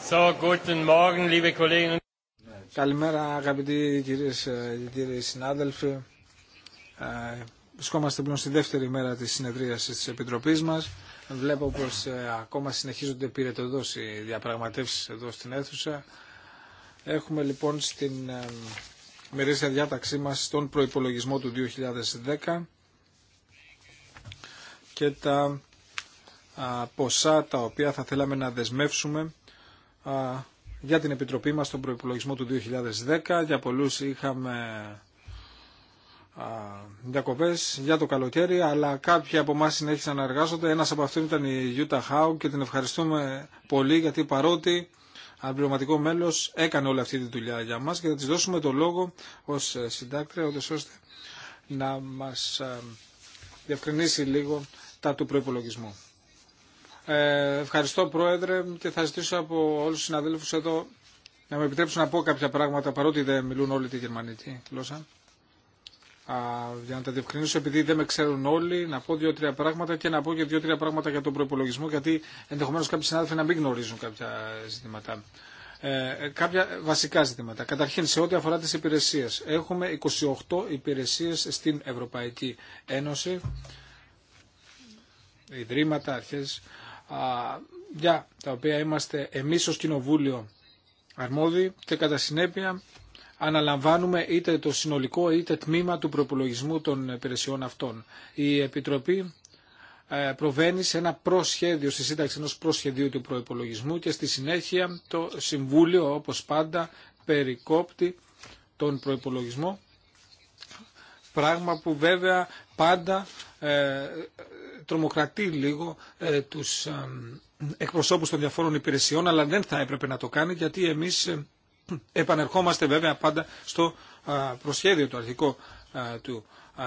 So, guten Morgen, liebe Kolleginnen Καλημέρα αγαπητοί κυρίες και ε, κύριοι συνάδελφοι. Ε, βρισκόμαστε πλέον στη δεύτερη μέρα της συνεδρίασης της Επιτροπής μας. Βλέπω πως ε, ακόμα συνεχίζονται πυρετοδός οι διαπραγματεύσεις εδώ στην αίθουσα. Έχουμε λοιπόν στην μερίσια διάταξή μας τον προϋπολογισμό του 2010 και τα ποσά τα οποία θα θέλαμε να δεσμεύσουμε για την Επιτροπή μας στον προϋπολογισμό του 2010. Για πολλούς είχαμε διακοπέ για το καλοκαίρι, αλλά κάποιοι από εμά συνέχισαν να εργάζονται. Ένας από αυτούς ήταν η Γιούτα Χάου και την ευχαριστούμε πολύ γιατί παρότι αναπληρωματικό μέλος έκανε όλη αυτή τη δουλειά για μας και θα της δώσουμε το λόγο ως ε, συντάκτρια, ώστε να μα ε, διευκρινίσει λίγο τα του προπολογισμού. Ε, ευχαριστώ Πρόεδρε και θα ζητήσω από όλους τους συναδέλφους εδώ να με επιτρέψουν να πω κάποια πράγματα παρότι δεν μιλούν όλοι τη γερμανική γλώσσα. Α, για να τα διευκρινίσω επειδή δεν με ξέρουν όλοι, να πω δύο-τρία πράγματα και να πω και δύο-τρία πράγματα για τον προπολογισμό γιατί ενδεχομένως κάποιοι συνάδελφοι να μην γνωρίζουν κάποια ζητήματα. Ε, κάποια βασικά ζητήματα. Καταρχήν, σε ό,τι αφορά τις υπηρεσίες. Έχουμε 28 υπηρεσίες στην Ευρωπαϊκή Ένωση, ιδρύματα, αρχές, για τα οποία είμαστε εμείς ως Κοινοβούλιο αρμόδιοι και κατά συνέπεια αναλαμβάνουμε είτε το συνολικό είτε τμήμα του προπολογισμού των υπηρεσιών αυτών. Η Επιτροπή ε, προβαίνει σε ένα προσχέδιο, στη σύνταξη ενός προσχεδίου του προϋπολογισμού και στη συνέχεια το Συμβούλιο, όπως πάντα, περικόπτει τον προϋπολογισμό, πράγμα που βέβαια πάντα ε, τρομοκρατεί λίγο ε, τους ε, εκπροσώπους των διαφόρων υπηρεσιών, αλλά δεν θα έπρεπε να το κάνει γιατί εμείς ε, επανερχόμαστε βέβαια πάντα στο προσχέδιο του αρχικού του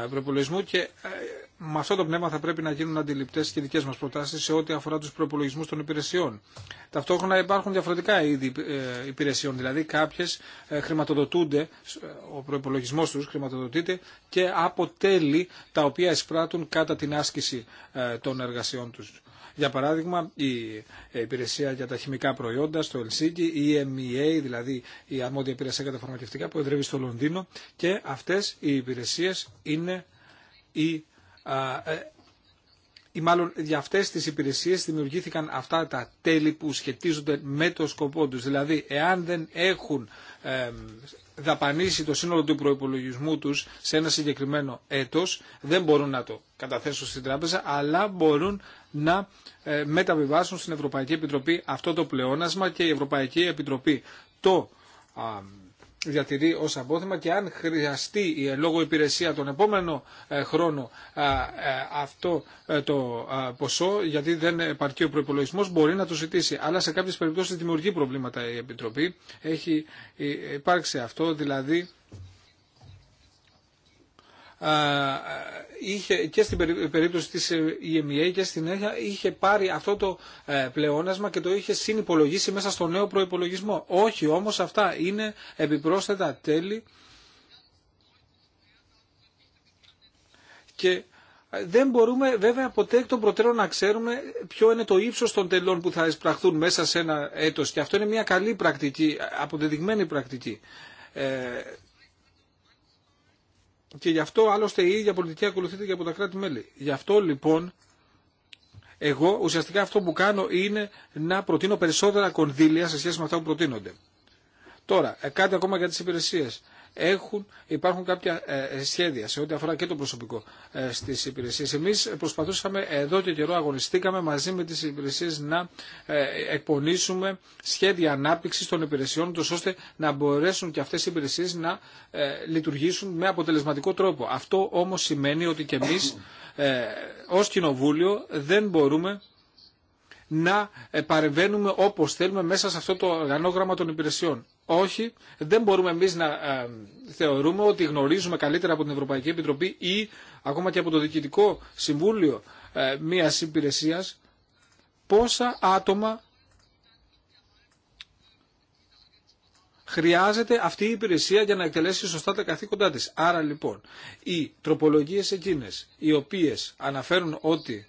προπολογισμού και με αυτό το πνεύμα θα πρέπει να γίνουν αντιληπτέ και δικέ μα προτάσει σε ό,τι αφορά του προπολογισμού των υπηρεσιών. Ταυτόχρονα υπάρχουν διαφορετικά είδη ε, υπηρεσιών, δηλαδή κάποιε ε, χρηματοδοτούνται, ε, ο προπολογισμό του χρηματοδοτείται και από τέλη τα οποία εισπράττουν κατά την άσκηση των εργασιών του. Για παράδειγμα, η υπηρεσία για τα χημικά προϊόντα στο Ελσίκη, η MEA, δηλαδή η αρμόδια υπηρεσία για τα φαρμακευτικά που εδρεύει στο Λονδίνο και αυτές οι υπηρεσίες είναι οι ε, ή μάλλον για αυτές τις υπηρεσίες δημιουργήθηκαν αυτά τα τέλη που σχετίζονται με το σκοπό τους. Δηλαδή, εάν δεν έχουν δαπανίσει το σύνολο του προϋπολογισμού τους σε ένα συγκεκριμένο έτος, δεν μπορούν να το καταθέσουν στην τράπεζα, αλλά μπορούν να ε, μεταβιβάσουν στην Ευρωπαϊκή Επιτροπή αυτό το πλεόνασμα και η Ευρωπαϊκή Επιτροπή το διατηρεί ως απόθεμα και αν χρειαστεί η λόγω υπηρεσία τον επόμενο ε, χρόνο ε, ε, αυτό το ποσό, γιατί δεν επαρκεί ο προπολογισμό, μπορεί να το ζητήσει. Αλλά σε κάποιες περιπτώσεις δημιουργεί προβλήματα η Επιτροπή. Έχει υπάρξει αυτό, δηλαδή και στην περίπτωση της EMEA ε, και στην ΕΕ είχε πάρει αυτό το ε, πλεόνασμα και το είχε συνυπολογίσει μέσα στο νέο προϋπολογισμό. Όχι όμως αυτά είναι επιπρόσθετα τέλη και ε, δεν μπορούμε βέβαια ποτέ εκ των προτέρων να ξέρουμε ποιο είναι το ύψος των τελών που θα εισπραχθούν μέσα σε ένα έτος και αυτό είναι μια καλή πρακτική, αποδεδειγμένη πρακτική. Ε, και γι' αυτό άλλωστε η ίδια πολιτική ακολουθείται και από τα κράτη-μέλη. Γι' αυτό λοιπόν εγώ ουσιαστικά αυτό που κάνω είναι να προτείνω περισσότερα κονδύλια σε σχέση με αυτά που προτείνονται. Τώρα, ε, κάτι ακόμα για τι υπηρεσίε έχουν, υπάρχουν κάποια ε, ε, σχέδια σε ό,τι αφορά και το προσωπικό ε, στις υπηρεσίες. Εμείς προσπαθούσαμε εδώ και καιρό αγωνιστήκαμε μαζί με τις υπηρεσίες να ε, εκπονήσουμε σχέδια ανάπτυξη των υπηρεσιών τους ώστε να μπορέσουν και αυτές οι υπηρεσίες να λειτουργήσουν με αποτελεσματικό τρόπο. Αυτό όμως σημαίνει ότι και εμείς ω Κοινοβούλιο δεν μπορούμε να παρεμβαίνουμε όπως θέλουμε μέσα σε αυτό το οργανόγραμμα των υπηρεσιών όχι, δεν μπορούμε εμείς να ε, θεωρούμε ότι γνωρίζουμε καλύτερα από την Ευρωπαϊκή Επιτροπή ή ακόμα και από το Διοικητικό Συμβούλιο ε, μιας υπηρεσίας πόσα άτομα χρειάζεται αυτή η υπηρεσία για να εκτελέσει σωστά τα καθήκοντά της. Άρα λοιπόν, οι τροπολογίες εκείνες οι οποίες αναφέρουν ότι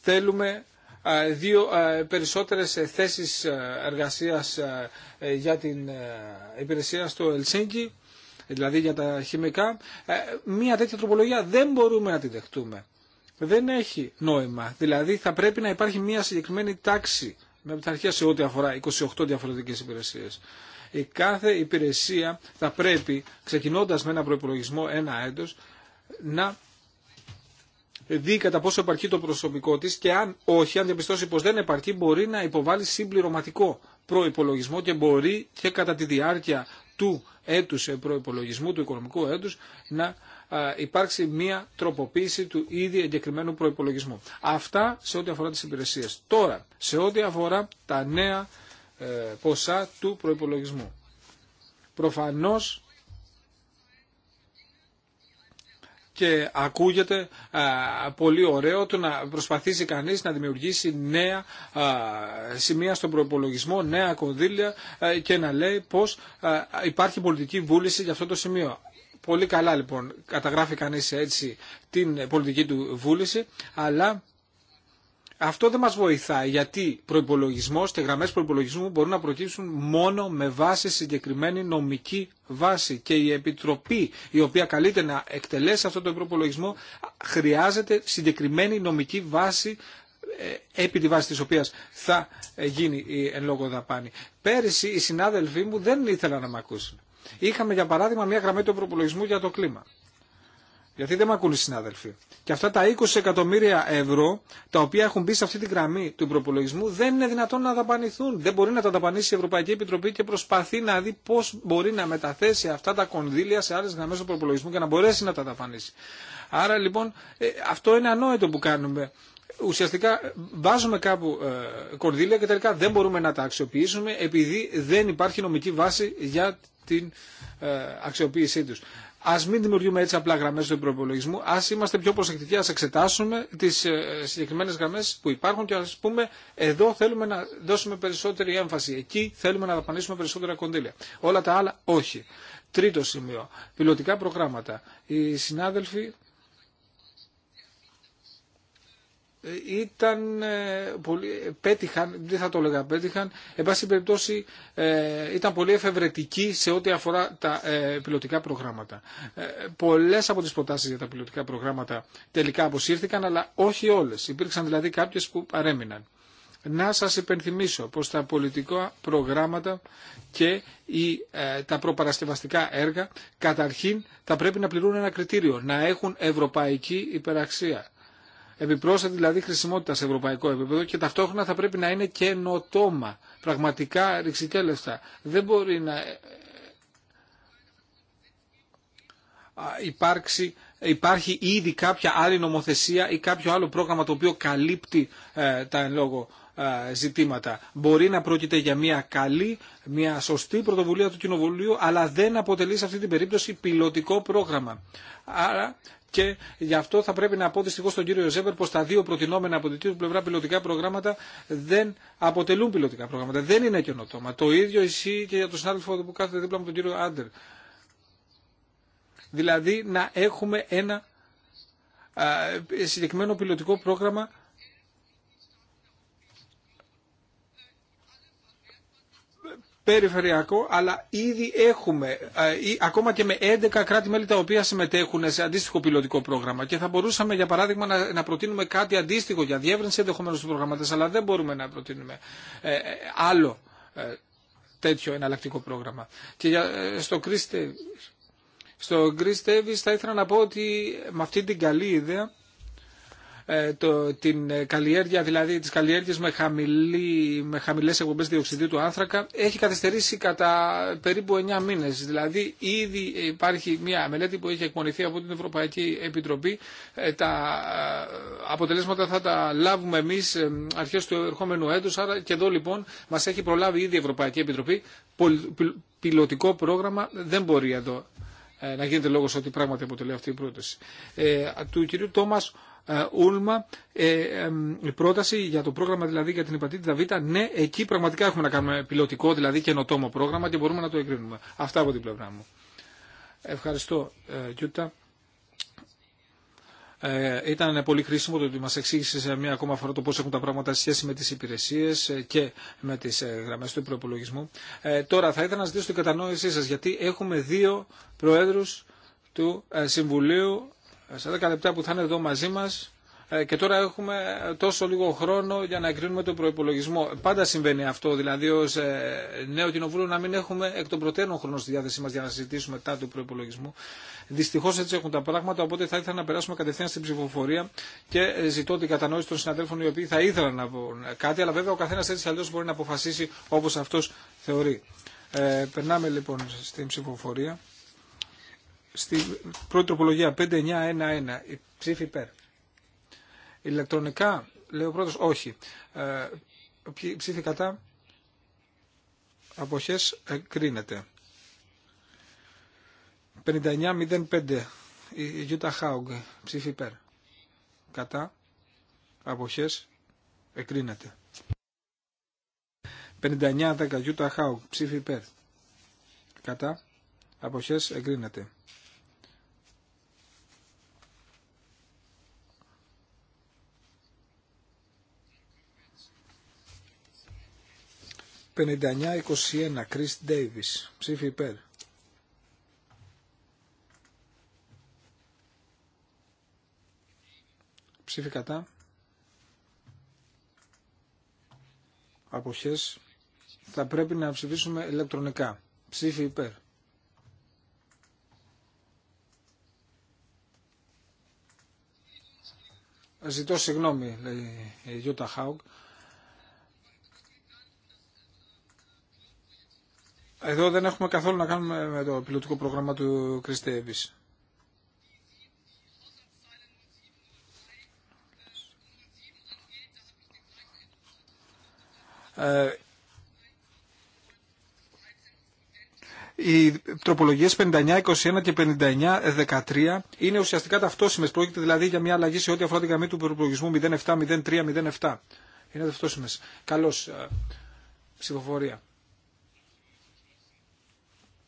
θέλουμε δύο περισσότερες ε, θέσεις ε, εργασίας ε, για την υπηρεσία στο Ελσίνκι, δηλαδή για τα χημικά. Μία τέτοια τροπολογία δεν μπορούμε να τη δεχτούμε. Δεν έχει νόημα. Δηλαδή θα πρέπει να υπάρχει μία συγκεκριμένη τάξη με πειθαρχία σε ό,τι αφορά 28 διαφορετικές υπηρεσίες. Η κάθε υπηρεσία θα πρέπει, ξεκινώντας με ένα προϋπολογισμό ένα έτος, να δει κατά πόσο επαρκεί το προσωπικό της και αν όχι, αν διαπιστώσει πως δεν επαρκεί, μπορεί να υποβάλει συμπληρωματικό προπολογισμό και μπορεί και κατά τη διάρκεια του έτους ε, προπολογισμού, του οικονομικού έτους, να υπάρξει μία τροποποίηση του ήδη εγκεκριμένου προπολογισμού. Αυτά σε ό,τι αφορά τι υπηρεσίες. Τώρα, σε ό,τι αφορά τα νέα ε, ποσά του προπολογισμού. Προφανώς και ακούγεται πολύ ωραίο το να προσπαθήσει κανείς να δημιουργήσει νέα σημεία στον προπολογισμό, νέα κονδύλια και να λέει πως υπάρχει πολιτική βούληση για αυτό το σημείο. Πολύ καλά λοιπόν καταγράφει κανείς έτσι την πολιτική του βούληση, αλλά αυτό δεν μας βοηθάει γιατί προϋπολογισμός και γραμμές προϋπολογισμού μπορούν να προκύψουν μόνο με βάση συγκεκριμένη νομική βάση και η Επιτροπή η οποία καλείται να εκτελέσει αυτό το προϋπολογισμό χρειάζεται συγκεκριμένη νομική βάση ε, επί τη βάση της οποίας θα ε, γίνει η εν λόγω δαπάνη. Πέρυσι οι συνάδελφοί μου δεν ήθελαν να με ακούσουν. Είχαμε για παράδειγμα μια γραμμή του προπολογισμού για το κλίμα. Γιατί δεν με ακούνε οι συνάδελφοι. Και αυτά τα 20 εκατομμύρια ευρώ τα οποία έχουν μπει σε αυτή τη γραμμή του προπολογισμού δεν είναι δυνατόν να δαπανηθούν. Δεν μπορεί να τα δαπανήσει η Ευρωπαϊκή Επιτροπή και προσπαθεί να δει πώ μπορεί να μεταθέσει αυτά τα κονδύλια σε άλλε γραμμέ του προπολογισμού και να μπορέσει να τα δαπανήσει. Άρα λοιπόν ε, αυτό είναι ανόητο που κάνουμε. Ουσιαστικά βάζουμε κάπου ε, κονδύλια και τελικά δεν μπορούμε να τα αξιοποιήσουμε επειδή δεν υπάρχει νομική βάση για την ε, αξιοποίησή τους. Α μην δημιουργούμε έτσι απλά γραμμέ του προπολογισμού. Α είμαστε πιο προσεκτικοί, α εξετάσουμε τι ε, συγκεκριμένε γραμμέ που υπάρχουν και α πούμε εδώ θέλουμε να δώσουμε περισσότερη έμφαση. Εκεί θέλουμε να δαπανίσουμε περισσότερα κονδύλια. Όλα τα άλλα όχι. Τρίτο σημείο. Πιλωτικά προγράμματα. Οι συνάδελφοι Ε, ήταν ε, ε, πέτυχαν, δεν θα το έλεγα πέτυχαν, εν πάση περιπτώσει ήταν πολύ εφευρετικοί σε ό,τι αφορά τα πιλωτικά προγράμματα. Πολλές από τις προτάσεις για τα πιλωτικά προγράμματα τελικά αποσύρθηκαν, αλλά όχι όλες. Υπήρξαν δηλαδή κάποιες που παρέμειναν. Να σας υπενθυμίσω πως τα πολιτικά προγράμματα και οι, τα προπαρασκευαστικά έργα καταρχήν θα πρέπει να πληρούν ένα κριτήριο, να έχουν ευρωπαϊκή υπεραξία επιπρόσθετη δηλαδή χρησιμότητα σε ευρωπαϊκό επίπεδο και ταυτόχρονα θα πρέπει να είναι καινοτόμα, πραγματικά ρηξικέλευτα. Δεν μπορεί να ε, υπάρξει, υπάρχει ήδη κάποια άλλη νομοθεσία ή κάποιο άλλο πρόγραμμα το οποίο καλύπτει ε, τα εν λόγω ε, ζητήματα. Μπορεί να πρόκειται για μια καλή, μια σωστή πρωτοβουλία του Κοινοβουλίου, αλλά δεν αποτελεί σε αυτή την περίπτωση πιλωτικό πρόγραμμα. Άρα και γι' αυτό θα πρέπει να πω δυστυχώ στον κύριο Ζέμπερ πω τα δύο προτινόμενα από την τρίτη πλευρά πιλωτικά προγράμματα δεν αποτελούν πιλωτικά προγράμματα. Δεν είναι καινοτόμα. Το ίδιο ισχύει και για τον συνάδελφο που κάθεται δίπλα μου τον κύριο Άντερ. Δηλαδή να έχουμε ένα συγκεκριμένο πιλωτικό πρόγραμμα περιφερειακό, αλλά ήδη έχουμε, ε, ακόμα και με 11 κράτη-μέλη τα οποία συμμετέχουν σε αντίστοιχο πιλωτικό πρόγραμμα. Και θα μπορούσαμε, για παράδειγμα, να, να προτείνουμε κάτι αντίστοιχο για διεύρυνση ενδεχομένω του προγράμματο, αλλά δεν μπορούμε να προτείνουμε ε, ε, άλλο τέτοιο εναλλακτικό πρόγραμμα. Και για, ε, στο Chris θα ήθελα να πω ότι με αυτή την καλή ιδέα ε, το, την ε, καλλιέργεια, δηλαδή τις καλλιέργειες με, χαμηλή, με χαμηλές εκπομπές διοξιδίου του άνθρακα έχει καθυστερήσει κατά περίπου 9 μήνες. Δηλαδή ήδη υπάρχει μια μελέτη που έχει εκμονηθεί από την Ευρωπαϊκή Επιτροπή. Ε, τα αποτελέσματα θα τα λάβουμε εμείς αρχές του ερχόμενου έτους. Άρα και εδώ λοιπόν μας έχει προλάβει ήδη η Ευρωπαϊκή Επιτροπή. Πιλωτικό πρόγραμμα δεν μπορεί εδώ να γίνεται λόγος ότι πράγματι αποτελεί αυτή η πρόταση. Ε, του κυρίου Τόμας ε, Ούλμα, ε, η πρόταση για το πρόγραμμα δηλαδή για την υπατήτητα Β, ναι, εκεί πραγματικά έχουμε να κάνουμε πιλωτικό, δηλαδή καινοτόμο πρόγραμμα και μπορούμε να το εγκρίνουμε. Αυτά από την πλευρά μου. Ευχαριστώ, ε, Κιούτα ήταν πολύ χρήσιμο το ότι μας εξήγησε σε μία ακόμα φορά το πώς έχουν τα πράγματα σε σχέση με τις υπηρεσίες και με τις γραμμές του προπολογισμού. τώρα θα ήθελα να ζητήσω την κατανόησή σας γιατί έχουμε δύο προέδρους του Συμβουλίου σε 10 λεπτά που θα είναι εδώ μαζί μα ε, και τώρα έχουμε τόσο λίγο χρόνο για να εγκρίνουμε τον προπολογισμό. Πάντα συμβαίνει αυτό, δηλαδή ω ε, νέο κοινοβούλιο να μην έχουμε εκ των προτέρων χρόνο στη διάθεσή μα για να συζητήσουμε μετά τον προπολογισμό. Δυστυχώ έτσι έχουν τα πράγματα, οπότε θα ήθελα να περάσουμε κατευθείαν στην ψηφοφορία και ε, ζητώ την κατανόηση των συναδέλφων οι οποίοι θα ήθελαν να πούν κάτι, αλλά βέβαια ο καθένα έτσι αλλιώ μπορεί να αποφασίσει όπω αυτό θεωρεί. Ε, περνάμε λοιπόν στην ψηφοφορία στη πρώτη τροπολογία 5911, η ψήφη υπέρ. Ηλεκτρονικά, λέει ο πρώτος, όχι. Ε, ψήφι κατά, αποχές, κρίνεται. 5905, η Γιούτα Χάουγκ, ψήφι υπέρ. Κατά, αποχές, εκρίνεται. 5910, Γιούτα Χάουγκ, ψήφι υπέρ. Κατά, αποχές, εγκρίνεται. 59-21, Chris Davis, ψήφι υπέρ. Ψήφι κατά. Αποχές. Θα πρέπει να ψηφίσουμε ηλεκτρονικά. Ψήφι υπέρ. Ζητώ συγγνώμη, λέει η Γιώτα Χάουγκ. Εδώ δεν έχουμε καθόλου να κάνουμε με το πιλωτικό πρόγραμμα του Κριστέβης. Ε, οι τροπολογίε 59-21 και 59-13 είναι ουσιαστικά ταυτόσιμε. Πρόκειται δηλαδή για μια αλλαγή σε ό,τι αφορά την γραμμή του προπολογισμού 07-03-07. Είναι ταυτόσιμε. Καλώ. Ε, ψηφοφορία.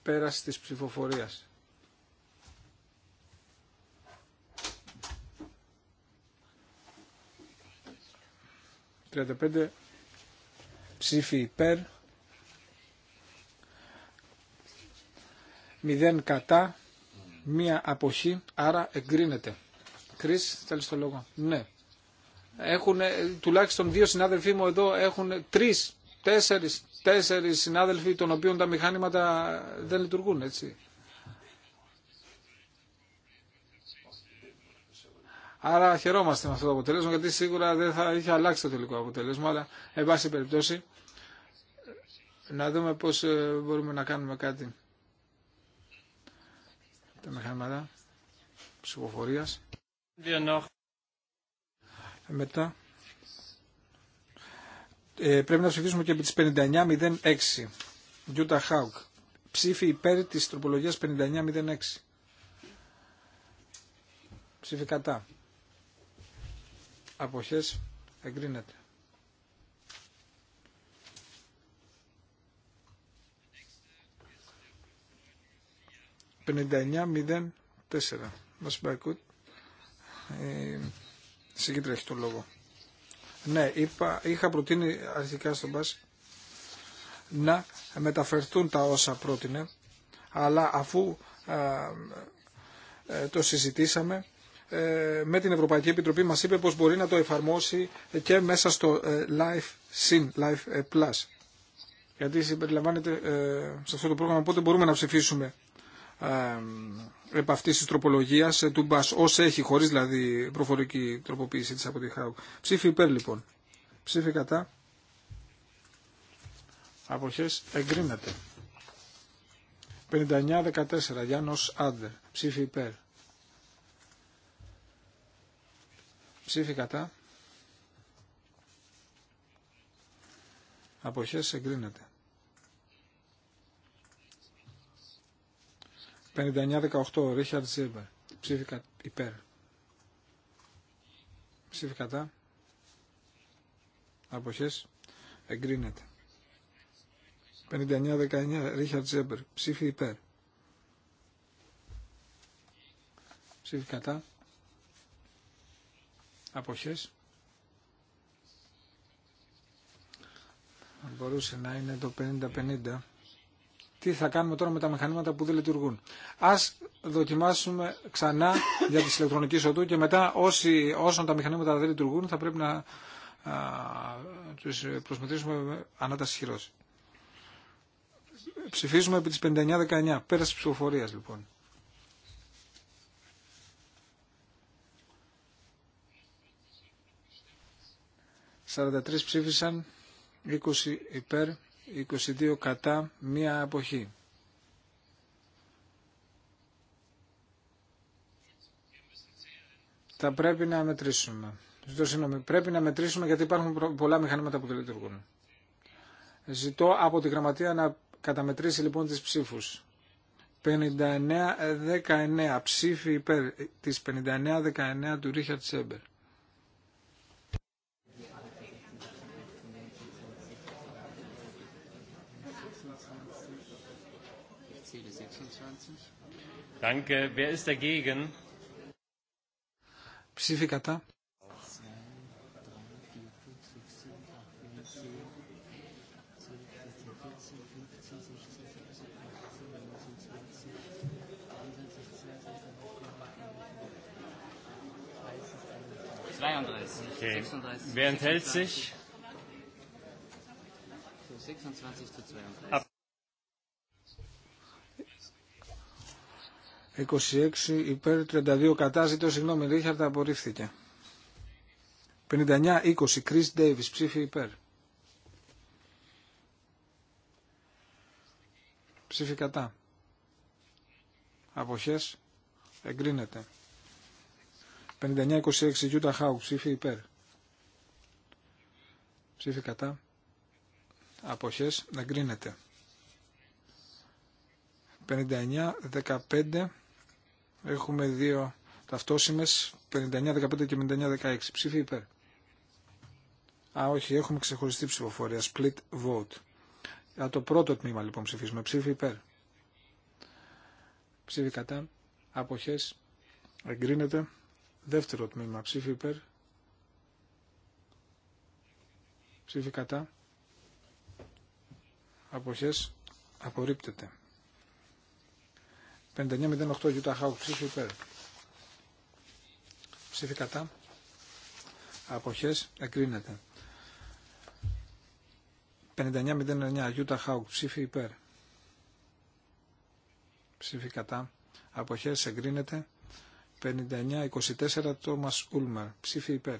Πέραση της ψηφοφορίας. ...35 ψήφοι υπέρ, 0 κατά, μία αποχή, άρα εγκρίνεται. Κρίς, θέλεις το λόγο. Ναι. Έχουν, τουλάχιστον δύο συνάδελφοί μου εδώ έχουν τρεις τέσσερις, τέσσερις συνάδελφοι των οποίων τα μηχανήματα δεν λειτουργούν, έτσι. Άρα χαιρόμαστε με αυτό το αποτέλεσμα, γιατί σίγουρα δεν θα είχε αλλάξει το τελικό αποτέλεσμα, αλλά εν πάση περιπτώσει να δούμε πώς ε, μπορούμε να κάνουμε κάτι. Τα μηχανήματα ψηφοφορίας. Μετά ε, πρέπει να ψηφίσουμε και επί της 5906. Γιούτα Χάουκ. Ψήφι υπέρ της τροπολογίας 5906. Ψήφι κατά. Αποχές εγκρίνεται. τέσσερα Μας Ε, το λόγο. Ναι, είχα προτείνει αρχικά στον ΠΑΣ να μεταφερθούν τα όσα πρότεινε, αλλά αφού ε, το συζητήσαμε, ε, με την Ευρωπαϊκή Επιτροπή μας είπε πως μπορεί να το εφαρμόσει και μέσα στο ε, Life Sin, Life Plus. Γιατί συμπεριλαμβάνεται σε αυτό το πρόγραμμα, οπότε μπορούμε να ψηφίσουμε ε, επ' τη τροπολογία τροπολογίας ε, του Μπα, ω έχει χωρίς δηλαδή προφορική τροποποίηση της από τη ΧΑΟΚ ψηφι Ψήφι υπέρ λοιπόν. Ψήφι κατά. Αποχές εγκρίνεται. 59-14 Γιάννο Άντερ. Ψήφι υπέρ. Ψήφι κατά. Αποχές εγκρίνεται. 59-18, Ρίχαρτ Ζίμπερ. Ψήφι υπέρ. Ψήφι κατά. Αποχές. Εγκρίνεται. 59-19, Ρίχαρτ Ζέμπερ. Ψήφι υπέρ. Ψήφι κατά. Αποχές. Μπορούσε να είναι το 50-50 τι θα κάνουμε τώρα με τα μηχανήματα που δεν λειτουργούν. Α δοκιμάσουμε ξανά για τι ηλεκτρονική οδού και μετά όσοι, όσον τα μηχανήματα δεν λειτουργούν θα πρέπει να του τους προσμετρήσουμε ανάταση χειρός. Ψηφίζουμε επί τη 59-19, τη ψηφοφορία λοιπόν. «43 ψήφισαν, 20 υπέρ, 22 κατά, μία εποχή. Θα πρέπει να μετρήσουμε. Ζητώ συγγνώμη. Πρέπει να μετρήσουμε γιατί υπάρχουν πολλά μηχανήματα που δεν λειτουργούν. Ζητώ από τη γραμματεία να καταμετρήσει λοιπόν τις ψήφους. 59-19 ψήφοι υπέρ της 59-19 του Ρίχαρτ Σέμπερ. Danke. Wer ist dagegen? Ψήφι κατά. Wer enthält sich? 26 zu 32. 26 υπέρ 32 κατά ζητώ συγγνώμη Ρίχαρτ απορρίφθηκε 59-20 Chris Davis ψήφι υπέρ ψήφι κατά αποχές εγκρίνεται 59-26 Utah Hawk ψήφι υπέρ ψήφι κατά αποχές εγκρίνεται 59-15 Έχουμε δύο ταυτόσημες, 59-15 και 59-16. Ψήφι υπέρ. Α, όχι, έχουμε ξεχωριστή ψηφοφορία, split vote. Για το πρώτο τμήμα λοιπόν ψηφίζουμε. ψήφι υπέρ. Ψήφι κατά, αποχές, εγκρίνεται. Δεύτερο τμήμα, ψήφι υπέρ. Ψήφι κατά, αποχές, απορρίπτεται. 5908 Γιούτα Hawks ψήφι υπέρ. Ψήφι κατά. Αποχές εγκρίνεται. 5909 Γιούτα Hawks ψήφι υπέρ. Ψήφι κατά. Αποχές εγκρίνεται. 5924 Τόμας Ούλμαρ ψήφι υπέρ.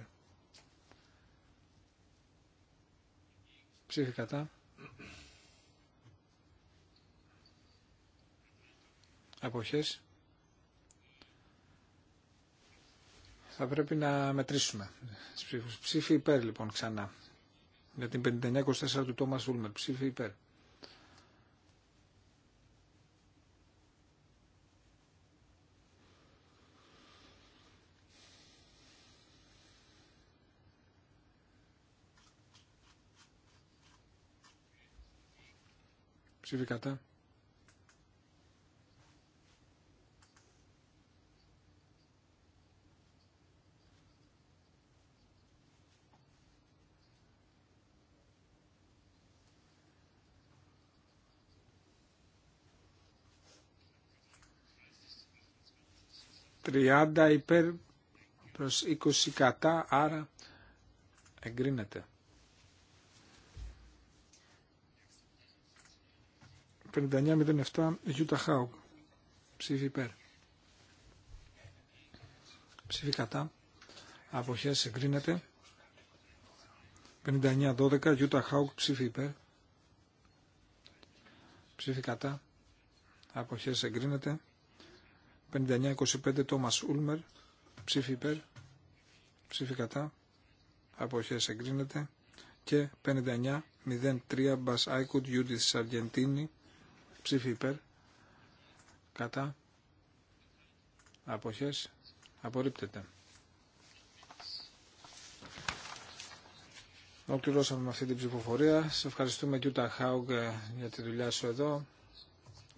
Ψήφι κατά. εποχές θα πρέπει να μετρήσουμε Ψήφι υπέρ λοιπόν ξανά. Για την 59-24 του Τόμας Ούλμερ. Ψήφι υπέρ. Ψήφι κατά. 30 υπέρ προς 20 κατά, άρα εγκρίνεται. 5907 Γιούτα Χάουκ. Ψήφι υπέρ. Ψήφι κατά. Αποχές εγκρίνεται. 59-12. Γιούτα Χάουκ. Ψήφι υπέρ. Ψήφι κατά. Αποχές εγκρίνεται. 5925 Τόμας Ούλμερ, ψήφι υπέρ, ψήφι κατά, αποχές εγκρίνεται και 5903 Μπας Άικουτ Γιούντις Αργεντίνη, ψήφι υπέρ, κατά, αποχές απορρίπτεται. Ολοκληρώσαμε με αυτή την ψηφοφορία. Σε ευχαριστούμε Κιούτα Χάουγκ για τη δουλειά σου εδώ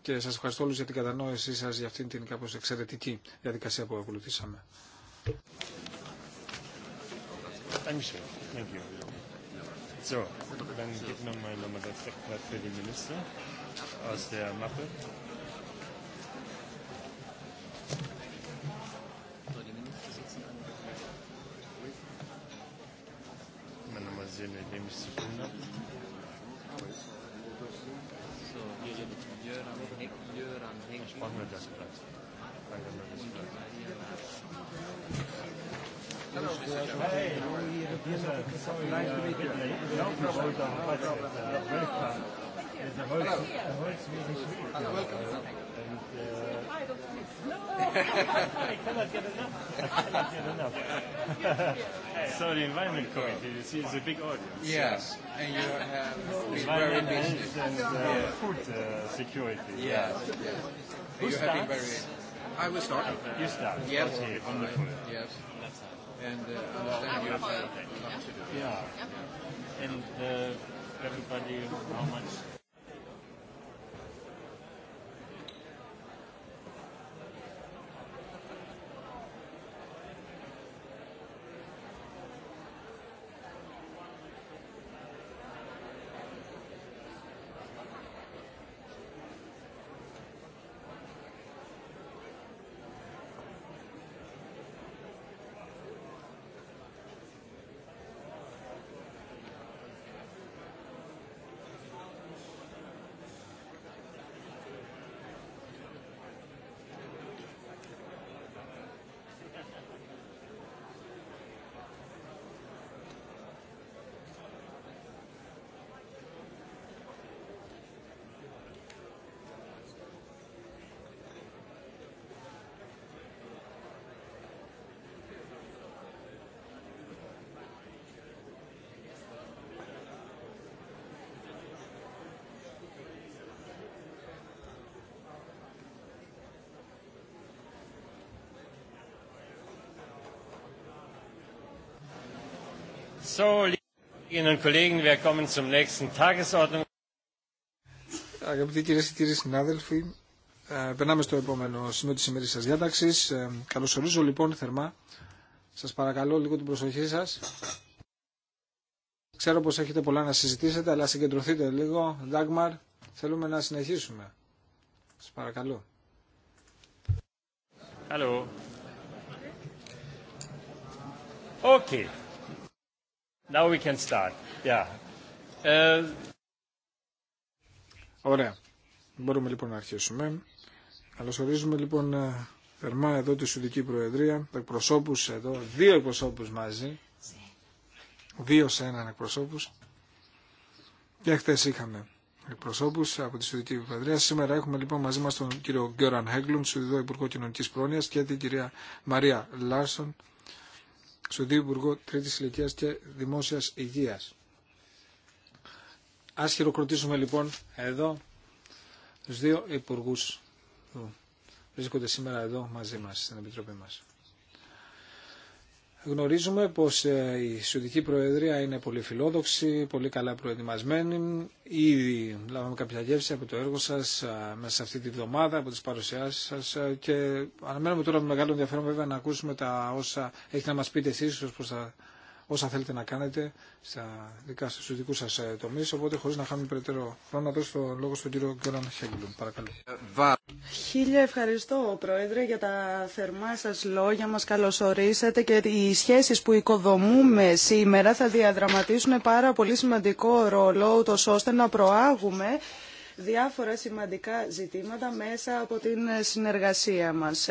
και σας ευχαριστώ όλους για την κατανόησή σας για αυτήν την κάπως εξαιρετική διαδικασία που ακολουθήσαμε. see is a big audience. Yes, and you have been very busy. And uh, food uh, security. Yes, yes. Who you have been very. I will start. You start. Yes. Okay, on the food. Yes. And uh, understand you have a lot to do. Yeah, Yeah. And uh, everybody, how much? So, liebe Αγαπητοί κυρίε και κύριοι συνάδελφοι, ε, περνάμε στο επόμενο σημείο τη ημερή σα διάταξη. Ε, καλωσορίζω λοιπόν θερμά. Σα παρακαλώ λίγο την προσοχή σα. Ξέρω πω έχετε πολλά να συζητήσετε, αλλά συγκεντρωθείτε λίγο. Ντάγμαρ, θέλουμε να συνεχίσουμε. Σα παρακαλώ. Hello. Okay. Now we can start. Yeah. Uh... Ωραία. Μπορούμε λοιπόν να αρχίσουμε. Καλωσορίζουμε λοιπόν ε, θερμά εδώ τη Σουδική Προεδρία, εκπροσώπους εδώ, δύο εκπροσώπους μαζί, δύο σε έναν εκπροσώπους και χθε είχαμε εκπροσώπους από τη Σουδική Προεδρία. Σήμερα έχουμε λοιπόν μαζί μας τον κύριο Γκέραν Χέγκλουντ, Σουδηδό Υπουργό Κοινωνικής Πρόνοιας και την κυρία Μαρία Λάρσον, στον Υπουργό Τρίτη Ηλικίας και Δημόσιας Υγεία. Α χειροκροτήσουμε λοιπόν εδώ τους δύο υπουργού που βρίσκονται σήμερα εδώ μαζί μας στην Επιτροπή μας. Γνωρίζουμε πως ε, η Σουηδική Προεδρία είναι πολύ φιλόδοξη, πολύ καλά προετοιμασμένη. Ήδη λάβαμε κάποια γεύση από το έργο σας ε, μέσα σε αυτή τη βδομάδα, από τις παρουσιάσεις σας ε, και αναμένουμε τώρα με μεγάλο ενδιαφέρον βέβαια να ακούσουμε τα όσα έχει να μας πείτε εσείς ως προς τα όσα θέλετε να κάνετε στα δικά σας, στους δικούς σας ε, τομείς. Οπότε χωρίς να χάνουμε περαιτέρω χρόνο να δώσω το λόγο στον κύριο Γκέραν Χέγγλουμ. Παρακαλώ. Χίλια ευχαριστώ Πρόεδρε για τα θερμά σας λόγια. Μας καλωσορίσατε και οι σχέσεις που οικοδομούμε σήμερα θα διαδραματίσουν πάρα πολύ σημαντικό ρόλο ούτως ώστε να προάγουμε διάφορα σημαντικά ζητήματα μέσα από την συνεργασία μας.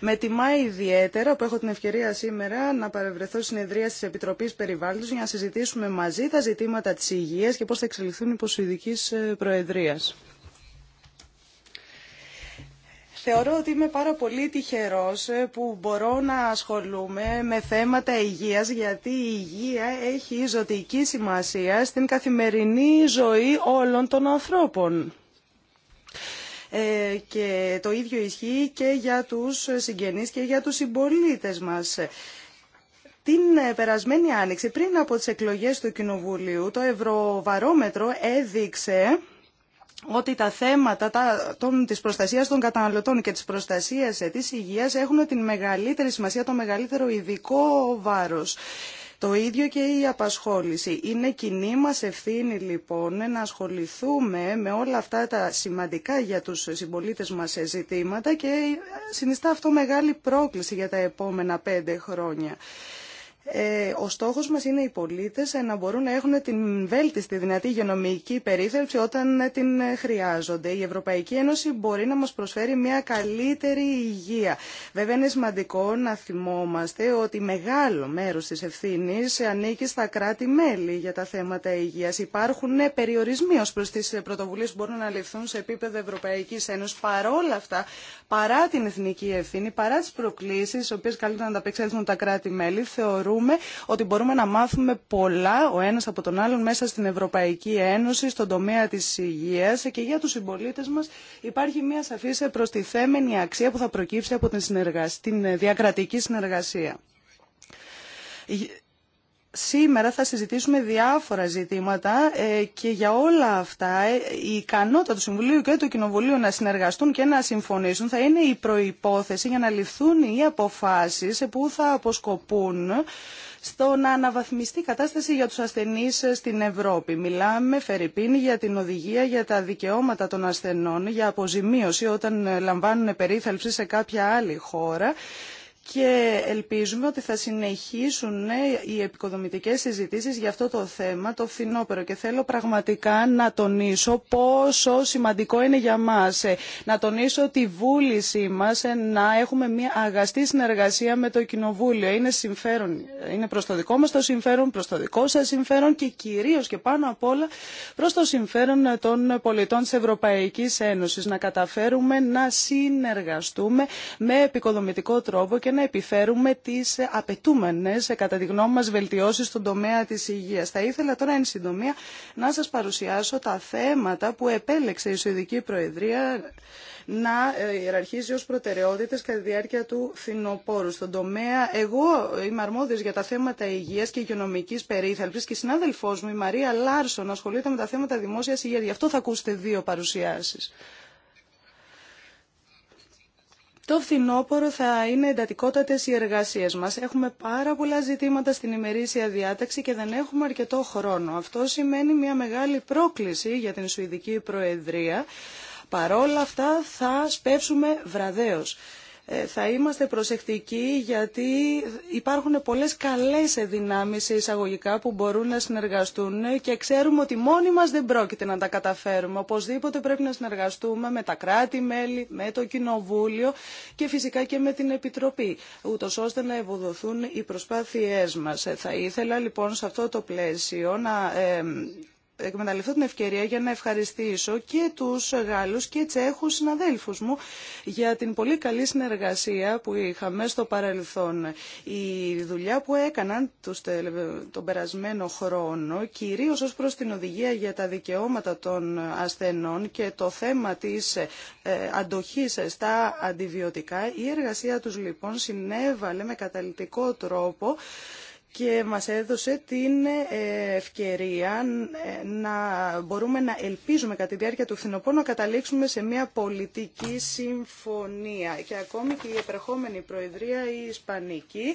Με τιμά ιδιαίτερα που έχω την ευκαιρία σήμερα να παρευρεθώ συνεδρία της Επιτροπή Περιβάλλοντος για να συζητήσουμε μαζί τα ζητήματα της υγείας και πώς θα εξελιχθούν υπό Σουηδική ε, Προεδρίας. Θεωρώ ότι είμαι πάρα πολύ τυχερός ε, που μπορώ να ασχολούμαι με θέματα υγείας γιατί η υγεία έχει ζωτική σημασία στην καθημερινή ζωή όλων των ανθρώπων. Ε, και το ίδιο ισχύει και για τους συγγενείς και για τους συμπολίτε μας. Την ε, περασμένη άνοιξη, πριν από τις εκλογές του Κοινοβουλίου, το Ευρωβαρόμετρο έδειξε ότι τα θέματα τα, των, της προστασίας των καταναλωτών και της προστασίας ε, της υγείας έχουν την μεγαλύτερη σημασία, το μεγαλύτερο ειδικό βάρος. Το ίδιο και η απασχόληση. Είναι κοινή μας ευθύνη λοιπόν να ασχοληθούμε με όλα αυτά τα σημαντικά για τους συμπολίτες μας ε, ζητήματα και συνιστά αυτό μεγάλη πρόκληση για τα επόμενα πέντε χρόνια. Ε, ο στόχος μας είναι οι πολίτες ε, να μπορούν να έχουν την βέλτιστη δυνατή υγειονομική περίθαλψη όταν ε, την χρειάζονται. Η Ευρωπαϊκή Ένωση μπορεί να μας προσφέρει μια καλύτερη υγεία. Βέβαια είναι σημαντικό να θυμόμαστε ότι μεγάλο μέρος της ευθύνης ανήκει στα κράτη-μέλη για τα θέματα υγείας. Υπάρχουν περιορισμοί ως προς τις πρωτοβουλίες που μπορούν να ληφθούν σε επίπεδο Ευρωπαϊκής Ένωσης. Παρόλα αυτά, παρά την εθνική ευθύνη, παρά τις προκλήσεις, οι οποίες καλούνται να τα τα κράτη-μέλη, θεωρούν ότι μπορούμε να μάθουμε πολλά ο ένας από τον άλλον μέσα στην Ευρωπαϊκή Ένωση, στον τομέα της υγείας και για τους συμπολίτε μας υπάρχει μια σαφής προστιθέμενη αξία που θα προκύψει από την, συνεργασία, την διακρατική συνεργασία Σήμερα θα συζητήσουμε διάφορα ζητήματα ε, και για όλα αυτά ε, η ικανότητα του Συμβουλίου και του Κοινοβουλίου να συνεργαστούν και να συμφωνήσουν θα είναι η προϋπόθεση για να ληφθούν οι αποφάσεις που θα αποσκοπούν στο να αναβαθμιστεί η κατάσταση για τους ασθενείς στην Ευρώπη. Μιλάμε, Φερρυπίνη, για την οδηγία για τα δικαιώματα των ασθενών, για αποζημίωση όταν λαμβάνουν περίθαλψη σε κάποια άλλη χώρα και ελπίζουμε ότι θα συνεχίσουν ναι, οι επικοδομητικές συζητήσεις για αυτό το θέμα το φθινόπερο και θέλω πραγματικά να τονίσω πόσο σημαντικό είναι για μας ε, να τονίσω τη βούλησή μας ε, να έχουμε μια αγαστή συνεργασία με το Κοινοβούλιο. Είναι, συμφέρον, είναι προς το δικό μας το συμφέρον, προς το δικό σας συμφέρον και κυρίως και πάνω απ' όλα προς το συμφέρον των πολιτών της Ευρωπαϊκής Ένωσης να καταφέρουμε να συνεργαστούμε με επικοδομητικό τρόπο να επιφέρουμε τι απαιτούμενε κατά τη γνώμη μα βελτιώσει στον τομέα τη υγεία. Θα ήθελα τώρα, εν συντομία, να σα παρουσιάσω τα θέματα που επέλεξε η Σουηδική Προεδρία να ε, ιεραρχίζει ως προτεραιότητες κατά τη διάρκεια του φθινοπόρου. Στον τομέα, εγώ είμαι αρμόδιος για τα θέματα υγείας και υγειονομικής περίθαλψης και η συνάδελφός μου, η Μαρία Λάρσον, ασχολείται με τα θέματα δημόσιας υγείας. Γι' αυτό θα ακούσετε δύο παρουσιάσεις. Το φθινόπωρο θα είναι εντατικότατε οι εργασίε μα. Έχουμε πάρα πολλά ζητήματα στην ημερήσια διάταξη και δεν έχουμε αρκετό χρόνο. Αυτό σημαίνει μια μεγάλη πρόκληση για την Σουηδική Προεδρία. Παρόλα αυτά θα σπεύσουμε βραδέως. Ε, θα είμαστε προσεκτικοί γιατί υπάρχουν πολλές καλές δυνάμεις εισαγωγικά που μπορούν να συνεργαστούν και ξέρουμε ότι μόνοι μας δεν πρόκειται να τα καταφέρουμε. Οπωσδήποτε πρέπει να συνεργαστούμε με τα κράτη-μέλη, με το Κοινοβούλιο και φυσικά και με την Επιτροπή, ούτω ώστε να ευοδοθούν οι προσπάθειές μας. Ε, θα ήθελα λοιπόν σε αυτό το πλαίσιο να ε, εκμεταλλευτώ την ευκαιρία για να ευχαριστήσω και τους Γάλλους και Τσέχους συναδέλφους μου για την πολύ καλή συνεργασία που είχαμε στο παρελθόν. Η δουλειά που έκαναν τον περασμένο χρόνο, κυρίως ως προς την οδηγία για τα δικαιώματα των ασθενών και το θέμα της ε, αντοχής στα αντιβιωτικά, η εργασία τους λοιπόν συνέβαλε με καταλητικό τρόπο και μας έδωσε την ε, ευκαιρία ε, να μπορούμε να ελπίζουμε κατά τη διάρκεια του φθινοπόρου να καταλήξουμε σε μια πολιτική συμφωνία. Και ακόμη και η επερχόμενη Προεδρία, η Ισπανική,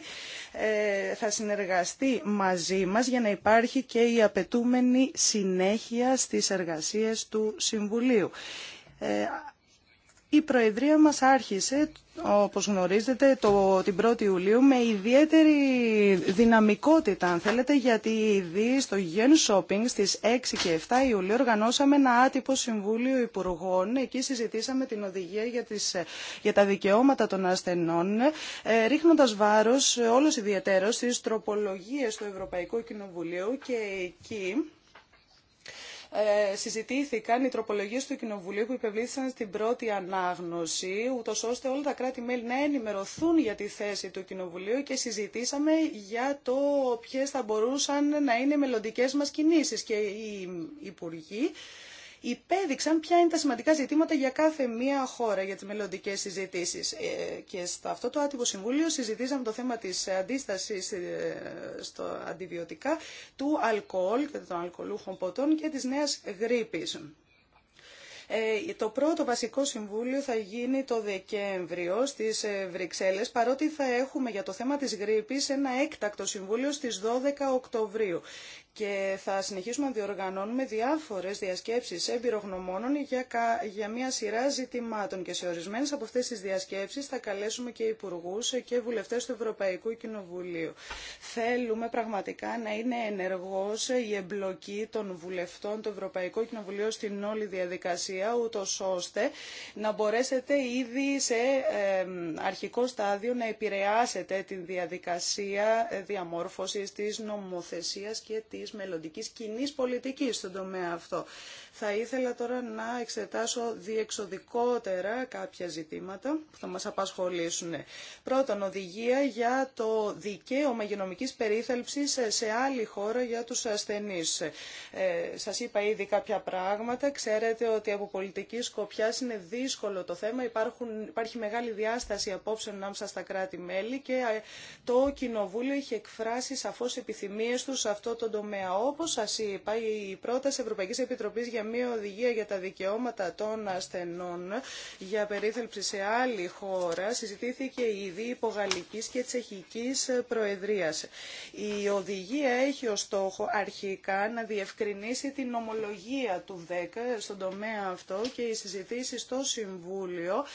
ε, θα συνεργαστεί μαζί μας για να υπάρχει και η απαιτούμενη συνέχεια στις εργασίες του Συμβουλίου. Η Προεδρία μας άρχισε, όπως γνωρίζετε, το, την 1η Ιουλίου με ιδιαίτερη δυναμικότητα, αν θέλετε, γιατί ήδη στο Gen Shopping στις 6 και 7 Ιουλίου οργανώσαμε ένα άτυπο Συμβούλιο Υπουργών. Εκεί συζητήσαμε την οδηγία για, τις, για τα δικαιώματα των ασθενών, ε, ρίχνοντας βάρος όλος ιδιαίτερος στις τροπολογίες του Ευρωπαϊκού Κοινοβουλίου και εκεί ε, συζητήθηκαν οι τροπολογίες του Κοινοβουλίου που υπευλήθησαν στην πρώτη ανάγνωση, ούτω ώστε όλα τα κράτη-μέλη να ενημερωθούν για τη θέση του Κοινοβουλίου και συζητήσαμε για το ποιε θα μπορούσαν να είναι μελλοντικέ μας κινήσει. Και οι υπουργοί υπέδειξαν ποια είναι τα σημαντικά ζητήματα για κάθε μία χώρα για τις μελλοντικέ συζητήσεις. Ε, και στο αυτό το άτυπο συμβούλιο συζητήσαμε το θέμα της αντίστασης ε, στο αντιβιωτικά του αλκοόλ και των αλκοολούχων ποτών και της νέας γρήπη. Ε, το πρώτο βασικό συμβούλιο θα γίνει το Δεκέμβριο στις Βρυξέλλες, παρότι θα έχουμε για το θέμα της γρήπης ένα έκτακτο συμβούλιο στις 12 Οκτωβρίου και θα συνεχίσουμε να διοργανώνουμε διάφορες διασκέψεις εμπειρογνωμόνων για, για μια σειρά ζητημάτων και σε ορισμένες από αυτές τις διασκέψεις θα καλέσουμε και υπουργού και βουλευτές του Ευρωπαϊκού Κοινοβουλίου. Θέλουμε πραγματικά να είναι ενεργός η εμπλοκή των βουλευτών του Ευρωπαϊκού Κοινοβουλίου στην όλη διαδικασία, ούτω ώστε να μπορέσετε ήδη σε αρχικό στάδιο να επηρεάσετε τη διαδικασία ε, διαμόρφωσης της νομοθεσίας και τη της μελλοντικής κοινή πολιτικής στον τομέα αυτό. Θα ήθελα τώρα να εξετάσω διεξοδικότερα κάποια ζητήματα που θα μας απασχολήσουν. Πρώτον, οδηγία για το δικαίωμα υγειονομικής περίθαλψης σε άλλη χώρα για τους ασθενείς. Ε, σας είπα ήδη κάποια πράγματα. Ξέρετε ότι από πολιτική σκοπιά είναι δύσκολο το θέμα. Υπάρχουν, υπάρχει μεγάλη διάσταση απόψεων ανάμεσα στα κράτη-μέλη και ε, το Κοινοβούλιο έχει εκφράσει σαφώς επιθυμίες του σε αυτό το τομέα τομέα. όπω σα είπα, η πρόταση Ευρωπαϊκή Επιτροπή για μια οδηγία για τα δικαιώματα των ασθενών για περίθαλψη σε άλλη χώρα συζητήθηκε ήδη υπό Γαλλική και Τσεχικής Προεδρίας. Η οδηγία έχει ως στόχο αρχικά να διευκρινίσει την ομολογία του 10 στον τομέα αυτό και οι συζητήσει στο Συμβούλιο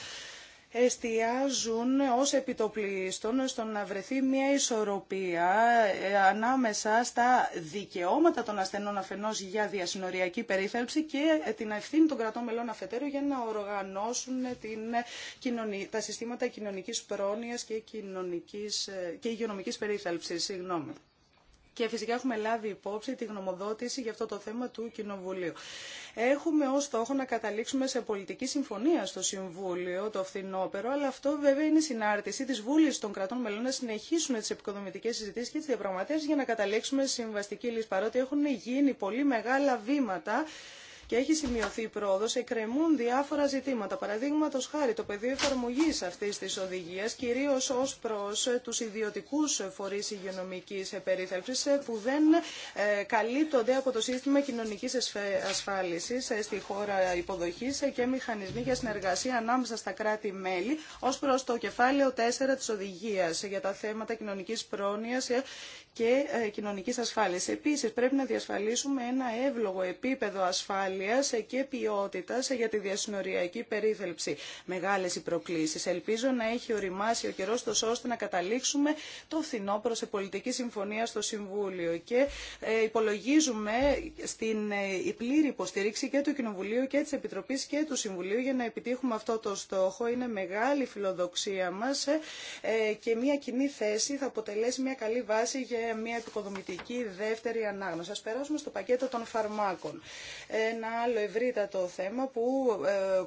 εστιάζουν ως επιτοπλίστων στο να βρεθεί μια ισορροπία ε, ανάμεσα στα δικαιώματα των ασθενών αφενός για διασυνοριακή περίθαλψη και ε, την ευθύνη των κρατών μελών αφετέρου για να οργανώσουν την, ε, τα συστήματα κοινωνικής πρόνοιας και, κοινωνικής, και υγειονομικής περίθαλψης. Συγγνώμη και φυσικά έχουμε λάβει υπόψη τη γνωμοδότηση για αυτό το θέμα του Κοινοβουλίου. Έχουμε ως στόχο να καταλήξουμε σε πολιτική συμφωνία στο Συμβούλιο το φθινόπερο, αλλά αυτό βέβαια είναι συνάρτηση της Βούλης των κρατών μελών να συνεχίσουν τις επικοδομητικές συζητήσεις και τις διαπραγματεύσεις για να καταλήξουμε σε συμβαστική λύση, παρότι έχουν γίνει πολύ μεγάλα βήματα και έχει σημειωθεί πρόοδο, εκκρεμούν διάφορα ζητήματα. Παραδείγματο χάρη, το πεδίο εφαρμογή αυτή τη οδηγία, κυρίω ω προ ε, του ιδιωτικού φορεί υγειονομική περίθαλψη, ε, που δεν ε, καλύπτονται από το σύστημα κοινωνική ασφάλιση στη χώρα υποδοχή και μηχανισμοί για συνεργασία ανάμεσα στα κράτη-μέλη ω προ το κεφάλαιο 4 τη οδηγία για τα θέματα κοινωνική πρόνοια και κοινωνική ασφάλιση. Επίση, πρέπει να διασφαλίσουμε ένα εύλογο επίπεδο ασφάλεια και ποιότητα για τη διασυνοριακή περίθαλψη. μεγάλε οι προκλήσει. Ελπίζω να έχει οριμάσει ο καιρό τόσο ώστε να καταλήξουμε το φθινόπωρο σε πολιτική συμφωνία στο Συμβούλιο και ε, υπολογίζουμε στην ε, πλήρη υποστήριξη και του Κοινοβουλίου και τη Επιτροπή και του Συμβουλίου για να επιτύχουμε αυτό το στόχο. Είναι μεγάλη φιλοδοξία μας ε, και μια κοινή θέση θα αποτελέσει μια καλή βάση για μια επικοδομητική δεύτερη ανάγνωση. Α περάσουμε στο πακέτο των φαρμάκων ένα άλλο ευρύτατο θέμα που ε,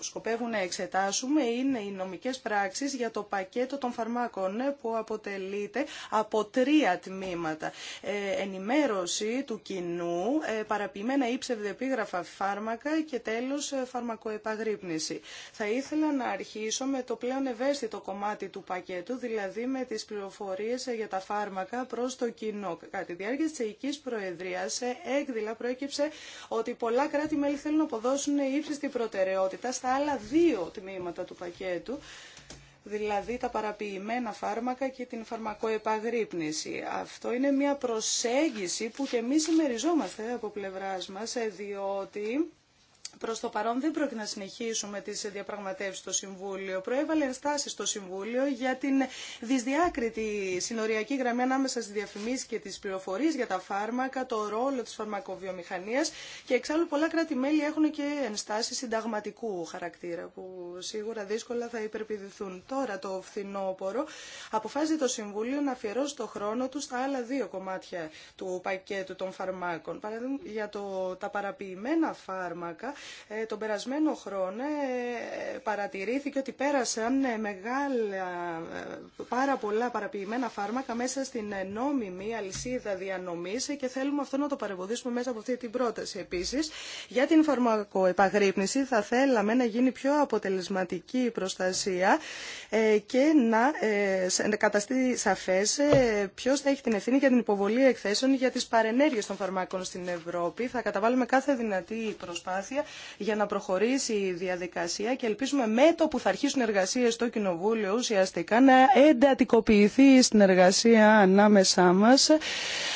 σκοπεύουν να εξετάσουμε είναι οι νομικές πράξεις για το πακέτο των φαρμάκων ναι, που αποτελείται από τρία τμήματα. Ε, ενημέρωση του κοινού, ε, παραποιημένα ή ψευδεπίγραφα φάρμακα και τέλος φαρμακοεπαγρύπνηση. Θα ήθελα να αρχίσω με το πλέον ευαίσθητο κομμάτι του πακέτου, δηλαδή με τις πληροφορίες για τα φάρμακα προς το κοινό. Κατά τη διάρκεια της Προεδρίας έκδηλα προέκυψε ότι πολλά κράτη-μέλη θέλουν να αποδώσουν ύψιστη προτεραιότητα στα άλλα δύο τμήματα του πακέτου, δηλαδή τα παραποιημένα φάρμακα και την φαρμακοεπαγρύπνηση. Αυτό είναι μια προσέγγιση που και εμείς συμμεριζόμαστε από πλευράς μας, ε, διότι Προ το παρόν δεν πρόκειται να συνεχίσουμε τι διαπραγματεύσει στο Συμβούλιο. Προέβαλε ενστάσει στο Συμβούλιο για την δυσδιάκριτη συνοριακή γραμμή ανάμεσα στι διαφημίσει και τι πληροφορίε για τα φάρμακα, το ρόλο τη φαρμακοβιομηχανία και εξάλλου πολλά κράτη-μέλη έχουν και ενστάσει συνταγματικού χαρακτήρα που σίγουρα δύσκολα θα υπερπηδηθούν. Τώρα το φθινόπωρο αποφάσισε το Συμβούλιο να αφιερώσει το χρόνο του στα άλλα δύο κομμάτια του πακέτου των φαρμάκων. Παραδείγμα, για το, τα παραποιημένα φάρμακα ε, τον περασμένο χρόνο ε, παρατηρήθηκε ότι πέρασαν ε, μεγάλα, πάρα πολλά παραποιημένα φάρμακα μέσα στην νόμιμη αλυσίδα διανομής και θέλουμε αυτό να το παρεμποδίσουμε μέσα από αυτή την πρόταση. Επίσης, για την φαρμακοεπαγρύπνηση θα θέλαμε να γίνει πιο αποτελεσματική η προστασία και να καταστεί σαφές ποιος θα έχει την ευθύνη για την υποβολή εκθέσεων για τις παρενέργειες των φαρμάκων στην Ευρώπη. Θα καταβάλουμε κάθε δυνατή προσπάθεια για να προχωρήσει η διαδικασία και ελπίζουμε με το που θα αρχίσουν εργασίες στο Κοινοβούλιο ουσιαστικά να εντατικοποιηθεί η συνεργασία ανάμεσά μας.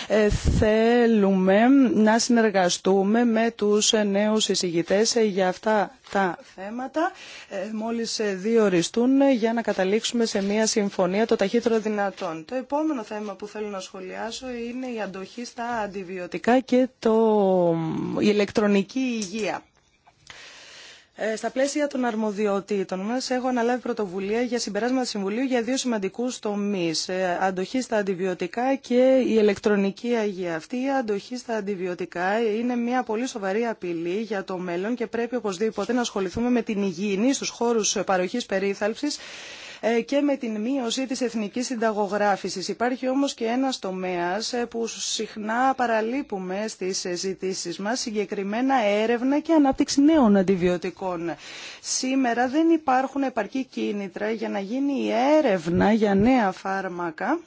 Ε, θέλουμε να συνεργαστούμε με τους νέους εισηγητές για αυτά τα θέματα ε, μόλις διοριστούν για να καταλήξουμε σε μια συμφωνία το ταχύτερο δυνατόν. Το επόμενο θέμα που θέλω να σχολιάσω είναι η αντοχή στα αντιβιωτικά και το... η ηλεκτρονική υγεία. Ε, στα πλαίσια των αρμοδιοτήτων μας έχω αναλάβει πρωτοβουλία για συμπεράσματα συμβουλίου για δύο σημαντικούς τομείς. Ε, αντοχή στα αντιβιωτικά και η ηλεκτρονική αγία. Αυτή η αντοχή στα αντιβιωτικά είναι μια πολύ σοβαρή απειλή για το μέλλον και πρέπει οπωσδήποτε να ασχοληθούμε με την υγιεινή στους χώρους παροχής περίθαλψης ε, και με την μείωση της εθνικής συνταγογράφησης. Υπάρχει όμως και ένας τομέας ε, που συχνά παραλείπουμε στις συζητήσεις μας, συγκεκριμένα έρευνα και ανάπτυξη νέων αντιβιωτικών. Σήμερα δεν υπάρχουν επαρκή κίνητρα για να γίνει η έρευνα για νέα φάρμακα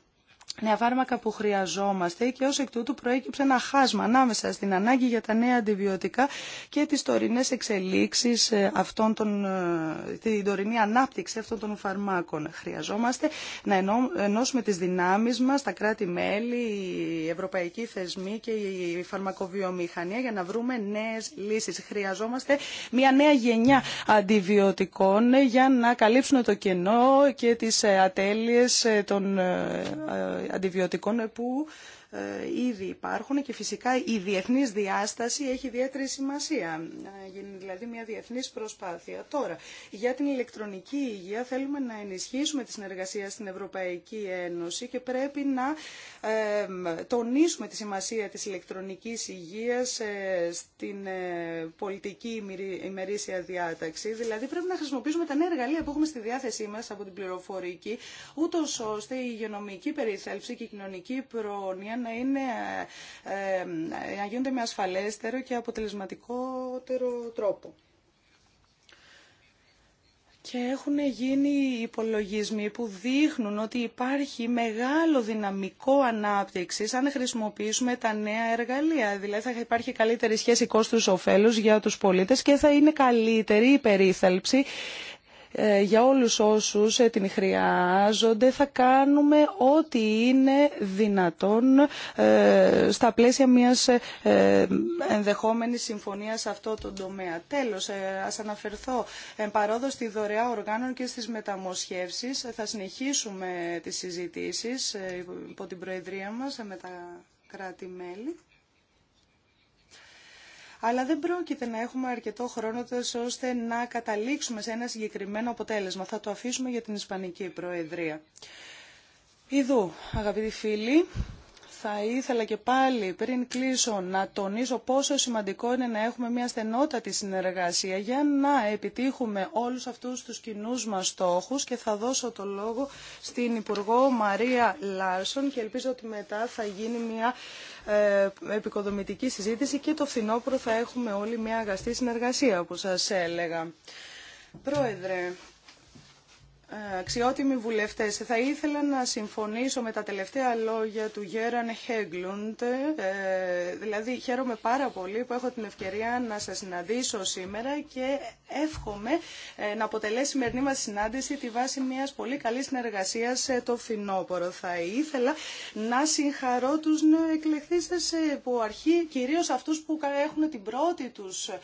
νέα φάρμακα που χρειαζόμαστε και ως εκ τούτου προέκυψε ένα χάσμα ανάμεσα στην ανάγκη για τα νέα αντιβιωτικά και τις τωρινές εξελίξεις ε, αυτών των, ε, την τωρινή ανάπτυξη αυτών των φαρμάκων. Χρειαζόμαστε να ενώσουμε τις δυνάμεις μας, τα κράτη-μέλη, η Ευρωπαϊκή θεσμοί και η φαρμακοβιομηχανία για να βρούμε νέες λύσεις. Χρειαζόμαστε μια νέα γενιά αντιβιωτικών ε, για να καλύψουν το κενό και τις ατέλειες των αντιβιωτικών που ε, ήδη υπάρχουν και φυσικά η διεθνής διάσταση έχει ιδιαίτερη σημασία. Γίνει δηλαδή μια διεθνής προσπάθεια. Τώρα, για την ηλεκτρονική υγεία θέλουμε να ενισχύσουμε τη συνεργασία στην Ευρωπαϊκή Ένωση και πρέπει να τονίσουμε τη σημασία της ηλεκτρονικής υγείας ε, στην ε, πολιτική ημερήσια διάταξη. Δηλαδή πρέπει να χρησιμοποιήσουμε τα νέα εργαλεία που έχουμε στη διάθεσή μας από την πληροφορική, ούτως ώστε η υγειονομική περιθέλψη και η κοινωνική πρόνοια να, είναι, ε, ε, να γίνονται με ασφαλέστερο και αποτελεσματικότερο τρόπο. Και έχουν γίνει υπολογισμοί που δείχνουν ότι υπάρχει μεγάλο δυναμικό ανάπτυξη αν χρησιμοποιήσουμε τα νέα εργαλεία. Δηλαδή θα υπάρχει καλύτερη σχέση κόστους-οφέλους για τους πολίτες και θα είναι καλύτερη η περίθαλψη ε, για όλους όσους την χρειάζονται. Θα κάνουμε ό,τι είναι δυνατόν ε, στα πλαίσια μιας ε, ενδεχόμενης συμφωνίας σε αυτό το τομέα. Τέλος, ας αναφερθώ παρόδο στη δωρεά οργάνων και στις μεταμοσχεύσεις. Θα συνεχίσουμε τις συζητήσεις υπό την Προεδρία μας με τα κράτη-μέλη αλλά δεν πρόκειται να έχουμε αρκετό χρόνο ώστε να καταλήξουμε σε ένα συγκεκριμένο αποτέλεσμα. Θα το αφήσουμε για την Ισπανική Προεδρία. Ιδού, αγαπητοί φίλοι, θα ήθελα και πάλι πριν κλείσω να τονίσω πόσο σημαντικό είναι να έχουμε μια στενότατη συνεργασία για να επιτύχουμε όλους αυτούς τους κοινού μας στόχους και θα δώσω το λόγο στην Υπουργό Μαρία Λάρσον και ελπίζω ότι μετά θα γίνει μια ε, επικοδομητική συζήτηση και το φθινόπωρο θα έχουμε όλοι μια αγαστή συνεργασία όπως σας έλεγα. Πρόεδρε, Αξιότιμοι βουλευτές, θα ήθελα να συμφωνήσω με τα τελευταία λόγια του Γέραν Χέγκλουντ. Ε, δηλαδή, χαίρομαι πάρα πολύ που έχω την ευκαιρία να σας συναντήσω σήμερα και εύχομαι ε, να αποτελέσει η σημερινή μας συνάντηση τη βάση μιας πολύ καλής συνεργασίας το φινόπορο. Θα ήθελα να συγχαρώ τους νεοεκλεχθείς ε, που αρχή, κυρίως αυτούς που έχουν την πρώτη τους ε,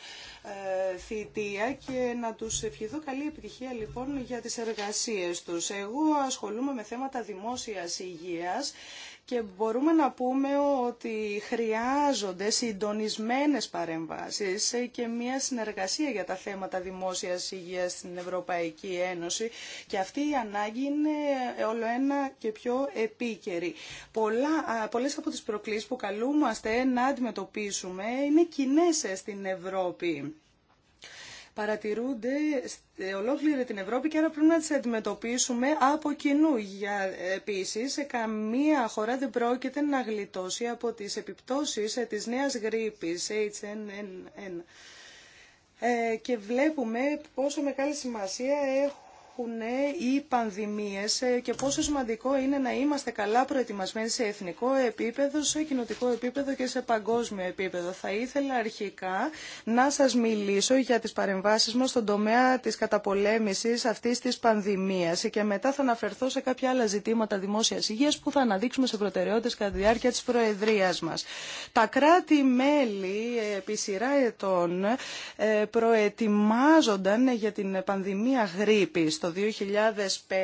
θητεία και να τους ευχηθώ καλή επιτυχία λοιπόν για τις εργασίες εργασίες τους. Εγώ ασχολούμαι με θέματα δημόσιας υγείας και μπορούμε να πούμε ότι χρειάζονται συντονισμένες παρεμβάσεις και μια συνεργασία για τα θέματα δημόσιας υγείας στην Ευρωπαϊκή Ένωση και αυτή η ανάγκη είναι όλο ένα και πιο επίκαιρη. Πολλά, πολλές από τις προκλήσεις που καλούμαστε να αντιμετωπίσουμε είναι κοινέ στην Ευρώπη παρατηρούνται σε ολόκληρη την Ευρώπη και άρα πρέπει να τις αντιμετωπίσουμε από κοινού. Για, επίσης, σε καμία χώρα δεν πρόκειται να γλιτώσει από τις επιπτώσεις ε, της νέας γρήπης HNN1. Ε, και βλέπουμε πόσο μεγάλη σημασία έχουν υπάρχουν οι πανδημίες ε, και πόσο σημαντικό είναι να είμαστε καλά προετοιμασμένοι σε εθνικό επίπεδο, σε κοινοτικό επίπεδο και σε παγκόσμιο επίπεδο. Θα ήθελα αρχικά να σας μιλήσω για τις παρεμβάσεις μας στον τομέα της καταπολέμησης αυτής της πανδημίας και μετά θα αναφερθώ σε κάποια άλλα ζητήματα δημόσιας υγείας που θα αναδείξουμε σε προτεραιότητες κατά τη διάρκεια της Προεδρίας μας. Τα κράτη-μέλη ε, επί σειρά ετών ε, προετοιμάζονταν για την πανδημία γρήπη το 2005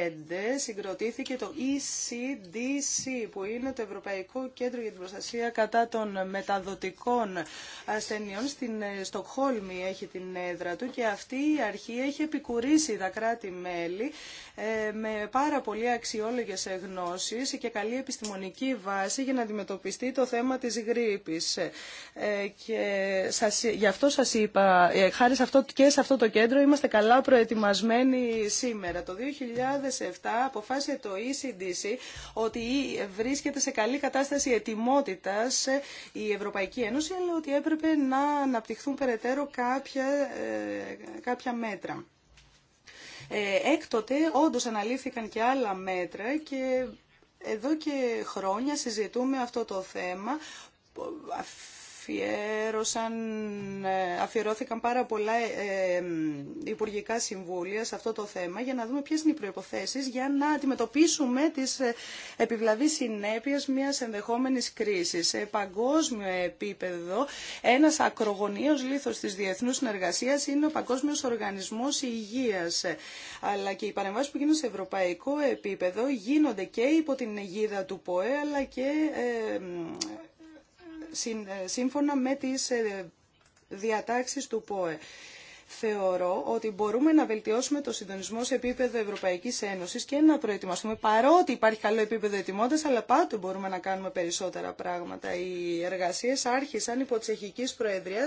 συγκροτήθηκε το ECDC που είναι το Ευρωπαϊκό Κέντρο για την Προστασία κατά των μεταδοτικών ασθενειών στην ε, Στοκχόλμη έχει την έδρα του και αυτή η αρχή έχει επικουρήσει τα κράτη-μέλη ε, με πάρα πολύ αξιόλογες γνώσεις και καλή επιστημονική βάση για να αντιμετωπιστεί το θέμα της γρήπης. Ε, και σας, γι' αυτό σας είπα, χάρη αυτό, και σε αυτό το κέντρο είμαστε καλά προετοιμασμένοι σήμερα σήμερα. Το 2007 αποφάσισε το ECDC ότι βρίσκεται σε καλή κατάσταση ετοιμότητας ε, η Ευρωπαϊκή Ένωση, αλλά ότι έπρεπε να αναπτυχθούν περαιτέρω κάποια, ε, κάποια μέτρα. Ε, έκτοτε όντως αναλύθηκαν και άλλα μέτρα και εδώ και χρόνια συζητούμε αυτό το θέμα αφιέρωσαν, ε, αφιερώθηκαν πάρα πολλά ε, ε, υπουργικά συμβούλια σε αυτό το θέμα για να δούμε ποιες είναι οι προϋποθέσεις για να αντιμετωπίσουμε τις επιβλαβείς συνέπειες μιας ενδεχόμενης κρίσης. Σε παγκόσμιο επίπεδο, ένας ακρογωνίος λίθος της διεθνούς συνεργασίας είναι ο Παγκόσμιος Οργανισμός Υγείας. Αλλά και οι παρεμβάσεις που γίνονται σε ευρωπαϊκό επίπεδο γίνονται και υπό την αιγίδα του ΠΟΕ αλλά και ε, σύμφωνα με τις ε, διατάξεις του ΠΟΕ θεωρώ ότι μπορούμε να βελτιώσουμε το συντονισμό σε επίπεδο Ευρωπαϊκή Ένωση και να προετοιμαστούμε. Παρότι υπάρχει καλό επίπεδο ετοιμότητα, αλλά πάντοτε μπορούμε να κάνουμε περισσότερα πράγματα. Οι εργασίε άρχισαν υπό Τσεχική Προεδρία.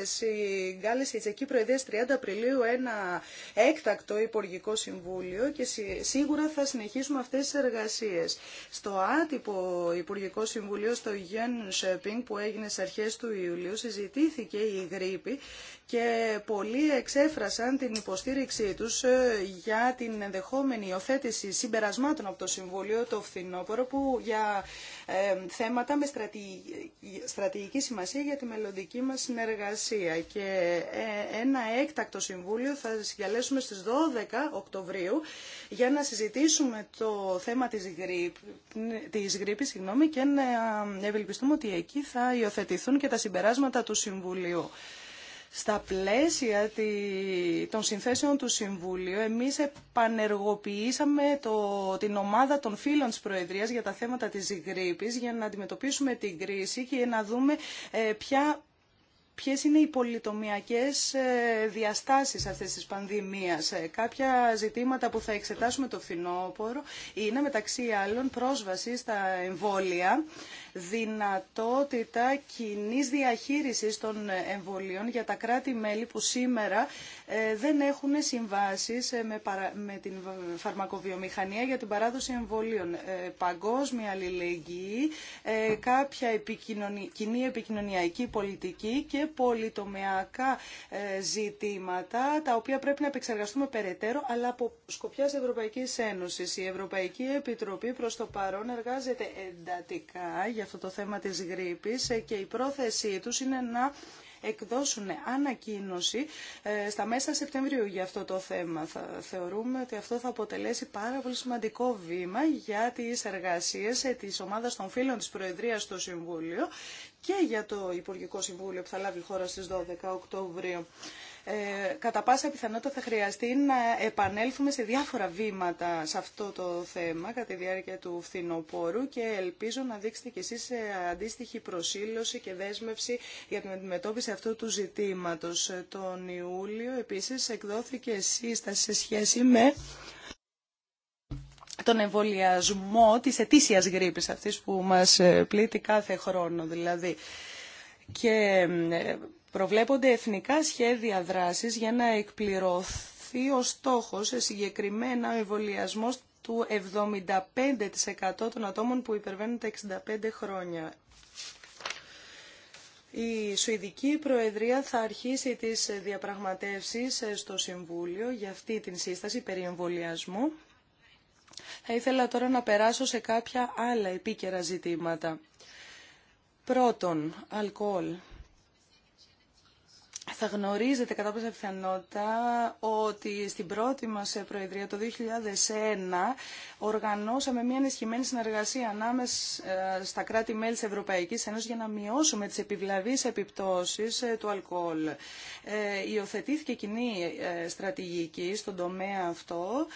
Ε, συγκάλεσε η τσεχική προεδρία 30 Απριλίου ένα έκτακτο υπουργικό συμβούλιο και σίγουρα θα συνεχίσουμε αυτέ τι εργασίε. Στο άτυπο υπουργικό συμβούλιο στο Γιάνν Σέπινγκ που έγινε στι αρχέ του Ιουλίου συζητήθηκε η γρήπη και πολλοί εξέφρασαν την υποστήριξή τους ε, για την ενδεχόμενη υιοθέτηση συμπερασμάτων από το Συμβούλιο το φθινόπωρο που για ε, θέματα με στρατηγική σημασία για τη μελλοντική μας συνεργασία. Και ε, ένα έκτακτο Συμβούλιο θα συγκαλέσουμε στις 12 Οκτωβρίου για να συζητήσουμε το θέμα της, γρήπ, της γρήπης συγγνώμη, και να ευελπιστούμε ότι εκεί θα υιοθετηθούν και τα συμπεράσματα του Συμβουλίου. Στα πλαίσια των συνθέσεων του Συμβουλίου, εμείς επανεργοποιήσαμε το, την ομάδα των φίλων της Προεδρίας για τα θέματα της γρήπης, για να αντιμετωπίσουμε την κρίση και να δούμε ε, ποια ποιες είναι οι πολυτομιακές ε, διαστάσεις αυτής της πανδημίας. Ε, κάποια ζητήματα που θα εξετάσουμε το φθινόπωρο είναι μεταξύ άλλων πρόσβαση στα εμβόλια, δυνατότητα κοινή διαχείρισης των εμβολίων για τα κράτη-μέλη που σήμερα ε, δεν έχουν συμβάσεις ε, με την φαρμακοβιομηχανία για την παράδοση εμβολίων. Ε, παγκόσμια αλληλεγγύη, κάποια κοινή επικοινωνιακή πολιτική και πολυτομιακά ζητήματα τα οποία πρέπει να επεξεργαστούμε περαιτέρω αλλά από σκοπιάς Ευρωπαϊκής Ένωσης. Η Ευρωπαϊκή Επιτροπή προς το παρόν εργάζεται εντατικά για αυτό το θέμα της γρήπης ε, και η πρόθεσή τους είναι να εκδώσουν ανακοίνωση ε, στα μέσα Σεπτεμβρίου για αυτό το θέμα. Θα θεωρούμε ότι αυτό θα αποτελέσει πάρα πολύ σημαντικό βήμα για τις εργασίες ε, της ομάδας των φίλων της Προεδρίας στο Συμβούλιο και για το Υπουργικό Συμβούλιο που θα λάβει η χώρα στις 12 Οκτωβρίου. Ε, κατά πάσα πιθανότητα θα χρειαστεί να επανέλθουμε σε διάφορα βήματα σε αυτό το θέμα κατά τη διάρκεια του φθινοπόρου και ελπίζω να δείξετε κι εσείς ε, αντίστοιχη προσήλωση και δέσμευση για την αντιμετώπιση αυτού του ζητήματος. Τον Ιούλιο επίσης εκδόθηκε σύσταση σε σχέση με τον εμβολιασμό της ετήσιας γρήπης αυτής που μας ε, πλήττει κάθε χρόνο δηλαδή. Προβλέπονται εθνικά σχέδια δράσης για να εκπληρωθεί ο στόχος σε συγκεκριμένα ο εμβολιασμό του 75% των ατόμων που υπερβαίνουν τα 65 χρόνια. Η Σουηδική Προεδρία θα αρχίσει τις διαπραγματεύσεις στο Συμβούλιο για αυτή την σύσταση περί εμβολιασμού. Θα ήθελα τώρα να περάσω σε κάποια άλλα επίκαιρα ζητήματα. Πρώτον, αλκοόλ θα γνωρίζετε κατά πάσα πιθανότητα ότι στην πρώτη μας Προεδρία το 2001 οργανώσαμε μια ενισχυμένη συνεργασία ανάμεσα ε, στα κράτη-μέλη της Ευρωπαϊκής Ένωσης για να μειώσουμε τις επιβλαβείς επιπτώσεις ε, του αλκοόλ. Ε, υιοθετήθηκε κοινή στρατηγική στον τομέα αυτό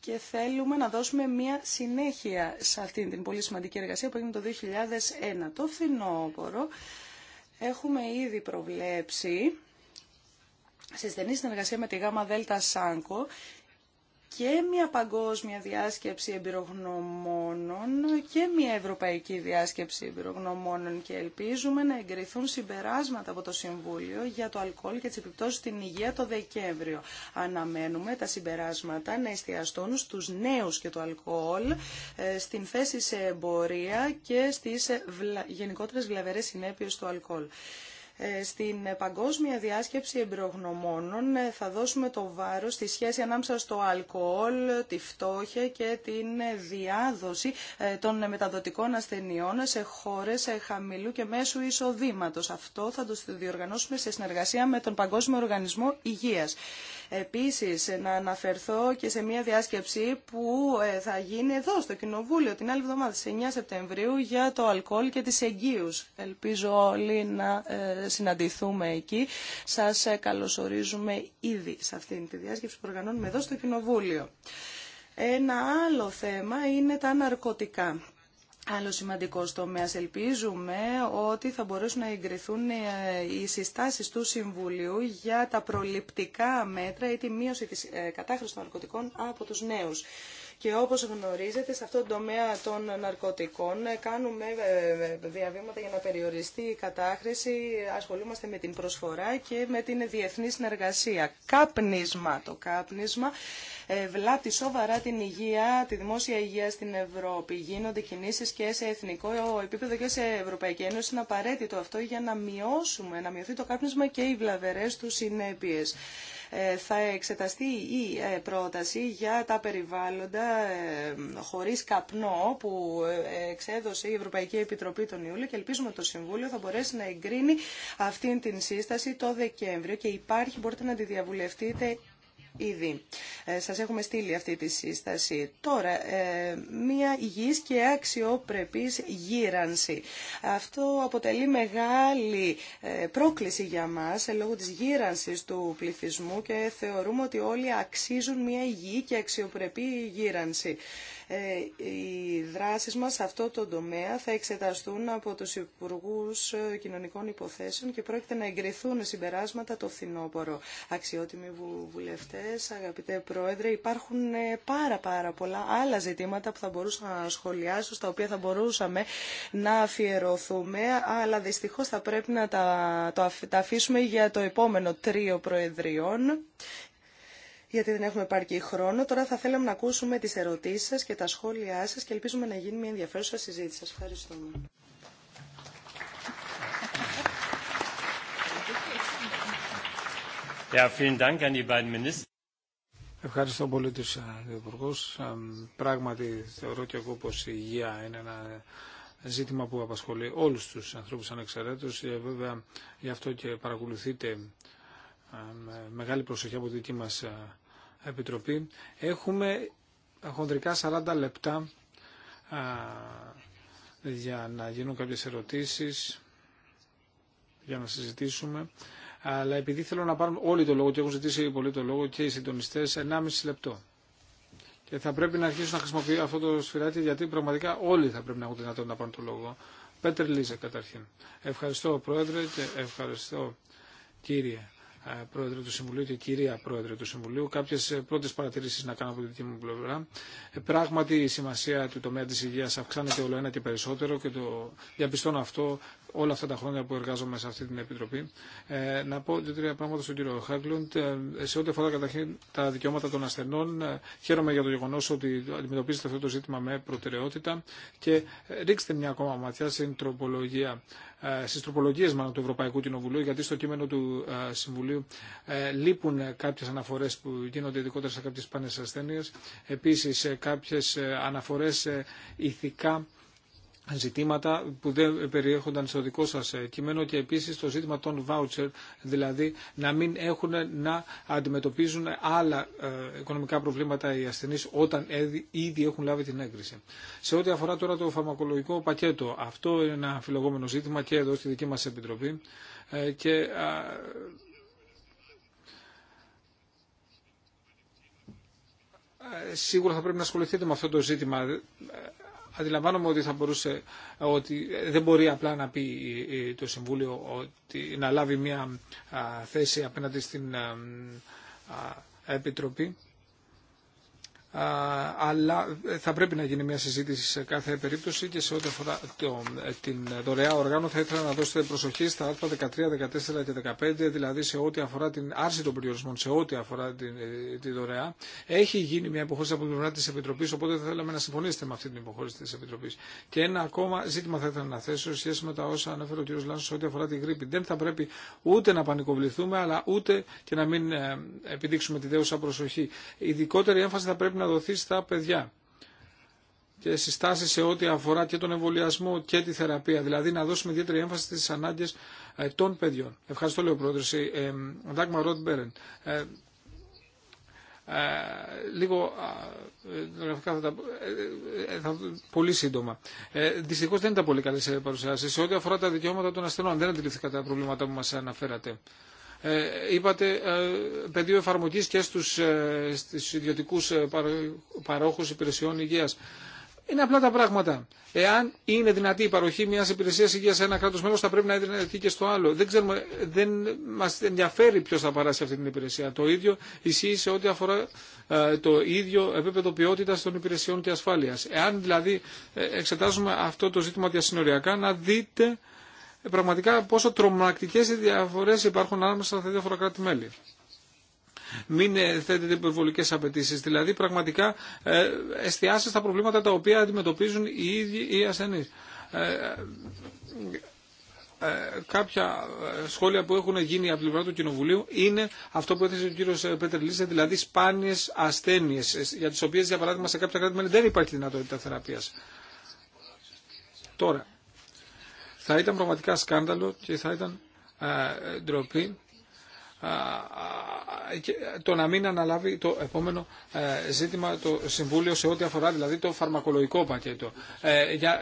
και θέλουμε να δώσουμε μια συνέχεια σε αυτή την πολύ σημαντική εργασία που έγινε το 2001. Το φθινόπωρο Έχουμε ήδη προβλέψει σε στενή συνεργασία με τη ΓΑΜΑ ΔΕΛΤΑ ΣΑΝΚΟ και μια παγκόσμια διάσκεψη εμπειρογνωμόνων και μια ευρωπαϊκή διάσκεψη εμπειρογνωμόνων και ελπίζουμε να εγκριθούν συμπεράσματα από το Συμβούλιο για το αλκοόλ και τις επιπτώσεις στην υγεία το Δεκέμβριο. Αναμένουμε τα συμπεράσματα να εστιαστούν στους νέους και το αλκοόλ, ε, στην θέση σε εμπορία και στις ε, γενικότερες βλαβερές συνέπειες του αλκοόλ. Ε, στην παγκόσμια διάσκεψη εμπειρογνωμόνων ε, θα δώσουμε το βάρος στη σχέση ανάμεσα στο αλκοόλ, τη φτώχεια και την ε, διάδοση των μεταδοτικών ασθενειών σε χώρες χαμηλού και μέσου εισοδήματος. Αυτό θα το διοργανώσουμε σε συνεργασία με τον Παγκόσμιο Οργανισμό Υγείας. Επίσης, να αναφερθώ και σε μια διάσκεψη που ε, θα γίνει εδώ στο Κοινοβούλιο την άλλη εβδομάδα, στις 9 Σεπτεμβρίου, για το αλκοόλ και τις εγγύους. Ελπίζω όλοι να ε, συναντηθούμε εκεί. Σας ε, καλωσορίζουμε ήδη σε αυτήν τη διάσκεψη που οργανώνουμε εδώ στο Κοινοβούλιο. Ένα άλλο θέμα είναι τα ναρκωτικά. Άλλο σημαντικό τομέα. Ελπίζουμε ότι θα μπορέσουν να εγκριθούν ε, οι συστάσει του Συμβουλίου για τα προληπτικά μέτρα ή τη μείωση τη ε, κατάχρηση των ναρκωτικών από τους νέου. Και όπως γνωρίζετε, σε αυτόν τον τομέα των ναρκωτικών ε, κάνουμε ε, ε, διαβήματα για να περιοριστεί η κατάχρηση, ασχολούμαστε με την προσφορά και με την διεθνή συνεργασία. Κάπνισμα το κάπνισμα βλάπτει σοβαρά την υγεία, τη δημόσια υγεία στην Ευρώπη. Γίνονται κινήσεις και σε εθνικό επίπεδο και σε Ευρωπαϊκή Ένωση. Είναι απαραίτητο αυτό για να μειώσουμε, να μειωθεί το κάπνισμα και οι βλαβερές του συνέπειες. Ε, θα εξεταστεί η ε, πρόταση για τα περιβάλλοντα ε, χωρίς καπνό που εξέδωσε η Ευρωπαϊκή Επιτροπή τον Ιούλιο και ελπίζουμε το Συμβούλιο θα μπορέσει να εγκρίνει αυτήν την σύσταση το Δεκέμβριο και υπάρχει, μπορείτε να τη διαβουλευτείτε ήδη. Ε, σας έχουμε στείλει αυτή τη σύσταση. Τώρα, ε, μια υγιής και αξιοπρεπής γύρανση. Αυτό αποτελεί μεγάλη ε, πρόκληση για μας ε, λόγω της γύρανσης του πληθυσμού και θεωρούμε ότι όλοι αξίζουν μια υγιή και αξιοπρεπή γύρανση. Ε, οι δράσεις μας σε αυτό το τομέα θα εξεταστούν από τους Υπουργούς Κοινωνικών Υποθέσεων και πρόκειται να εγκριθούν συμπεράσματα το φθινόπωρο. Αξιότιμοι βουλευτές, αγαπητέ Πρόεδρε, υπάρχουν ε, πάρα πάρα πολλά άλλα ζητήματα που θα μπορούσα να σχολιάσω, στα οποία θα μπορούσαμε να αφιερωθούμε, αλλά δυστυχώς θα πρέπει να το, τα αφήσουμε για το επόμενο τρίο Προεδριών γιατί δεν έχουμε πάρει χρόνο. Τώρα θα θέλαμε να ακούσουμε τις ερωτήσεις σας και τα σχόλιά σας και ελπίζουμε να γίνει μια ενδιαφέρουσα συζήτηση. Σας ευχαριστούμε. Ευχαριστώ πολύ τους ε, υπουργούς. Ε, πράγματι θεωρώ και εγώ πως η υγεία είναι ένα ζήτημα που απασχολεί όλους τους ανθρώπους ανεξαρτήτως. Ε, βέβαια γι' αυτό και παρακολουθείτε με μεγάλη προσοχή από τη δική μας Επιτροπή. Έχουμε χοντρικά 40 λεπτά για να γίνουν κάποιες ερωτήσεις, για να συζητήσουμε. Αλλά επειδή θέλω να πάρουν όλοι το λόγο και έχουν ζητήσει πολύ το λόγο και οι συντονιστές, 1,5 λεπτό. Και θα πρέπει να αρχίσουν να χρησιμοποιούν αυτό το σφυράκι γιατί πραγματικά όλοι θα πρέπει να έχουν δυνατότητα να πάρουν το λόγο. Πέτερ Λίζε καταρχήν. Ευχαριστώ Πρόεδρε και ευχαριστώ κύριε Πρόεδρε του Συμβουλίου και κυρία Πρόεδρε του Συμβουλίου, κάποιε πρώτε παρατηρήσει να κάνω από την δική μου πλευρά. Ε, πράγματι, η σημασία του τομέα τη υγεία αυξάνεται όλο ένα και περισσότερο και το διαπιστώνω αυτό όλα αυτά τα χρόνια που εργάζομαι σε αυτή την Επιτροπή. Ε, να πω δύο-τρία πράγματα στον κύριο Χάγκλουντ. Ε, σε ό,τι αφορά καταρχήν τα δικαιώματα των ασθενών, ε, χαίρομαι για το γεγονό ότι αντιμετωπίζετε αυτό το ζήτημα με προτεραιότητα και ρίξτε μια ακόμα ματιά στην τροπολογία στις τροπολογίες του Ευρωπαϊκού Κοινοβουλίου, γιατί στο κείμενο του Συμβουλίου λείπουν κάποιες αναφορές που γίνονται ειδικότερα σε κάποιες πάνες ασθένειες. Επίσης, κάποιες αναφορές ηθικά ζητήματα που δεν περιέχονταν στο δικό σας ε, κείμενο και επίσης το ζήτημα των voucher, δηλαδή να μην έχουν να αντιμετωπίζουν άλλα ε, οικονομικά προβλήματα οι ασθενείς όταν ήδη έχουν λάβει την έγκριση. Σε ό,τι αφορά τώρα το φαρμακολογικό πακέτο, αυτό είναι ένα αμφιλογόμενο ζήτημα και εδώ στη δική μας Επιτροπή ε, και σίγουρα θα πρέπει να ασχοληθείτε με αυτό το ζήτημα αντιλαμβάνομαι ότι θα μπορούσε, ότι δεν μπορεί απλά να πει ε, ε, το Συμβούλιο ότι να λάβει μια θέση απέναντι στην Επιτροπή αλλά ε, θα πρέπει να γίνει μια συζήτηση σε κάθε περίπτωση και σε ό,τι αφορά το, ε, την δωρεά οργάνω θα ήθελα να δώσετε προσοχή στα άρθρα 13, 14 και 15 δηλαδή σε ό,τι αφορά την άρση των περιορισμών σε ό,τι αφορά την, ε, τη δωρεά έχει γίνει μια υποχώρηση από την πλευρά της Επιτροπής οπότε θα θέλαμε να συμφωνήσετε με αυτή την υποχώρηση της Επιτροπής και ένα ακόμα ζήτημα θα ήθελα να θέσω σε σχέση με τα όσα ανέφερε ο κ. Λάνσος σε ό,τι αφορά την γρήπη δεν θα πρέπει ούτε να πανικοβληθούμε αλλά ούτε και να μην επιδείξουμε τη δέουσα προσοχή ειδικότερη έμφαση θα πρέπει να δοθεί στα παιδιά και συστάσεις σε ό,τι αφορά και τον εμβολιασμό και τη θεραπεία. Δηλαδή να δώσουμε ιδιαίτερη έμφαση στις ανάγκες ε, των παιδιών. Ευχαριστώ, λέει ο πρόεδρος. Ε, Δάγμα Ροτ Μπέρεν. λίγο ε, θα τα, ε, θα, πολύ σύντομα. Ε, Δυστυχώ δεν ήταν πολύ καλέ παρουσιάσει. Σε ό,τι αφορά τα δικαιώματα των ασθενών, δεν αντιληφθήκατε τα προβλήματα που μα αναφέρατε. Ε, είπατε ε, πεδίο εφαρμογή και στου ε, ιδιωτικού παρόχου υπηρεσιών υγεία. Είναι απλά τα πράγματα. Εάν είναι δυνατή η παροχή μια υπηρεσία υγεία σε ένα κράτο μέλο, θα πρέπει να είναι δυνατή και στο άλλο. Δεν, ξέρουμε, δεν μα ενδιαφέρει ποιο θα παράσει αυτή την υπηρεσία. Το ίδιο ισχύει σε ό,τι αφορά το ίδιο επίπεδο ποιότητα των υπηρεσιών και ασφάλεια. Εάν δηλαδή εξετάζουμε αυτό το ζήτημα διασυνοριακά, να δείτε ε, πραγματικά πόσο τρομακτικέ οι διαφορέ υπάρχουν ανάμεσα στα διάφορα κράτη-μέλη. Μην ε, θέτετε υπερβολικέ απαιτήσει. Δηλαδή, πραγματικά ε, εστιάστε στα προβλήματα τα οποία αντιμετωπίζουν οι ίδιοι οι ασθενεί. Ε, κάποια σχόλια που έχουν γίνει από την πλευρά του Κοινοβουλίου είναι αυτό που έθεσε ο κύριο Πέτερ δηλαδή σπάνιε ασθένειε, για τι οποίε, για παράδειγμα, σε κάποια κράτη-μέλη δεν υπάρχει δυνατότητα θεραπεία. Τώρα, θα ήταν πραγματικά σκάνδαλο και θα ήταν ε, ντροπή ε, ε, το να μην αναλάβει το επόμενο ζήτημα το Συμβούλιο σε ό,τι αφορά δηλαδή το φαρμακολογικό πακέτο. Για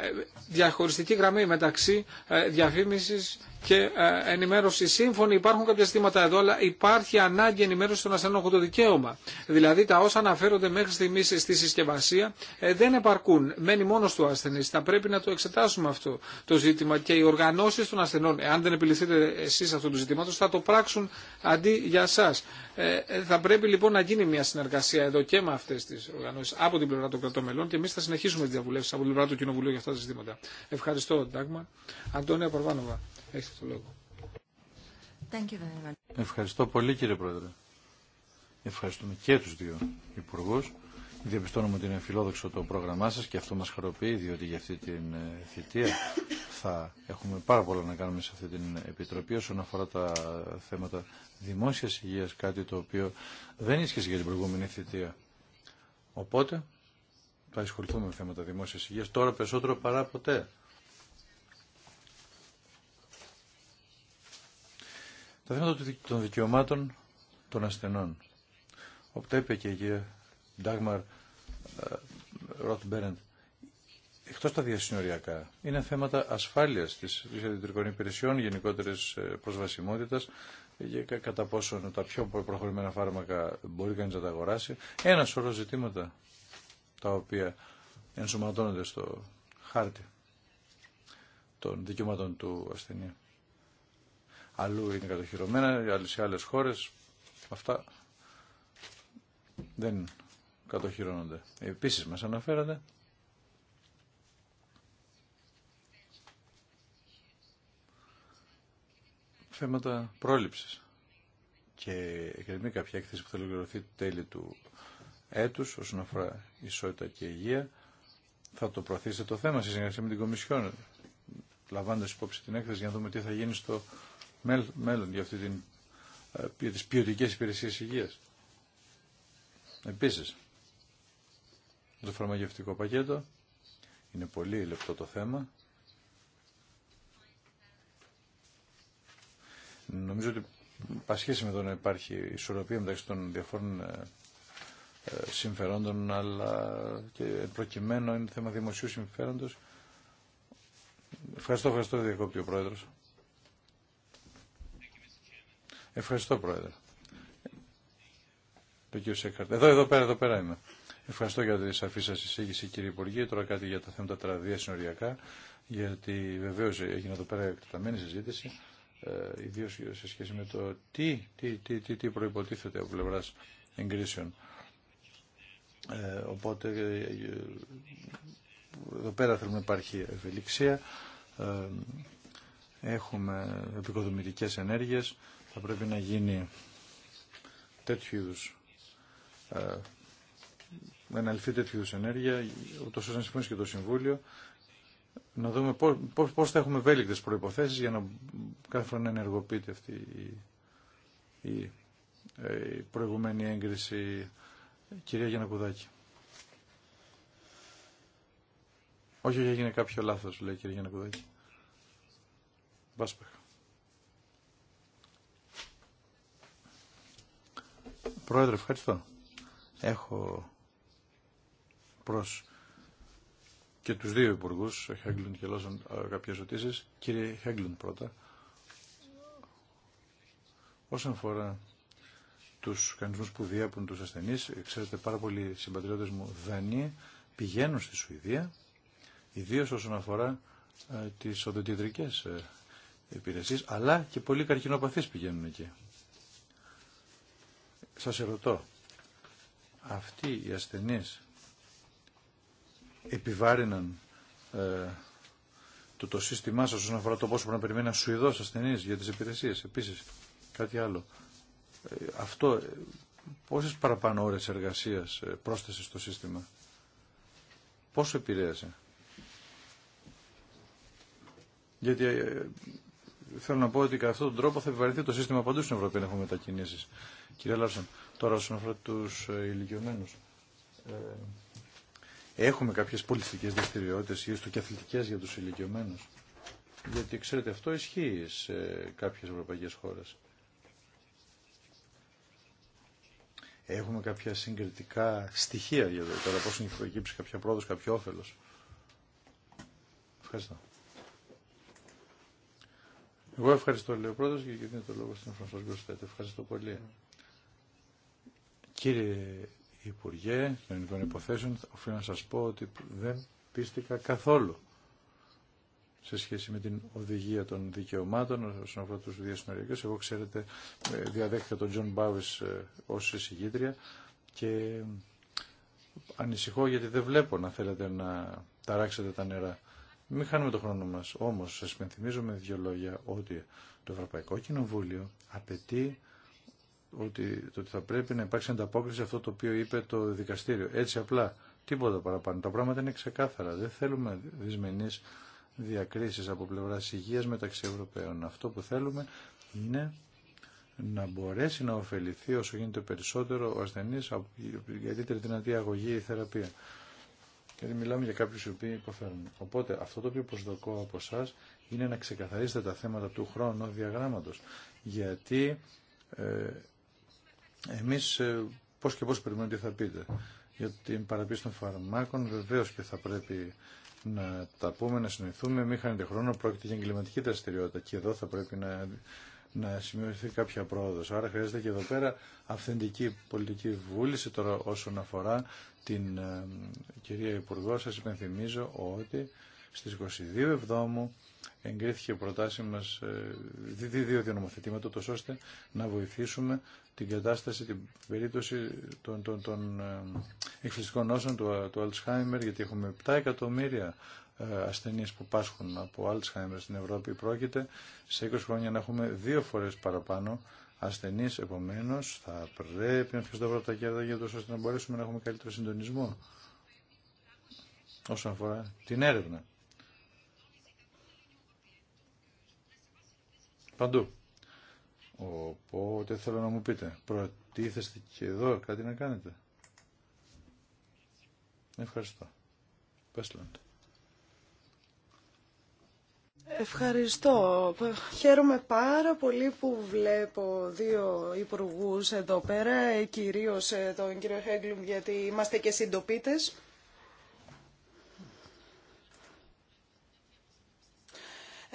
διαχωριστική γραμμή μεταξύ διαφήμισης και ε, ενημέρωση σύμφωνη. Υπάρχουν κάποια ζητήματα εδώ, αλλά υπάρχει ανάγκη ενημέρωση των ασθενών. Έχουν το δικαίωμα. Δηλαδή τα όσα αναφέρονται μέχρι στιγμή στη συσκευασία ε, δεν επαρκούν. Μένει μόνο του ασθενή. Θα πρέπει να το εξετάσουμε αυτό το ζήτημα και οι οργανώσει των ασθενών, εάν δεν επιληθείτε εσεί αυτού του ζητήματο, θα το πράξουν αντί για εσά. θα πρέπει λοιπόν να γίνει μια συνεργασία εδώ και με αυτέ τι οργανώσει από την πλευρά των κρατών μελών και εμεί θα συνεχίσουμε τι διαβουλεύσει από την πλευρά του Κοινοβουλίου για αυτά τα ζητήματα. Ευχαριστώ, Ντάγμα. Αντώνια Παρβάνοβα. Έχετε το λόγο. Ευχαριστώ πολύ κύριε Πρόεδρε. Ευχαριστούμε και τους δύο υπουργούς. Διαπιστώνουμε ότι είναι φιλόδοξο το πρόγραμμά σας και αυτό μας χαροποιεί διότι για αυτή την ε, θητεία θα έχουμε πάρα πολλά να κάνουμε σε αυτή την Επιτροπή όσον αφορά τα θέματα δημόσιας υγείας, κάτι το οποίο δεν ίσχυσε για την προηγούμενη θητεία. Οπότε θα ασχοληθούμε με θέματα δημόσιας υγείας τώρα περισσότερο παρά ποτέ. Τα θέματα των δικαιωμάτων των ασθενών. Όπου τα είπε και η κυρία Ντάγμαρ ε, Ροτμπέρεντ, εκτός τα διασυνοριακά, είναι θέματα ασφάλειας της ιατρικών υπηρεσιών, γενικότερης ε, προσβασιμότητας, και κατά πόσο τα πιο προχωρημένα φάρμακα μπορεί κανείς να τα αγοράσει. Ένα σωρό ζητήματα τα οποία ενσωματώνονται στο χάρτη των δικαιωμάτων του ασθενείου αλλού είναι κατοχυρωμένα, σε άλλες χώρες αυτά δεν κατοχυρώνονται. Επίσης μας αναφέρατε θέματα πρόληψης και εκκρεμεί κάποια έκθεση που θα ολοκληρωθεί τέλη του έτους όσον αφορά ισότητα και υγεία θα το προωθήσετε το θέμα σε συνεργασία με την Κομισιόν λαμβάνοντας υπόψη την έκθεση για να δούμε τι θα γίνει στο μέλλον για, αυτή την, ε, για τις ποιοτικές υπηρεσίες υγείας. Επίσης, το φαρμακευτικό πακέτο είναι πολύ λεπτό το θέμα. Νομίζω ότι πασχέση με το να υπάρχει ισορροπία μεταξύ των διαφόρων ε, ε, συμφερόντων, αλλά και προκειμένου είναι θέμα δημοσίου συμφέροντος. Ευχαριστώ, ευχαριστώ, διακόπτει ο Πρόεδρος. Ευχαριστώ, Πρόεδρε. Το κύριο Σέκαρτ. Εδώ, εδώ πέρα, εδώ πέρα είμαι. Ευχαριστώ για τη σαφή σα εισήγηση, κύριε Υπουργέ. Τώρα κάτι για τα θέματα τραδία συνοριακά, γιατί βεβαίω έγινε εδώ πέρα εκτεταμένη συζήτηση, ε, ιδίω σε σχέση με το τι, τι, τι, τι, τι προποτίθεται από πλευρά εγκρίσεων. Ε, οπότε ε, εδώ πέρα θέλουμε να υπάρχει ευελιξία, ε, έχουμε επικοδομητικές ενέργειες θα πρέπει να γίνει τέτοιου είδου. Ε, να αναλυθεί τέτοιου είδου ενέργεια, ούτω ώστε να συμφωνήσει και το Συμβούλιο, να δούμε πώ θα έχουμε ευέλικτε προϋποθέσεις για να κάθε φορά να ενεργοποιείται αυτή η, ε, η, προηγουμένη έγκριση. Κυρία Γιανακουδάκη. Όχι, όχι, έγινε κάποιο λάθος, λέει η κυρία Γιανακουδάκη. Μπάσπαχ. Πρόεδρε, ευχαριστώ. Έχω προς και τους δύο υπουργούς, Χέγκλουντ και Λόσον, ε, κάποιες ερωτήσεις. Κύριε Χέγκλουντ πρώτα, όσον αφορά τους κανονισμούς που διέπουν τους ασθενείς, ξέρετε πάρα πολλοί συμπατριώτες μου Δανείοι πηγαίνουν στη Σουηδία, ιδίως όσον αφορά ε, τις οδοντιατρικές ε, υπηρεσίες, αλλά και πολλοί καρκινοπαθείς πηγαίνουν εκεί σας ερωτώ, αυτοί οι ασθενείς επιβάρυναν ε, το, το σύστημά σας όσον αφορά το πόσο πρέπει να περιμένει ένας Σουηδός ασθενής για τις υπηρεσίες. Επίσης, κάτι άλλο. Ε, αυτό, ε, πόσες παραπάνω ώρες εργασίας πρόσθεσε στο σύστημα. Πόσο επηρέασε. Γιατί θέλω να πω ότι κατά αυτόν τον τρόπο θα επιβαρυνθεί το σύστημα παντού στην Ευρωπαϊκή να έχουμε μετακινήσεις. Κύριε Λάρσον, τώρα όσον αφορά τους ε, ηλικιωμένους. Ε, έχουμε κάποιες δραστηριότητε ή έστω και αθλητικές για του ηλικιωμένου. Γιατί ξέρετε αυτό ισχύει σε κάποιε ευρωπαϊκέ χώρε. Έχουμε κάποια συγκριτικά στοιχεία για το πώ πόσο έχει προκύψει κάποια πρόοδος, κάποιο όφελος. Ευχαριστώ. Εγώ ευχαριστώ, λέει ο πρόεδρος, και είναι το λόγο στην Φρανσός Γκοστέτ. Ευχαριστώ πολύ. Κύριε Υπουργέ Ελληνικών Υποθέσεων, οφείλω να σας πω ότι δεν πίστηκα καθόλου σε σχέση με την οδηγία των δικαιωμάτων όσον αφορά τους διασυνοριακούς. Εγώ, ξέρετε, ε, διαδέχτηκα τον Τζον Μπάουις ε, ως εισηγήτρια και ανησυχώ γιατί δεν βλέπω να θέλετε να ταράξετε τα νερά. Μην χάνουμε το χρόνο μας. Όμως, σας πενθυμίζω με δύο λόγια ότι το Ευρωπαϊκό Κοινοβούλιο απαιτεί ότι, ότι θα πρέπει να υπάρξει ανταπόκριση σε αυτό το οποίο είπε το δικαστήριο. Έτσι απλά, τίποτα παραπάνω. Τα πράγματα είναι ξεκάθαρα. Δεν θέλουμε δυσμενεί διακρίσεις από πλευρά υγεία μεταξύ Ευρωπαίων. Αυτό που θέλουμε είναι να μπορέσει να ωφεληθεί όσο γίνεται περισσότερο ο ασθενή, για την δυνατή αγωγή ή θεραπεία. Γιατί μιλάμε για κάποιου οι οποίοι υποφέρουν. Οπότε αυτό το οποίο προσδοκώ από εσά είναι να ξεκαθαρίσετε τα θέματα του χρόνου διαγράμματο. Γιατί ε, εμείς ε, πώς και πώς περιμένουμε τι θα πείτε για την παραπίση των φαρμάκων. Βεβαίως και θα πρέπει να τα πούμε, να συνοηθούμε. Μην χάνετε χρόνο, πρόκειται για εγκληματική δραστηριότητα και εδώ θα πρέπει να, να σημειωθεί κάποια πρόοδο. Άρα χρειάζεται και εδώ πέρα αυθεντική πολιτική βούληση τώρα όσον αφορά την ε, κυρία Υπουργό. Σας υπενθυμίζω ότι στις 22 Εβδόμου εγκρίθηκε η προτάση μας ε, δύο ώστε να βοηθήσουμε την κατάσταση, την περίπτωση των, των, των ε, νόσων του, του Alzheimer, γιατί έχουμε 7 εκατομμύρια ε, ασθενείς που πάσχουν από Alzheimer στην Ευρώπη. Πρόκειται σε 20 χρόνια να έχουμε δύο φορές παραπάνω ασθενείς, επομένως θα πρέπει να φυσικά από τα κέρδα για το ώστε να μπορέσουμε να έχουμε καλύτερο συντονισμό όσον αφορά την έρευνα. Παντού. Οπότε θέλω να μου πείτε, προτίθεστε και εδώ κάτι να κάνετε. Ευχαριστώ. Ευχαριστώ. Χαίρομαι πάρα πολύ που βλέπω δύο υπουργούς εδώ πέρα, κυρίως τον κύριο Χέγκλουμ, γιατί είμαστε και συντοπίτες.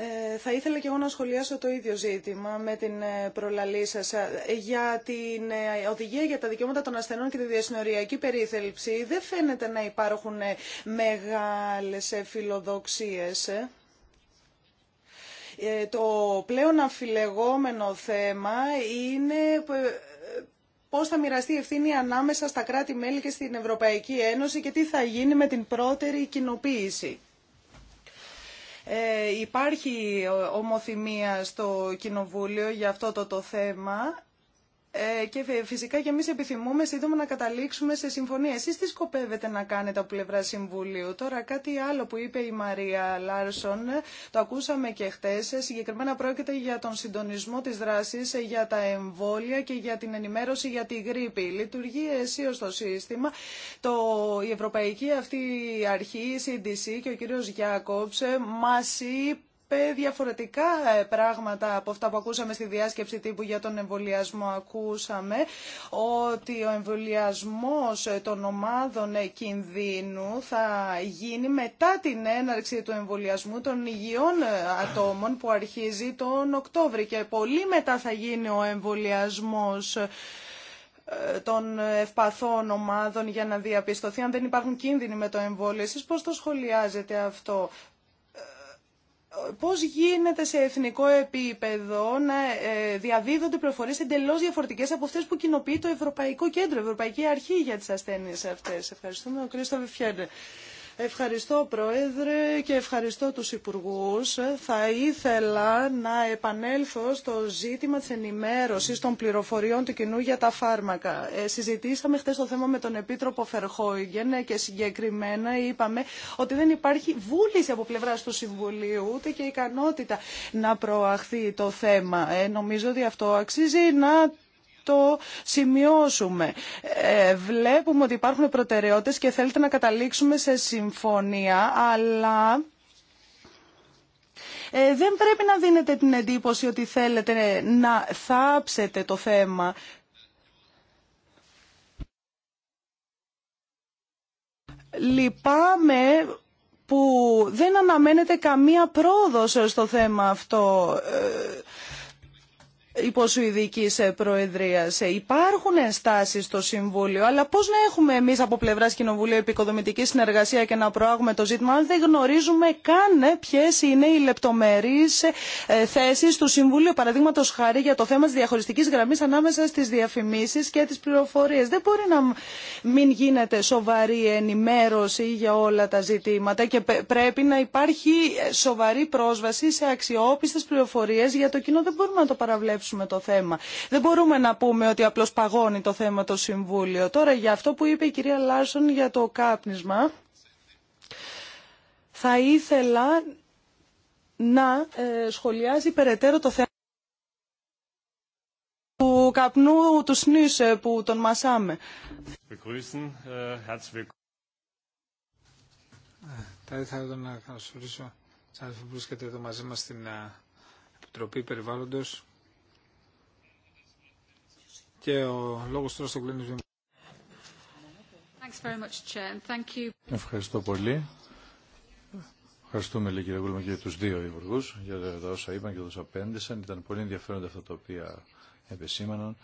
Ε, θα ήθελα και εγώ να σχολιάσω το ίδιο ζήτημα με την ε, προλαλή σα. Ε, για την οδηγία για τα δικαιώματα των ασθενών και τη διασυνοριακή περίθελψη δεν φαίνεται να υπάρχουν μεγάλες φιλοδοξίες. Το πλέον αφιλεγόμενο θέμα είναι πώς θα μοιραστεί η ευθύνη ανάμεσα στα κράτη-μέλη και στην Ευρωπαϊκή Ένωση και τι θα γίνει με την πρώτερη κοινοποίηση. Ε, υπάρχει ομοθυμία στο Κοινοβούλιο για αυτό το, το θέμα ε, και φυσικά και εμείς επιθυμούμε σύντομα να καταλήξουμε σε συμφωνία. Εσείς τι σκοπεύετε να κάνετε από πλευρά Συμβουλίου. Τώρα κάτι άλλο που είπε η Μαρία Λάρσον, το ακούσαμε και χτες, συγκεκριμένα πρόκειται για τον συντονισμό της δράσης, για τα εμβόλια και για την ενημέρωση για τη γρήπη. Λειτουργεί αισίως το σύστημα. Το, η Ευρωπαϊκή αυτή αρχή, η CDC και ο κύριος Γιάκοψε μας είπε διαφορετικά ε, πράγματα από αυτά που ακούσαμε στη διάσκεψη τύπου για τον εμβολιασμό. Ακούσαμε ότι ο εμβολιασμός ε, των ομάδων ε, κινδύνου θα γίνει μετά την έναρξη του εμβολιασμού των υγιών ατόμων που αρχίζει τον Οκτώβρη και πολύ μετά θα γίνει ο εμβολιασμός των ευπαθών ομάδων για να διαπιστωθεί αν δεν υπάρχουν κίνδυνοι με το εμβόλιο. Εσείς πώς το σχολιάζετε αυτό. Πώς γίνεται σε εθνικό επίπεδο να ε, διαδίδονται προφορές εντελώς διαφορετικές από αυτές που κοινοποιεί το Ευρωπαϊκό Κέντρο, Ευρωπαϊκή Αρχή για τις ασθένειες αυτές. Ευχαριστούμε. Ο Κρίστοφ Ευχαριστώ Πρόεδρε και ευχαριστώ τους Υπουργούς. Θα ήθελα να επανέλθω στο ζήτημα της ενημέρωσης των πληροφοριών του κοινού για τα φάρμακα. Ε, συζητήσαμε χθες το θέμα με τον Επίτροπο Φερχόγγεν και συγκεκριμένα είπαμε ότι δεν υπάρχει βούληση από πλευράς του Συμβουλίου ούτε και ικανότητα να προαχθεί το θέμα. Ε, νομίζω ότι αυτό αξίζει να το σημειώσουμε. Ε, βλέπουμε ότι υπάρχουν προτεραιότητες και θέλετε να καταλήξουμε σε συμφωνία, αλλά... Ε, δεν πρέπει να δίνετε την εντύπωση ότι θέλετε να θάψετε το θέμα. Λυπάμαι που δεν αναμένεται καμία πρόοδος στο θέμα αυτό. Ε, υποσουηδικής ε, Προεδρία. Ε, υπάρχουν ενστάσει στο Συμβούλιο, αλλά πώς να έχουμε εμείς από πλευρά Κοινοβουλίου επικοδομητική συνεργασία και να προάγουμε το ζήτημα, αν δεν γνωρίζουμε καν ε, ποιε είναι οι λεπτομερεί θέσει του Συμβουλίου, παραδείγματο χάρη για το θέμα τη διαχωριστικής γραμμή ανάμεσα στις διαφημίσεις και τις πληροφορίε. Δεν μπορεί να μην γίνεται σοβαρή ενημέρωση για όλα τα ζητήματα και πρέπει να υπάρχει σοβαρή πρόσβαση σε αξιόπιστε πληροφορίε για το κοινό. Δεν μπορούμε να το παραβλέψουμε με το θέμα. Δεν μπορούμε να πούμε ότι απλώς παγώνει το θέμα το Συμβούλιο. Τώρα για αυτό που είπε η κυρία Λάρσον για το κάπνισμα, θα ήθελα να ε, σχολιάζει περαιτέρω το θέμα του καπνού του Σνίσε που τον μασάμε. Äh, ε, θα ήθελα να σαν βρίσκεται εδώ μαζί μας στην ε, Επιτροπή Περιβάλλοντος και ο λόγος τώρα Ευχαριστώ πολύ. Ευχαριστούμε λέει κύριε Γκούλμα και τους δύο υπουργούς για τα όσα είπαν και τα όσα απέντησαν. Ήταν πολύ ενδιαφέροντα αυτά τα οποία επισήμαναν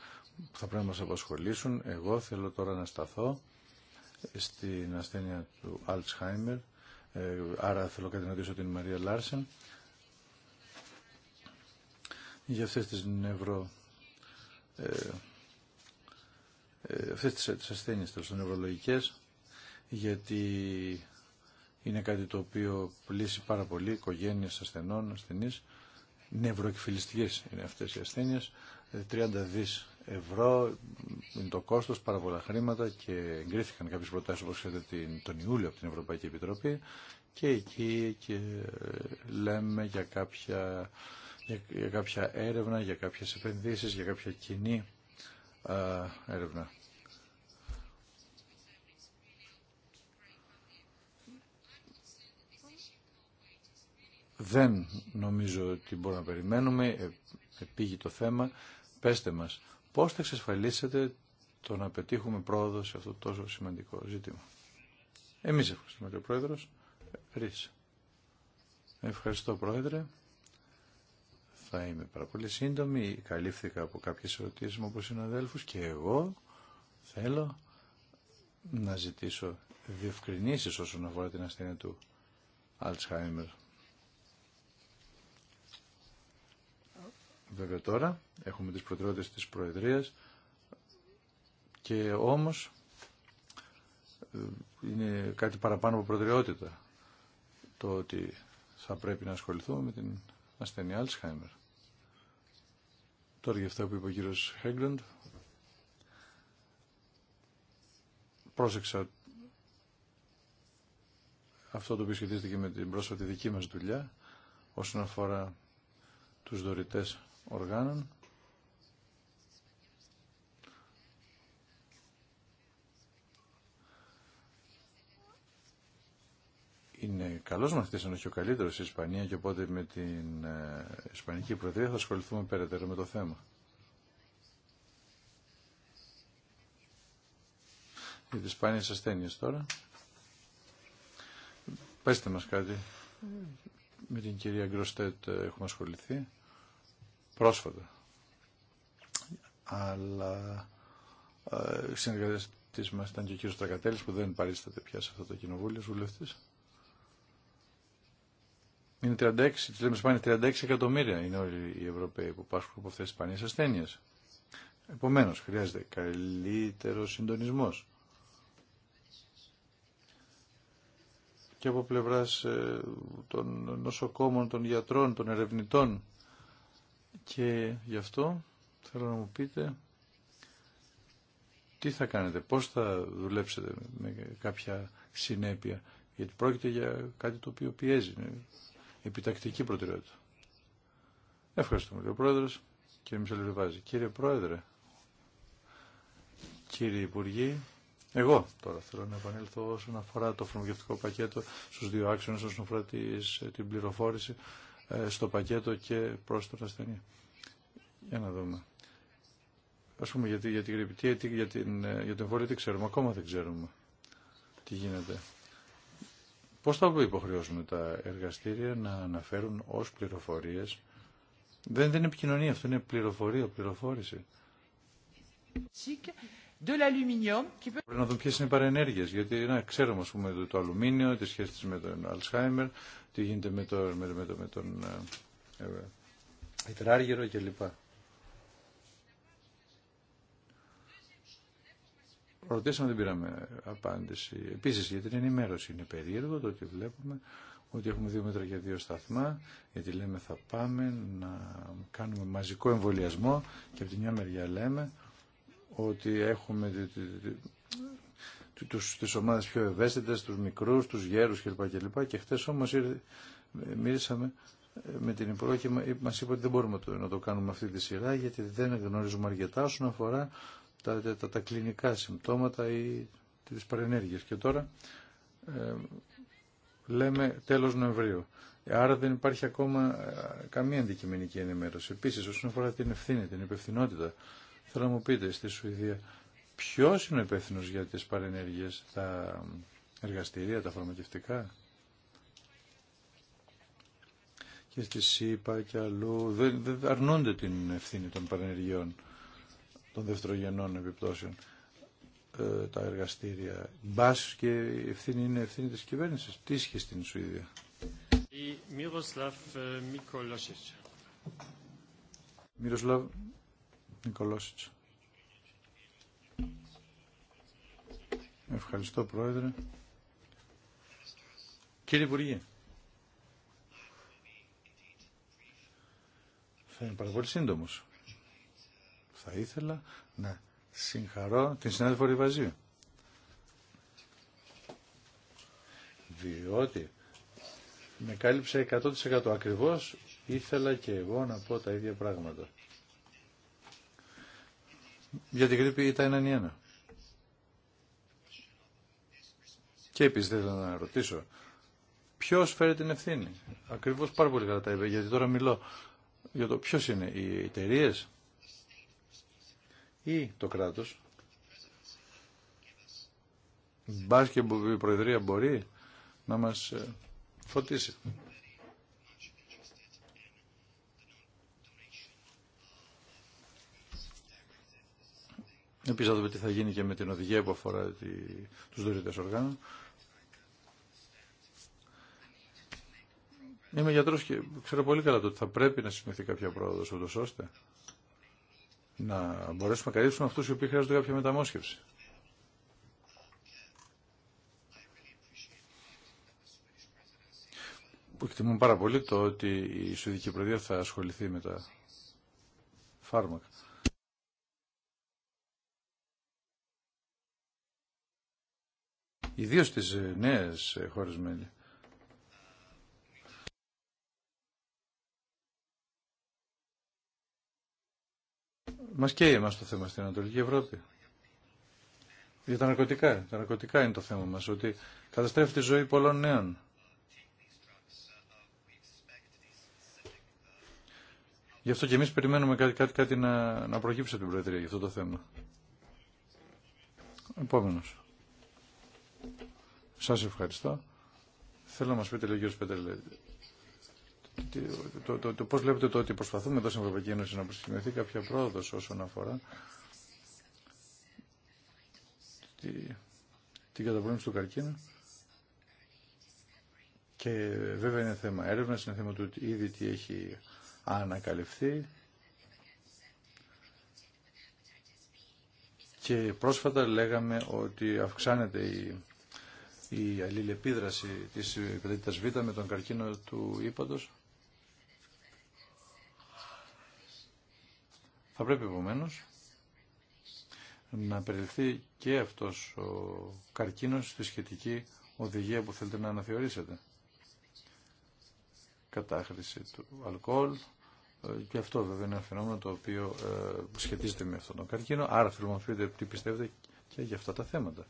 θα πρέπει να μας απασχολήσουν. Εγώ θέλω τώρα να σταθώ στην ασθένεια του Αλτσχάιμερ. άρα θέλω κάτι να ρωτήσω την Μαρία Λάρσεν για αυτές τις νευρο ε, ε, αυτές τις ασθένειες τέλος νευρολογικές γιατί είναι κάτι το οποίο πλήσει πάρα πολύ οικογένειες ασθενών, ασθενείς νευροεκφυλιστικές είναι αυτές οι ασθένειες 30 ε, δις ευρώ είναι το κόστος, πάρα πολλά χρήματα και εγκρίθηκαν κάποιες προτάσεις όπως ξέρετε τον Ιούλιο από την Ευρωπαϊκή Επιτροπή και εκεί και ε, λέμε για κάποια, για κάποια έρευνα, για κάποιες επενδύσεις, για κάποια κοινή δεν νομίζω ότι μπορούμε να περιμένουμε, ε, επήγει το θέμα. Πέστε μας, πώς θα εξασφαλίσετε το να πετύχουμε πρόοδο σε αυτό το τόσο σημαντικό ζήτημα. Εμείς ευχαριστούμε και ο Πρόεδρος. Ε, Ευχαριστώ Πρόεδρε θα είμαι πάρα πολύ σύντομη. Καλύφθηκα από κάποιες ερωτήσεις μου από συναδέλφους και εγώ θέλω να ζητήσω διευκρινήσεις όσον αφορά την ασθένεια του Αλτσχάιμερ. Βέβαια τώρα έχουμε τις προτεραιότητες της Προεδρίας και όμως ε, είναι κάτι παραπάνω από προτεραιότητα το ότι θα πρέπει να ασχοληθούμε με την ασθένεια Αλτσχάιμερ. Τώρα για αυτά που είπε ο κύριος Χέγκλεντ. Πρόσεξα αυτό το οποίο σχετίζεται με την πρόσφατη δική μας δουλειά όσον αφορά τους δωρητές οργάνων είναι καλός μαθητής, αν και ο καλύτερος στην Ισπανία και οπότε με την ε, Ισπανική Προεδρία θα ασχοληθούμε περαιτέρω με το θέμα. Για τις σπάνιες ασθένειες τώρα. Πέστε μας κάτι. Με την κυρία Γκροστέτ ε, έχουμε ασχοληθεί πρόσφατα. Αλλά ε, συνεργαστής μας ήταν και ο κύριος Τρακατέλης που δεν παρίσταται πια σε αυτό το κοινοβούλιο, βουλευτής. Είναι 36, τι λέμε σπάνια, 36 εκατομμύρια είναι όλοι οι Ευρωπαίοι που πάσχουν από αυτέ τι σπάνιε ασθένειες. Επομένως, χρειάζεται καλύτερο συντονισμό. Και από πλευράς ε, των νοσοκόμων, των γιατρών, των ερευνητών. Και γι' αυτό θέλω να μου πείτε τι θα κάνετε, πώς θα δουλέψετε με κάποια συνέπεια. Γιατί πρόκειται για κάτι το οποίο πιέζει, επιτακτική προτεραιότητα. Ευχαριστούμε, κύριε Πρόεδρος. Κύριε Μισελεβάζη. Κύριε Πρόεδρε, κύριε Υπουργοί, εγώ τώρα θέλω να επανέλθω όσον αφορά το φρονογευτικό πακέτο στους δύο άξονες, όσον αφορά τις, την πληροφόρηση ε, στο πακέτο και προς τον ασθενή. Για να δούμε. Ας πούμε για, γιατί την για, την, ε, τι ξέρουμε, ακόμα δεν ξέρουμε τι γίνεται. Πώς θα υποχρεώσουμε τα εργαστήρια να αναφέρουν ως πληροφορίες. Δεν, δεν είναι επικοινωνία, αυτό είναι πληροφορία, πληροφόρηση. Πρέπει να δούμε ποιε είναι οι παρενέργειε, γιατί να ξέρουμε ας πούμε, το, αλουμίνιο, τη σχέση με τον Αλσχάιμερ, τι γίνεται με, το, με, με τον ε, ε, ε κλπ. Ρωτήσαμε, δεν πήραμε απάντηση. Επίση για την ενημέρωση είναι περίεργο το ότι βλέπουμε ότι έχουμε δύο μέτρα για δύο σταθμά, γιατί λέμε θα πάμε να κάνουμε μαζικό εμβολιασμό και από τη μια μεριά λέμε ότι έχουμε τι τις ομάδες πιο ευαίσθητες, τους μικρούς, τους γέρους κλπ. Και χθες όμως μίλησαμε ε, με την Υπουργό και μας είπε ότι δεν μπορούμε να το κάνουμε αυτή τη σειρά γιατί δεν γνωρίζουμε αρκετά όσον αφορά τα, τα, κλινικά συμπτώματα ή τις παρενέργειες. Και τώρα ε, λέμε τέλος Νοεμβρίου. Άρα δεν υπάρχει ακόμα ε, καμία αντικειμενική ενημέρωση. Επίσης, όσον αφορά την ευθύνη, την υπευθυνότητα, θέλω να μου πείτε στη Σουηδία ποιος είναι ο υπεύθυνο για τις παρενέργειες, τα εργαστηρία, τα φαρμακευτικά. Και στη ΣΥΠΑ και αλλού δεν, δεν αρνούνται την ευθύνη των παρενεργειών των δευτερογενών επιπτώσεων ε, τα εργαστήρια. Μπά και ευθύνη είναι ευθύνη τη κυβέρνηση Τι είσαι στην Σουηδία. Η Μυροσλάβ ε, Μικολόσιτς. Μικολόσιτς. Ευχαριστώ Πρόεδρε. Κύριε Υπουργέ. Θα είναι πάρα πολύ σύντομος. Θα ήθελα να συγχαρώ την συνάδελφο Ριβαζίου. Διότι με κάλυψε 100% ακριβώς ήθελα και εγώ να πω τα ίδια πράγματα. Για την γρήπη ήταν έναν ή ένα. Και επίσης θέλω να ρωτήσω, ποιος φέρει την ευθύνη. Ακριβώς πάρα πολύ καλά τα είπε, γιατί τώρα μιλώ για το ποιος είναι, οι εταιρείε, ή το κράτος. Μπά και η Προεδρία μπορεί να μας ε, φωτίσει. Επίσης θα δούμε τι θα γίνει και με την οδηγία που αφορά τη, τους δωρητές οργάνων. Είμαι γιατρός και ξέρω πολύ καλά το ότι θα πρέπει να σημειωθεί κάποια πρόοδος ούτως ώστε να μπορέσουμε να καλύψουμε αυτούς οι οποίοι χρειάζονται κάποια μεταμόσχευση. Που εκτιμούν πάρα πολύ το ότι η Σουηδική Προεδρία θα ασχοληθεί με τα φάρμακα. Ιδίως στις νέες χώρες μέλη. Μας καίει εμάς το θέμα στην Ανατολική Ευρώπη. Για τα ναρκωτικά. Τα ναρκωτικά είναι το θέμα μας. Ότι καταστρέφει τη ζωή πολλών νέων. Γι' αυτό και εμείς περιμένουμε κάτι, κάτι, να, να προκύψει από την Προεδρία για αυτό το θέμα. Επόμενο. Σας ευχαριστώ. Θέλω να μας πείτε λίγο κύριος Πέτρελε, το, το, το, πώς βλέπετε το ότι προσπαθούμε εδώ στην Ευρωπαϊκή Ένωση να προσημειωθεί κάποια πρόοδος όσον αφορά τη, την καταπολέμηση του καρκίνου και βέβαια είναι θέμα έρευνας, είναι θέμα του ήδη τι έχει ανακαλυφθεί και πρόσφατα λέγαμε ότι αυξάνεται η η αλληλεπίδραση της υπηρετήτας Β με τον καρκίνο του ύπαντος Θα πρέπει επομένω να περιληφθεί και αυτός ο καρκίνος στη σχετική οδηγία που θέλετε να αναθεωρήσετε. Κατάχρηση του αλκοόλ, ε, και αυτό βέβαια είναι ένα φαινόμενο το οποίο ε, σχετίζεται με αυτόν τον καρκίνο. Άρα θέλω να τι πιστεύετε και για αυτά τα θέματα.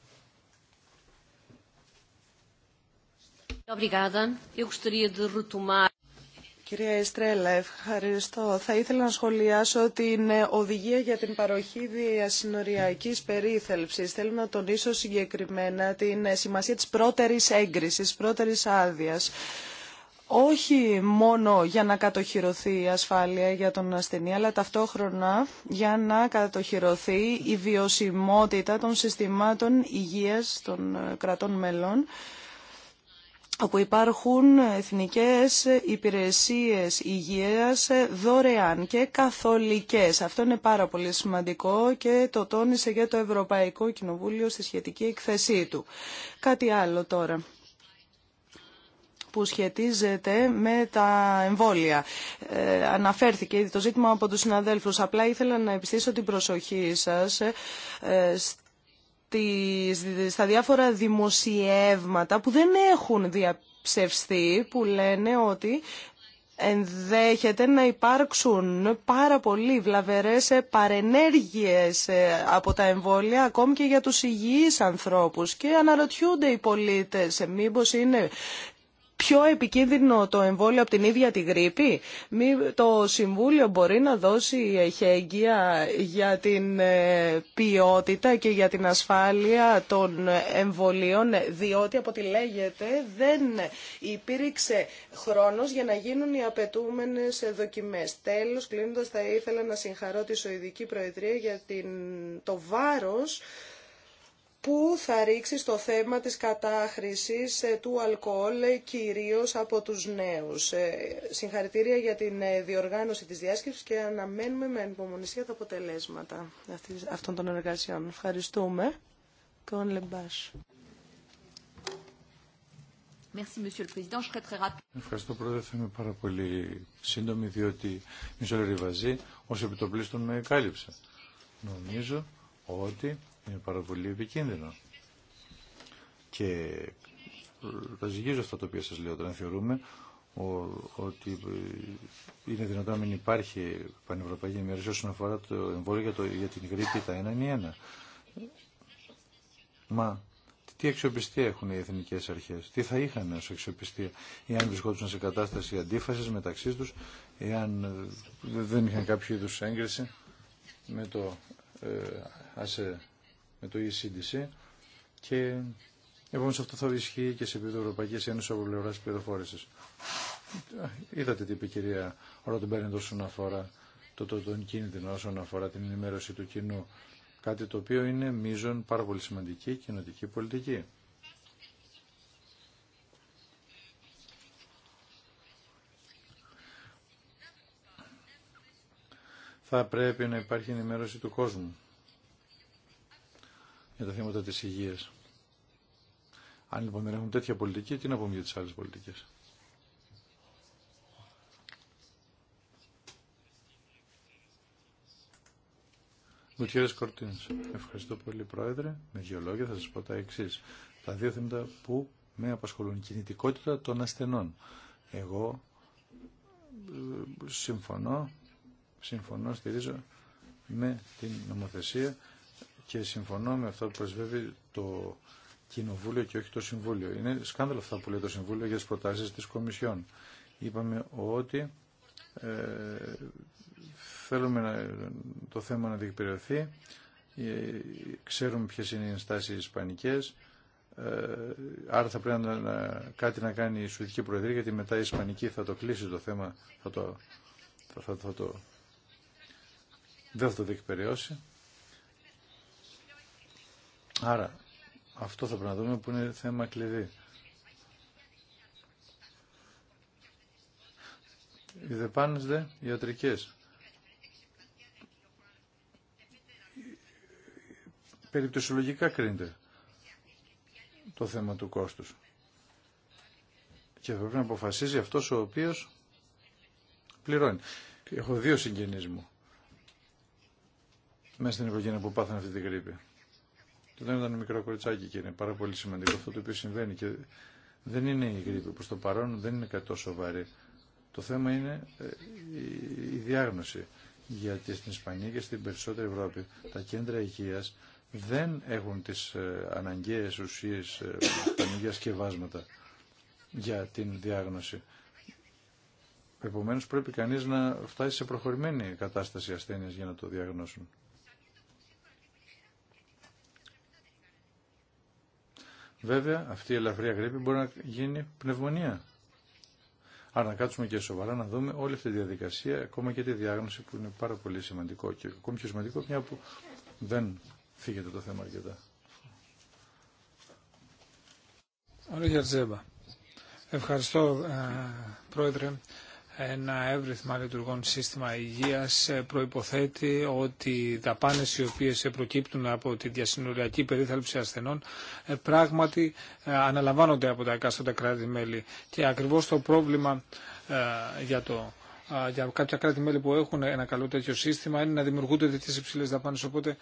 Κυρία Εστρέλα, ευχαριστώ. Θα ήθελα να σχολιάσω την ε, οδηγία για την παροχή διασυνοριακής περίθελψης. Θέλω να τονίσω συγκεκριμένα την ε, σημασία της πρώτερης έγκρισης, πρώτερης άδειας. Όχι μόνο για να κατοχυρωθεί η ασφάλεια για τον ασθενή, αλλά ταυτόχρονα για να κατοχυρωθεί η βιωσιμότητα των συστημάτων υγείας των ε, κρατών μελών όπου υπάρχουν εθνικές υπηρεσίες υγείας δωρεάν και καθολικές. Αυτό είναι πάρα πολύ σημαντικό και το τόνισε για το Ευρωπαϊκό Κοινοβούλιο στη σχετική εκθεσή του. Κάτι άλλο τώρα που σχετίζεται με τα εμβόλια. Ε, αναφέρθηκε ήδη το ζήτημα από τους συναδέλφους. Απλά ήθελα να επιστήσω την προσοχή σας ε, στα διάφορα δημοσιεύματα που δεν έχουν διαψευστεί, που λένε ότι ενδέχεται να υπάρξουν πάρα πολλοί βλαβερές παρενέργειες ε, από τα εμβόλια ακόμη και για τους υγιείς ανθρώπους και αναρωτιούνται οι πολίτες ε, μήπως είναι πιο επικίνδυνο το εμβόλιο από την ίδια τη γρήπη. Μη, το Συμβούλιο μπορεί να δώσει εχέγγυα για την ε, ποιότητα και για την ασφάλεια των εμβολίων, διότι από ό,τι λέγεται δεν υπήρξε χρόνος για να γίνουν οι απαιτούμενες δοκιμές. Τέλος, κλείνοντας, θα ήθελα να συγχαρώ τη Σοηδική Προεδρία για την, το βάρος που θα ρίξει στο θέμα της κατάχρησης ε, του αλκοόλ ε, κυρίως από τους νέους. Ε, συγχαρητήρια για την διοργάνωση της διάσκεψης και αναμένουμε με ανυπομονησία τα αποτελέσματα αυτών των εργασιών. Ευχαριστούμε. Ευχαριστώ Πρόεδρε, θα είμαι πάρα πολύ σύντομη διότι μισό Ριβαζή ως επιτοπλίστων με κάλυψε. Νομίζω ότι είναι πάρα πολύ επικίνδυνο. Και ζηγίζω αυτά τα οποία σας λέω Όταν Θεωρούμε ότι είναι δυνατόν να μην υπάρχει πανευρωπαϊκή ενημέρωση όσον αφορά το εμβόλιο για, το, για την γρήπη τα έναν ή ένα. Μα τι αξιοπιστία έχουν οι εθνικέ αρχέ, τι θα είχαν ω αξιοπιστία, εάν βρισκόντουσαν σε κατάσταση αντίφαση μεταξύ του, εάν δεν είχαν κάποιο είδου έγκριση με το ε, με το ECDC και επομένως αυτό θα ισχύει και σε επίπεδο Ευρωπαϊκής Ένωσης από πλευρά πληροφόρηση. Είδατε τι είπε η κυρία εδώ όσον αφορά το, το, τον κίνδυνο, όσον αφορά την ενημέρωση του κοινού. Κάτι το οποίο είναι μείζον πάρα πολύ σημαντική κοινωτική πολιτική. θα πρέπει να υπάρχει ενημέρωση του κόσμου για τα θέματα της υγείας. Αν λοιπόν δεν έχουν τέτοια πολιτική, τι να πούμε για τις άλλες πολιτικές. Μουτιέρες Κορτίνς, ευχαριστώ πολύ Πρόεδρε. Με δύο λόγια θα σας πω τα εξή. Τα δύο θέματα που με απασχολούν. Κινητικότητα των ασθενών. Εγώ ε, συμφωνώ, συμφωνώ, στηρίζω με την νομοθεσία και συμφωνώ με αυτό που προσβεύει το Κοινοβούλιο και όχι το Συμβούλιο. Είναι σκάνδαλο αυτά που λέει το Συμβούλιο για τις προτάσεις της Κομισιόν. Είπαμε ότι ε, θέλουμε να, το θέμα να διεκπαιρεωθεί, ε, ξέρουμε ποιες είναι οι ενστάσεις ισπανικές, ε, άρα θα πρέπει να, κάτι να κάνει η Σουηδική Προεδρία γιατί μετά η Ισπανική θα το κλείσει το θέμα, θα το, θα, θα το, δεν θα το διεκπαιρεώσει. Άρα, αυτό θα πρέπει να δούμε που είναι θέμα κλειδί. Οι δεπάνες δε ιατρικές. Περιπτωσιολογικά κρίνεται το θέμα του κόστους. Και θα πρέπει να αποφασίζει αυτός ο οποίος πληρώνει. Έχω δύο συγγενείς μου μέσα στην οικογένεια που πάθανε αυτή την γρήπη. Το λέμε ήταν μικρό κοριτσάκι και είναι πάρα πολύ σημαντικό αυτό το οποίο συμβαίνει και δεν είναι η γρήπη προ το παρόν, δεν είναι κάτι τόσο βαρύ. Το θέμα είναι ε, η διάγνωση. Γιατί στην Ισπανία και στην περισσότερη Ευρώπη τα κέντρα υγεία δεν έχουν τις ε, αναγκαίες ουσίε τα αναγκαία σκευάσματα για την διάγνωση. Επομένω πρέπει κανεί να φτάσει σε προχωρημένη κατάσταση ασθένεια για να το διαγνώσουν. Βέβαια, αυτή η ελαφρία γρήπη μπορεί να γίνει πνευμονία. Άρα να κάτσουμε και σοβαρά να δούμε όλη αυτή τη διαδικασία, ακόμα και τη διάγνωση που είναι πάρα πολύ σημαντικό και ακόμη πιο σημαντικό μια που δεν φύγεται το θέμα αρκετά. Ευχαριστώ, ε, Πρόεδρε ένα εύρυθμα λειτουργών σύστημα υγείας ε, προϋποθέτει ότι οι δαπάνε οι οποίες ε, προκύπτουν από τη διασυνοριακή περίθαλψη ασθενών ε, πράγματι αναλαμβάνονται από τα εκάστοτε κράτη-μέλη. Και ακριβώς το πρόβλημα για το για κάποια κράτη-μέλη που έχουν ένα καλό τέτοιο σύστημα είναι να δημιουργούνται τέτοιε υψηλέ δαπάνε. Οπότε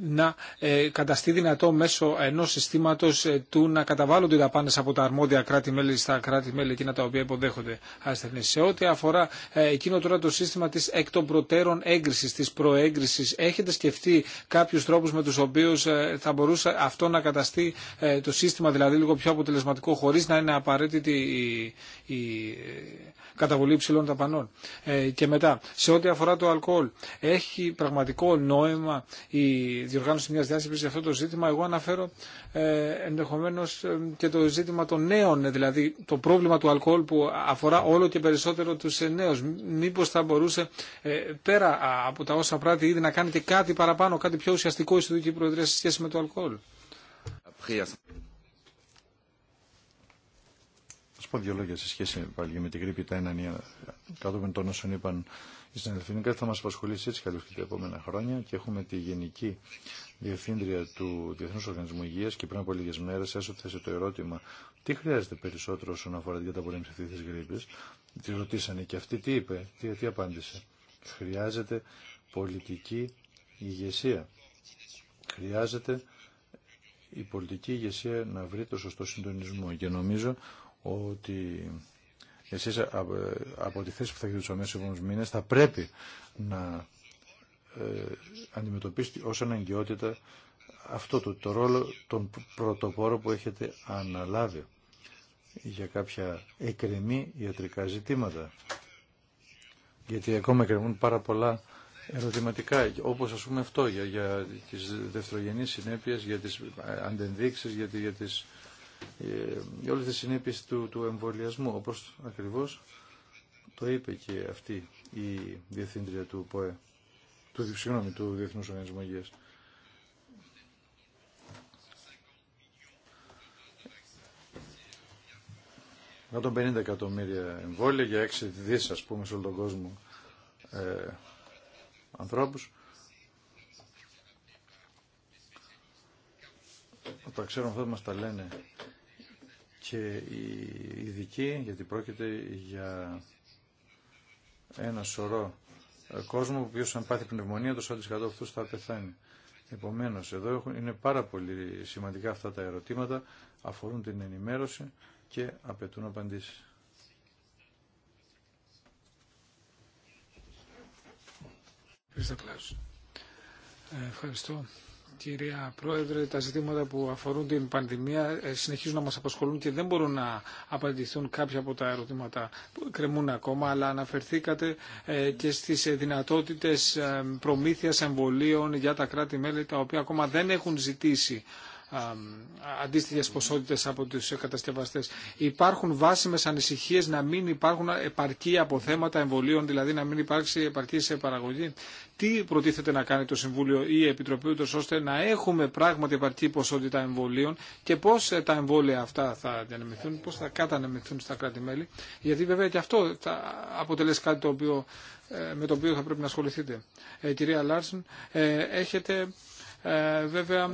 να ε, καταστεί δυνατό μέσω ενός συστήματος ε, του να καταβάλλονται δαπάνες από τα αρμόδια κράτη-μέλη στα κράτη-μέλη εκείνα τα οποία υποδέχονται ασθενείς. Σε ό,τι αφορά ε, εκείνο τώρα το σύστημα της εκ των προτέρων έγκρισης, της προέγκρισης, έχετε σκεφτεί κάποιους τρόπους με τους οποίους θα μπορούσε αυτό να καταστεί το σύστημα δηλαδή λίγο πιο αποτελεσματικό χωρίς να είναι απαραίτητη η, καταβολή υψηλών ταπανών. και μετά, σε ό,τι αφορά το αλκοόλ, έχει πραγματικό νόημα η διοργάνωση μιας διάσκεψη για αυτό το ζήτημα. Εγώ αναφέρω ε, ενδεχομένως ε, και το ζήτημα των νέων, ε, δηλαδή το πρόβλημα του αλκοόλ που αφορά όλο και περισσότερο τους ε, νέου. Μήπως θα μπορούσε πέρα από τα όσα πράττει ήδη να κάνει κάτι παραπάνω, κάτι πιο ουσιαστικό η Συνδική Προεδρία σε σχέση με το αλκοόλ. Θα πω δύο λόγια σε σχέση πάλι με την γρήπη τα κάτω τον όσων είπαν η συναδελφή θα μας απασχολήσει έτσι καλώς και τα επόμενα χρόνια και έχουμε τη Γενική Διευθύντρια του Διεθνούς Οργανισμού Υγείας και πριν από λίγες μέρες έσωθε το ερώτημα τι χρειάζεται περισσότερο όσον αφορά την καταπολέμηση αυτή της γρήπης. Τη ρωτήσανε και αυτή τι είπε, τι, τι απάντησε. Χρειάζεται πολιτική ηγεσία. Χρειάζεται η πολιτική ηγεσία να βρει το σωστό συντονισμό και νομίζω ότι εσείς ε, από τη θέση που θα έχετε τους αμέσως επόμενους μήνες θα πρέπει να ε, αντιμετωπίσετε ως αναγκαιότητα αυτό το, το ρόλο, τον πρωτοπόρο που έχετε αναλάβει για κάποια εκκρεμή ιατρικά ζητήματα. Γιατί ακόμα εκκρεμούν πάρα πολλά ερωτηματικά, όπως ας πούμε αυτό για, για τις δευτερογενείς συνέπειες, για τις ε, αντενδείξεις, για, για τις ε, όλες τις συνέπειες του, εμβολιασμού, όπως ακριβώς το είπε και αυτή η διευθύντρια του ΠΟΕ, του, συγγνώμη, του Διεθνούς Οργανισμού Υγείας. Να 150 εκατομμύρια εμβόλια για 6 δις, ας πούμε, σε όλο τον κόσμο ε, ανθρώπους. Όταν ξέρουμε αυτό μας τα λένε και οι ειδικοί, γιατί πρόκειται για ένα σωρό ε, κόσμο που ποιος αν πάθει πνευμονία, το 40% αυτούς θα πεθάνει. Επομένως, εδώ είναι πάρα πολύ σημαντικά αυτά τα ερωτήματα, αφορούν την ενημέρωση και απαιτούν απαντήσεις. Ευχαριστώ. Κυρία Πρόεδρε, τα ζητήματα που αφορούν την πανδημία ε, συνεχίζουν να μας απασχολούν και δεν μπορούν να απαντηθούν κάποια από τα ερωτήματα που κρεμούν ακόμα, αλλά αναφερθήκατε ε, και στις δυνατότητες ε, προμήθειας εμβολίων για τα κράτη-μέλη τα οποία ακόμα δεν έχουν ζητήσει Αντίστοιχε ποσότητες από τους κατασκευαστέ. Υπάρχουν βάσιμε ανησυχίε να μην υπάρχουν επαρκή αποθέματα εμβολίων, δηλαδή να μην υπάρξει επαρκή σε παραγωγή. Τι προτίθεται να κάνει το Συμβούλιο ή η Επιτροπή ούτως ώστε να έχουμε πράγματι επαρκή ποσότητα εμβολίων και πώ ε, τα εμβόλια αυτά θα διανεμηθούν, πώ θα κατανεμηθούν στα κράτη-μέλη. Γιατί βέβαια και αυτό θα αποτελέσει κάτι το οποίο, ε, με το οποίο θα πρέπει να ασχοληθείτε. Ε, κυρία Λάρσεν, έχετε ε, βέβαια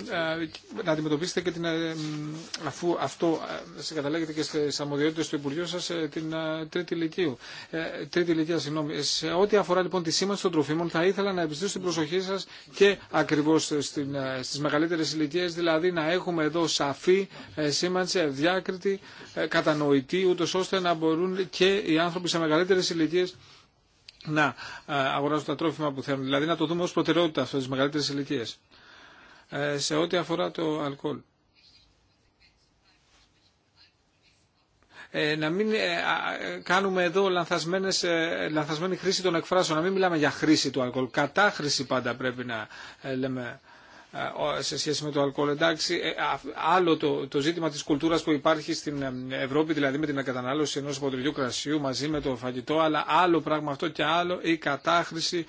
ε, να αντιμετωπίσετε και την, ε, αφού αυτό σε και στις αμμοδιότητες του Υπουργείου σας την τρίτη ηλικία. τρίτη ηλικία συγγνώμη. Σε ό,τι αφορά λοιπόν τη σήμανση των τροφίμων θα ήθελα να επιστήσω την προσοχή σας και ακριβώς στην, στις μεγαλύτερες ηλικίε, δηλαδή να έχουμε εδώ σαφή σήμανση, ευδιάκριτη, κατανοητή ούτω ώστε να μπορούν και οι άνθρωποι σε μεγαλύτερες ηλικίε να αγοράζουν τα τρόφιμα που θέλουν. Δηλαδή να το δούμε ως προτεραιότητα αυτέ τις μεγαλύτερες ηλικίες. Ε, σε ό,τι αφορά το αλκοόλ. Ε, να μην ε, κάνουμε εδώ λανθασμένες, λανθασμένη χρήση των εκφράσεων, να μην μιλάμε για χρήση του αλκοόλ. Κατάχρηση πάντα πρέπει να λέμε ε, σε σχέση με το αλκοόλ. Εντάξει, ε, άλλο το, το ζήτημα της κουλτούρας που υπάρχει στην ε, Ευρώπη, δηλαδή με την κατανάλωση ενός ποτηριού κρασιού μαζί με το φαγητό, αλλά άλλο πράγμα αυτό και άλλο η κατάχρηση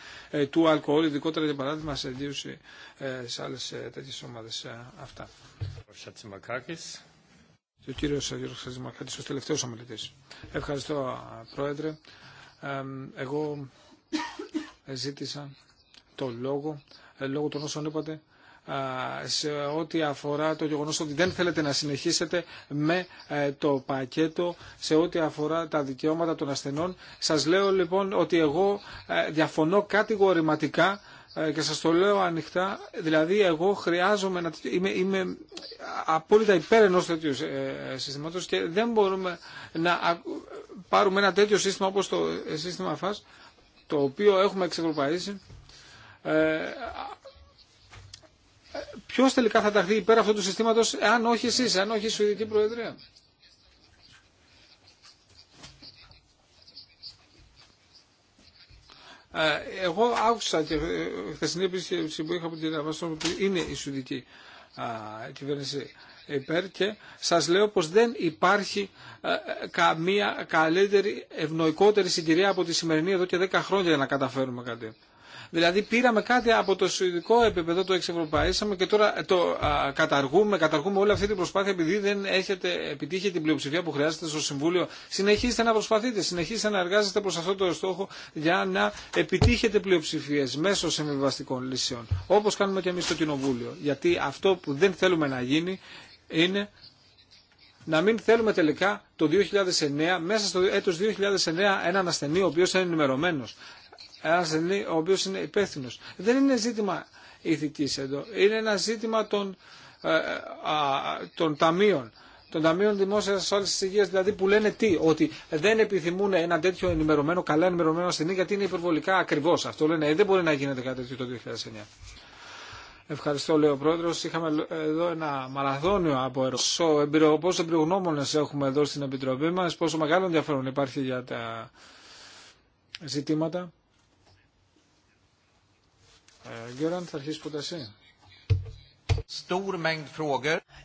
του αλκοόλ, ειδικότερα για παράδειγμα σε δίωση σε άλλες τέτοιες ομάδες. Αυτά. Ο Ευχαριστώ, Πρόεδρε. Εγώ ζήτησα το λόγο, λόγω των όσων είπατε, σε ό,τι αφορά το γεγονός ότι δεν θέλετε να συνεχίσετε με ε, το πακέτο σε ό,τι αφορά τα δικαιώματα των ασθενών. Σας λέω λοιπόν ότι εγώ ε, διαφωνώ κατηγορηματικά ε, και σας το λέω ανοιχτά, δηλαδή εγώ χρειάζομαι να... Είμαι, είμαι απόλυτα υπέρ ενός τέτοιου συστήματος και δεν μπορούμε να πάρουμε ένα τέτοιο σύστημα όπως το σύστημα ΦΑΣ, το οποίο έχουμε εξευρωπαίσει, ποιο τελικά θα ταχθεί υπέρ αυτού του συστήματο, αν όχι εσεί, αν όχι η Σουηδική Προεδρία. Ε, εγώ άκουσα και ε, χθεσινή επίσκεψη που είχα από την κυρία ότι είναι η Σουηδική κυβέρνηση υπέρ και σας λέω πως δεν υπάρχει ε, καμία καλύτερη ευνοϊκότερη συγκυρία από τη σημερινή εδώ και 10 χρόνια για να καταφέρουμε κάτι. Δηλαδή πήραμε κάτι από το σουηδικό επίπεδο, το εξευρωπαίσαμε και τώρα το καταργούμε, καταργούμε όλη αυτή την προσπάθεια επειδή δεν έχετε επιτύχει την πλειοψηφία που χρειάζεται στο Συμβούλιο. Συνεχίστε να προσπαθείτε, συνεχίστε να εργάζεστε προς αυτό το στόχο για να επιτύχετε πλειοψηφίε μέσω συμβιβαστικών λύσεων. Όπως κάνουμε και εμείς στο Κοινοβούλιο. Γιατί αυτό που δεν θέλουμε να γίνει είναι να μην θέλουμε τελικά το 2009, μέσα στο έτος 2009, έναν ασθενή ο οποίος είναι ενημερωμένος. Ένα Ελληνί ο οποίο είναι υπεύθυνο. Δεν είναι ζήτημα ηθικής εδώ. Είναι ένα ζήτημα των, ε, ε, α, των ταμείων των Ταμείων Δημόσια Ασφάλιση τη Υγεία, δηλαδή που λένε τι, ότι δεν επιθυμούν ένα τέτοιο ενημερωμένο, καλά ενημερωμένο ασθενή, γιατί είναι υπερβολικά ακριβώ. Αυτό λένε, ε, δεν μπορεί να γίνεται κάτι τέτοιο το 2009. Ευχαριστώ, λέει ο πρόεδρο. Είχαμε εδώ ένα μαραθώνιο από ερωτήσει. Πόσο εμπειρογνώμονε έχουμε εδώ στην Επιτροπή μα, πόσο μεγάλο ενδιαφέρον υπάρχει για τα ζητήματα. Ε,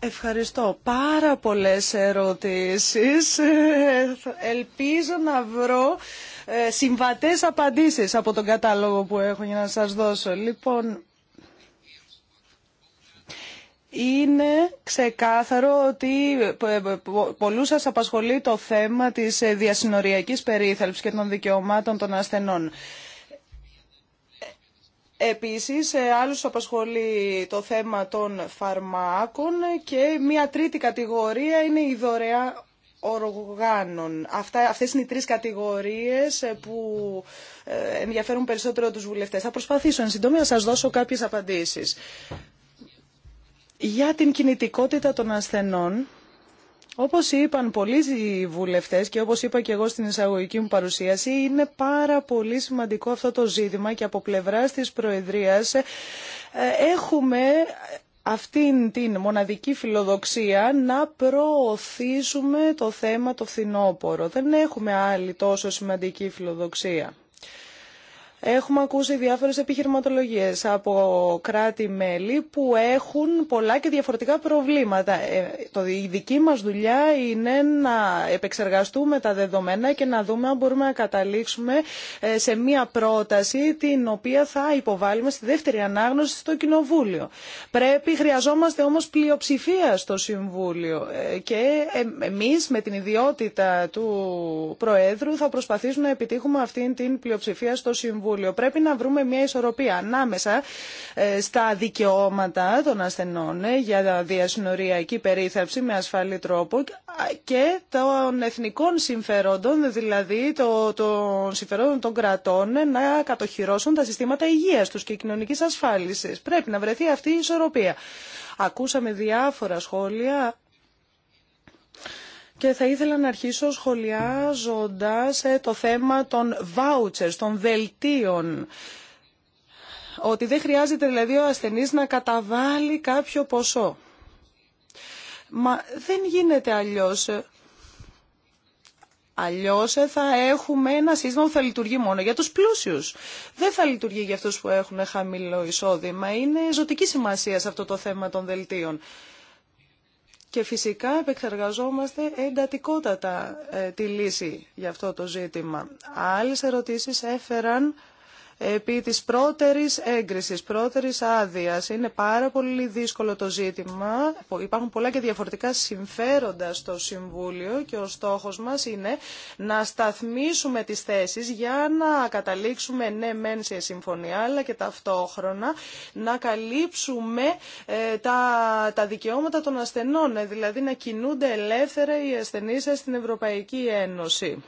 Ευχαριστώ. Πάρα πολλές ερωτήσεις. Ε, ελπίζω να βρω ε, συμβατές απαντήσεις από τον κατάλογο που έχω για να σας δώσω. Λοιπόν, είναι ξεκάθαρο ότι πολλούς σας απασχολεί το θέμα της διασυνοριακής περίθαλψης και των δικαιωμάτων των ασθενών. Επίσης, ε, άλλους απασχολεί το θέμα των φαρμάκων και μία τρίτη κατηγορία είναι η δωρεά οργάνων. Αυτά, αυτές είναι οι τρεις κατηγορίες ε, που ε, ενδιαφέρουν περισσότερο τους βουλευτές. Θα προσπαθήσω εν συντομία να σας δώσω κάποιες απαντήσεις. Για την κινητικότητα των ασθενών, όπως είπαν πολλοί βουλευτές και όπως είπα και εγώ στην εισαγωγική μου παρουσίαση, είναι πάρα πολύ σημαντικό αυτό το ζήτημα και από πλευρά της Προεδρίας ε, έχουμε αυτήν την μοναδική φιλοδοξία να προωθήσουμε το θέμα το φθινόπωρο. Δεν έχουμε άλλη τόσο σημαντική φιλοδοξία. Έχουμε ακούσει διάφορες επιχειρηματολογίες από κράτη-μέλη που έχουν πολλά και διαφορετικά προβλήματα. Ε, η δική μας δουλειά είναι να επεξεργαστούμε τα δεδομένα και να δούμε αν μπορούμε να καταλήξουμε ε, σε μία πρόταση την οποία θα υποβάλουμε στη δεύτερη ανάγνωση στο Κοινοβούλιο. Πρέπει, χρειαζόμαστε όμως πλειοψηφία στο Συμβούλιο ε, και εμείς με την ιδιότητα του Προέδρου θα προσπαθήσουμε να επιτύχουμε αυτή την πλειοψηφία στο Συμβούλιο. Πρέπει να βρούμε μια ισορροπία ανάμεσα ε, στα δικαιώματα των ασθενών ε, για διασυνοριακή περίθαψη με ασφαλή τρόπο και των εθνικών συμφερόντων, δηλαδή των συμφερόντων των κρατών ε, να κατοχυρώσουν τα συστήματα υγείας τους και κοινωνικής ασφάλισης. Πρέπει να βρεθεί αυτή η ισορροπία. Ακούσαμε διάφορα σχόλια και θα ήθελα να αρχίσω σχολιάζοντας ε, το θέμα των vouchers, των δελτίων. Ότι δεν χρειάζεται δηλαδή ο ασθενής να καταβάλει κάποιο ποσό. Μα δεν γίνεται αλλιώς. Αλλιώς ε, θα έχουμε ένα σύστημα που θα λειτουργεί μόνο για τους πλούσιους. Δεν θα λειτουργεί για αυτούς που έχουν χαμηλό εισόδημα. Είναι ζωτική σημασία σε αυτό το θέμα των δελτίων. Και φυσικά επεξεργαζόμαστε εντατικότατα ε, τη λύση για αυτό το ζήτημα. Άλλες ερωτήσεις έφεραν επί της πρώτερης έγκρισης, πρώτερης άδειας. Είναι πάρα πολύ δύσκολο το ζήτημα. Υπάρχουν πολλά και διαφορετικά συμφέροντα στο Συμβούλιο και ο στόχος μας είναι να σταθμίσουμε τις θέσεις για να καταλήξουμε ναι μεν σε συμφωνία αλλά και ταυτόχρονα να καλύψουμε ε, τα, τα δικαιώματα των ασθενών, ε, δηλαδή να κινούνται ελεύθερα οι ασθενείς στην Ευρωπαϊκή Ένωση.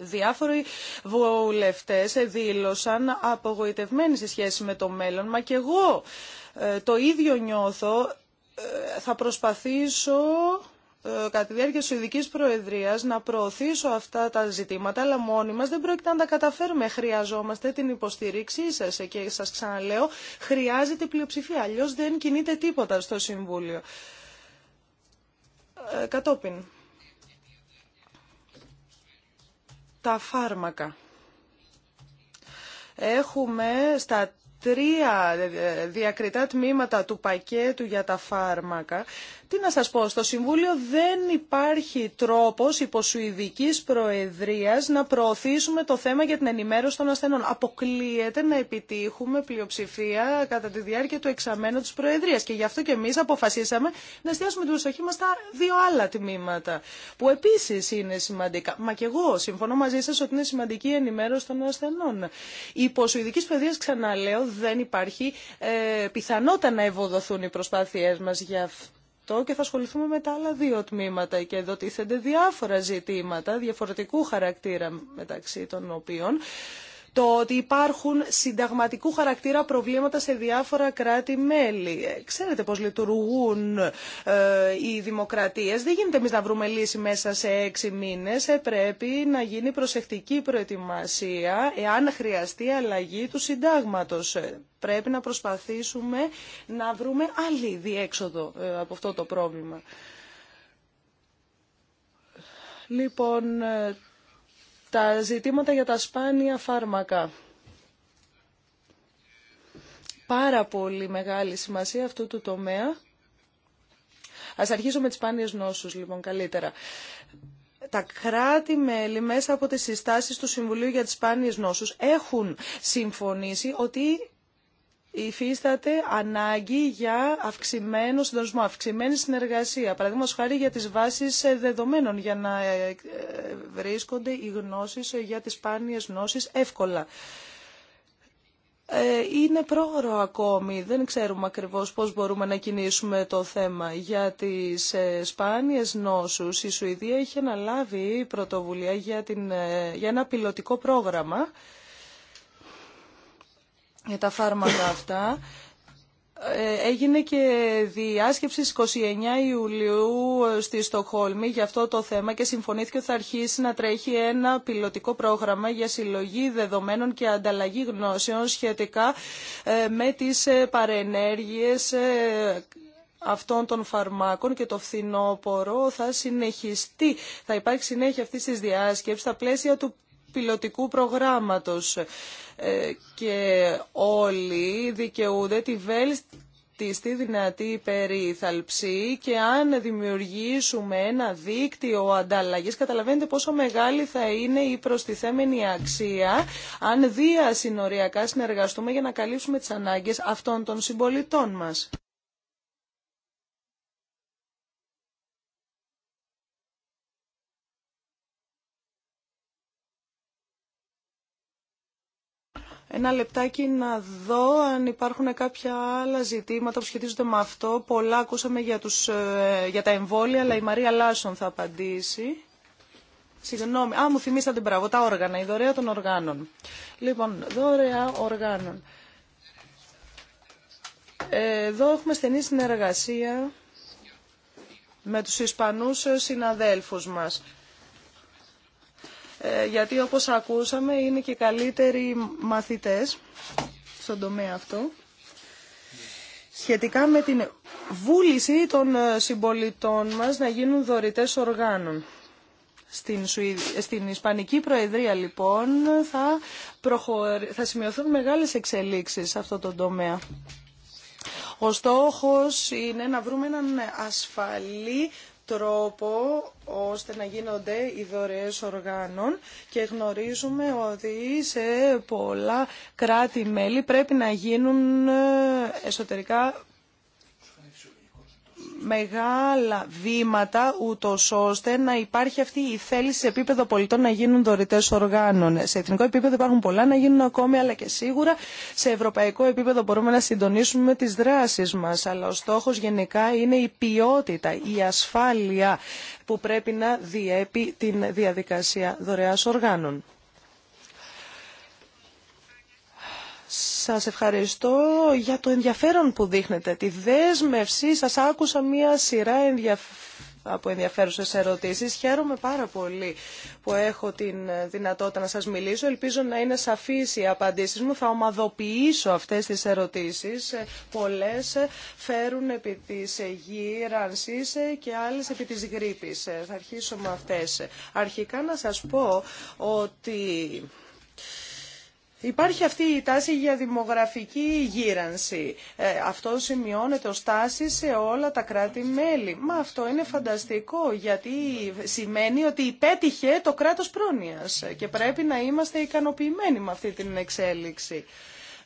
Διάφοροι βουλευτές δήλωσαν απογοητευμένοι σε σχέση με το μέλλον, μα και εγώ ε, το ίδιο νιώθω, ε, θα προσπαθήσω ε, κατά τη διάρκεια της Ειδικής Προεδρίας να προωθήσω αυτά τα ζητήματα, αλλά μόνοι μας δεν πρόκειται να τα καταφέρουμε. Χρειαζόμαστε την υποστήριξή σας και σας ξαναλέω, χρειάζεται πλειοψηφία, αλλιώς δεν κινείται τίποτα στο Συμβούλιο. κατόπιν. τα φάρμακα. Έχουμε στα τρία διακριτά τμήματα του πακέτου για τα φάρμακα τι να σας πω, στο Συμβούλιο δεν υπάρχει τρόπος υπό Προεδρίας να προωθήσουμε το θέμα για την ενημέρωση των ασθενών. Αποκλείεται να επιτύχουμε πλειοψηφία κατά τη διάρκεια του εξαμένου της Προεδρίας και γι' αυτό και εμείς αποφασίσαμε να εστιάσουμε την προσοχή μας στα δύο άλλα τμήματα που επίσης είναι σημαντικά. Μα και εγώ συμφωνώ μαζί σας ότι είναι σημαντική η ενημέρωση των ασθενών. Υπό Σουηδικής Προεδρίας ξαναλέω δεν υπάρχει ε, πιθανότητα να ευοδοθούν οι προσπάθειές μας για αυτό και θα ασχοληθούμε με τα άλλα δύο τμήματα και εδώ τίθενται διάφορα ζητήματα διαφορετικού χαρακτήρα μεταξύ των οποίων το ότι υπάρχουν συνταγματικού χαρακτήρα προβλήματα σε διάφορα κράτη-μέλη. Ε, ξέρετε πώς λειτουργούν ε, οι δημοκρατίες. Δεν γίνεται εμείς να βρούμε λύση μέσα σε έξι μήνες. Ε, πρέπει να γίνει προσεκτική προετοιμασία εάν χρειαστεί αλλαγή του συντάγματος. Ε, πρέπει να προσπαθήσουμε να βρούμε άλλη διέξοδο από αυτό το πρόβλημα. Λοιπόν, τα ζητήματα για τα σπάνια φάρμακα. Πάρα πολύ μεγάλη σημασία αυτού του τομέα. Ας αρχίσω με τις σπάνιες νόσους, λοιπόν, καλύτερα. Τα κράτη-μέλη μέσα από τις συστάσεις του Συμβουλίου για τις Σπάνιες Νόσους έχουν συμφωνήσει ότι υφίσταται ανάγκη για αυξημένο συντονισμό, αυξημένη συνεργασία. Παραδείγματο χάρη για τι βάσει δεδομένων, για να ε, ε, βρίσκονται οι γνώσει για τι σπάνιε γνώσει εύκολα. Ε, είναι πρόωρο ακόμη, δεν ξέρουμε ακριβώς πώς μπορούμε να κινήσουμε το θέμα. Για τις σπάνιες νόσου. η Σουηδία έχει αναλάβει πρωτοβουλία για, την, για ένα πιλωτικό πρόγραμμα για τα φάρμακα αυτά. Ε, έγινε και διάσκεψη 29 Ιουλίου ε, στη Στοχόλμη για αυτό το θέμα και συμφωνήθηκε ότι θα αρχίσει να τρέχει ένα πιλωτικό πρόγραμμα για συλλογή δεδομένων και ανταλλαγή γνώσεων σχετικά ε, με τις παρενέργειες αυτών των φαρμάκων και το φθινόπωρο θα συνεχιστεί. Θα υπάρχει συνέχεια αυτής τη διάσκεψη στα πλαίσια του πιλωτικού προγράμματος ε, και όλοι δικαιούνται τη βέλτιστη δυνατή περίθαλψη και αν δημιουργήσουμε ένα δίκτυο ανταλλαγής καταλαβαίνετε πόσο μεγάλη θα είναι η προστιθέμενη αξία αν διασυνοριακά συνεργαστούμε για να καλύψουμε τις ανάγκες αυτών των συμπολιτών μας. ένα λεπτάκι να δω αν υπάρχουν κάποια άλλα ζητήματα που σχετίζονται με αυτό. Πολλά ακούσαμε για, τους, ε, για τα εμβόλια, αλλά η Μαρία Λάσον θα απαντήσει. Συγγνώμη. Α, μου θυμήσατε μπράβο, τα όργανα, η δωρεά των οργάνων. Λοιπόν, δωρεά οργάνων. Εδώ έχουμε στενή συνεργασία με τους Ισπανούς συναδέλφους μας. Ε, γιατί όπως ακούσαμε είναι και καλύτεροι μαθητές στον τομέα αυτό. Σχετικά με την βούληση των ε, συμπολιτών μας να γίνουν δωρητές οργάνων. Στην, ε, στην Ισπανική Προεδρία λοιπόν θα, θα σημειωθούν μεγάλες εξελίξεις σε αυτό το τομέα. Ο στόχος είναι να βρούμε έναν ασφαλή τρόπο ώστε να γίνονται οι δωρεές οργάνων και γνωρίζουμε ότι σε πολλά κράτη-μέλη πρέπει να γίνουν ε, εσωτερικά μεγάλα βήματα ούτω ώστε να υπάρχει αυτή η θέληση σε επίπεδο πολιτών να γίνουν δωρητέ οργάνων. Σε εθνικό επίπεδο υπάρχουν πολλά να γίνουν ακόμη, αλλά και σίγουρα σε ευρωπαϊκό επίπεδο μπορούμε να συντονίσουμε τι δράσει μα. Αλλά ο στόχο γενικά είναι η ποιότητα, η ασφάλεια που πρέπει να διέπει την διαδικασία δωρεάς οργάνων. Σας ευχαριστώ για το ενδιαφέρον που δείχνετε, τη δέσμευσή σας. Άκουσα μία σειρά από ενδιαφέρουσες ερωτήσεις. Χαίρομαι πάρα πολύ που έχω την δυνατότητα να σας μιλήσω. Ελπίζω να είναι σαφής οι απαντήσεις μου. Θα ομαδοποιήσω αυτές τις ερωτήσεις. Πολλές φέρουν επί της γύρανσης και άλλες επί της γρήπης. Θα αρχίσω με αυτές. Αρχικά να σας πω ότι... Υπάρχει αυτή η τάση για δημογραφική γύρανση. Ε, αυτό σημειώνεται ως τάση σε όλα τα κράτη-μέλη. Μα αυτό είναι φανταστικό γιατί σημαίνει ότι υπέτυχε το κράτος πρόνοιας και πρέπει να είμαστε ικανοποιημένοι με αυτή την εξέλιξη.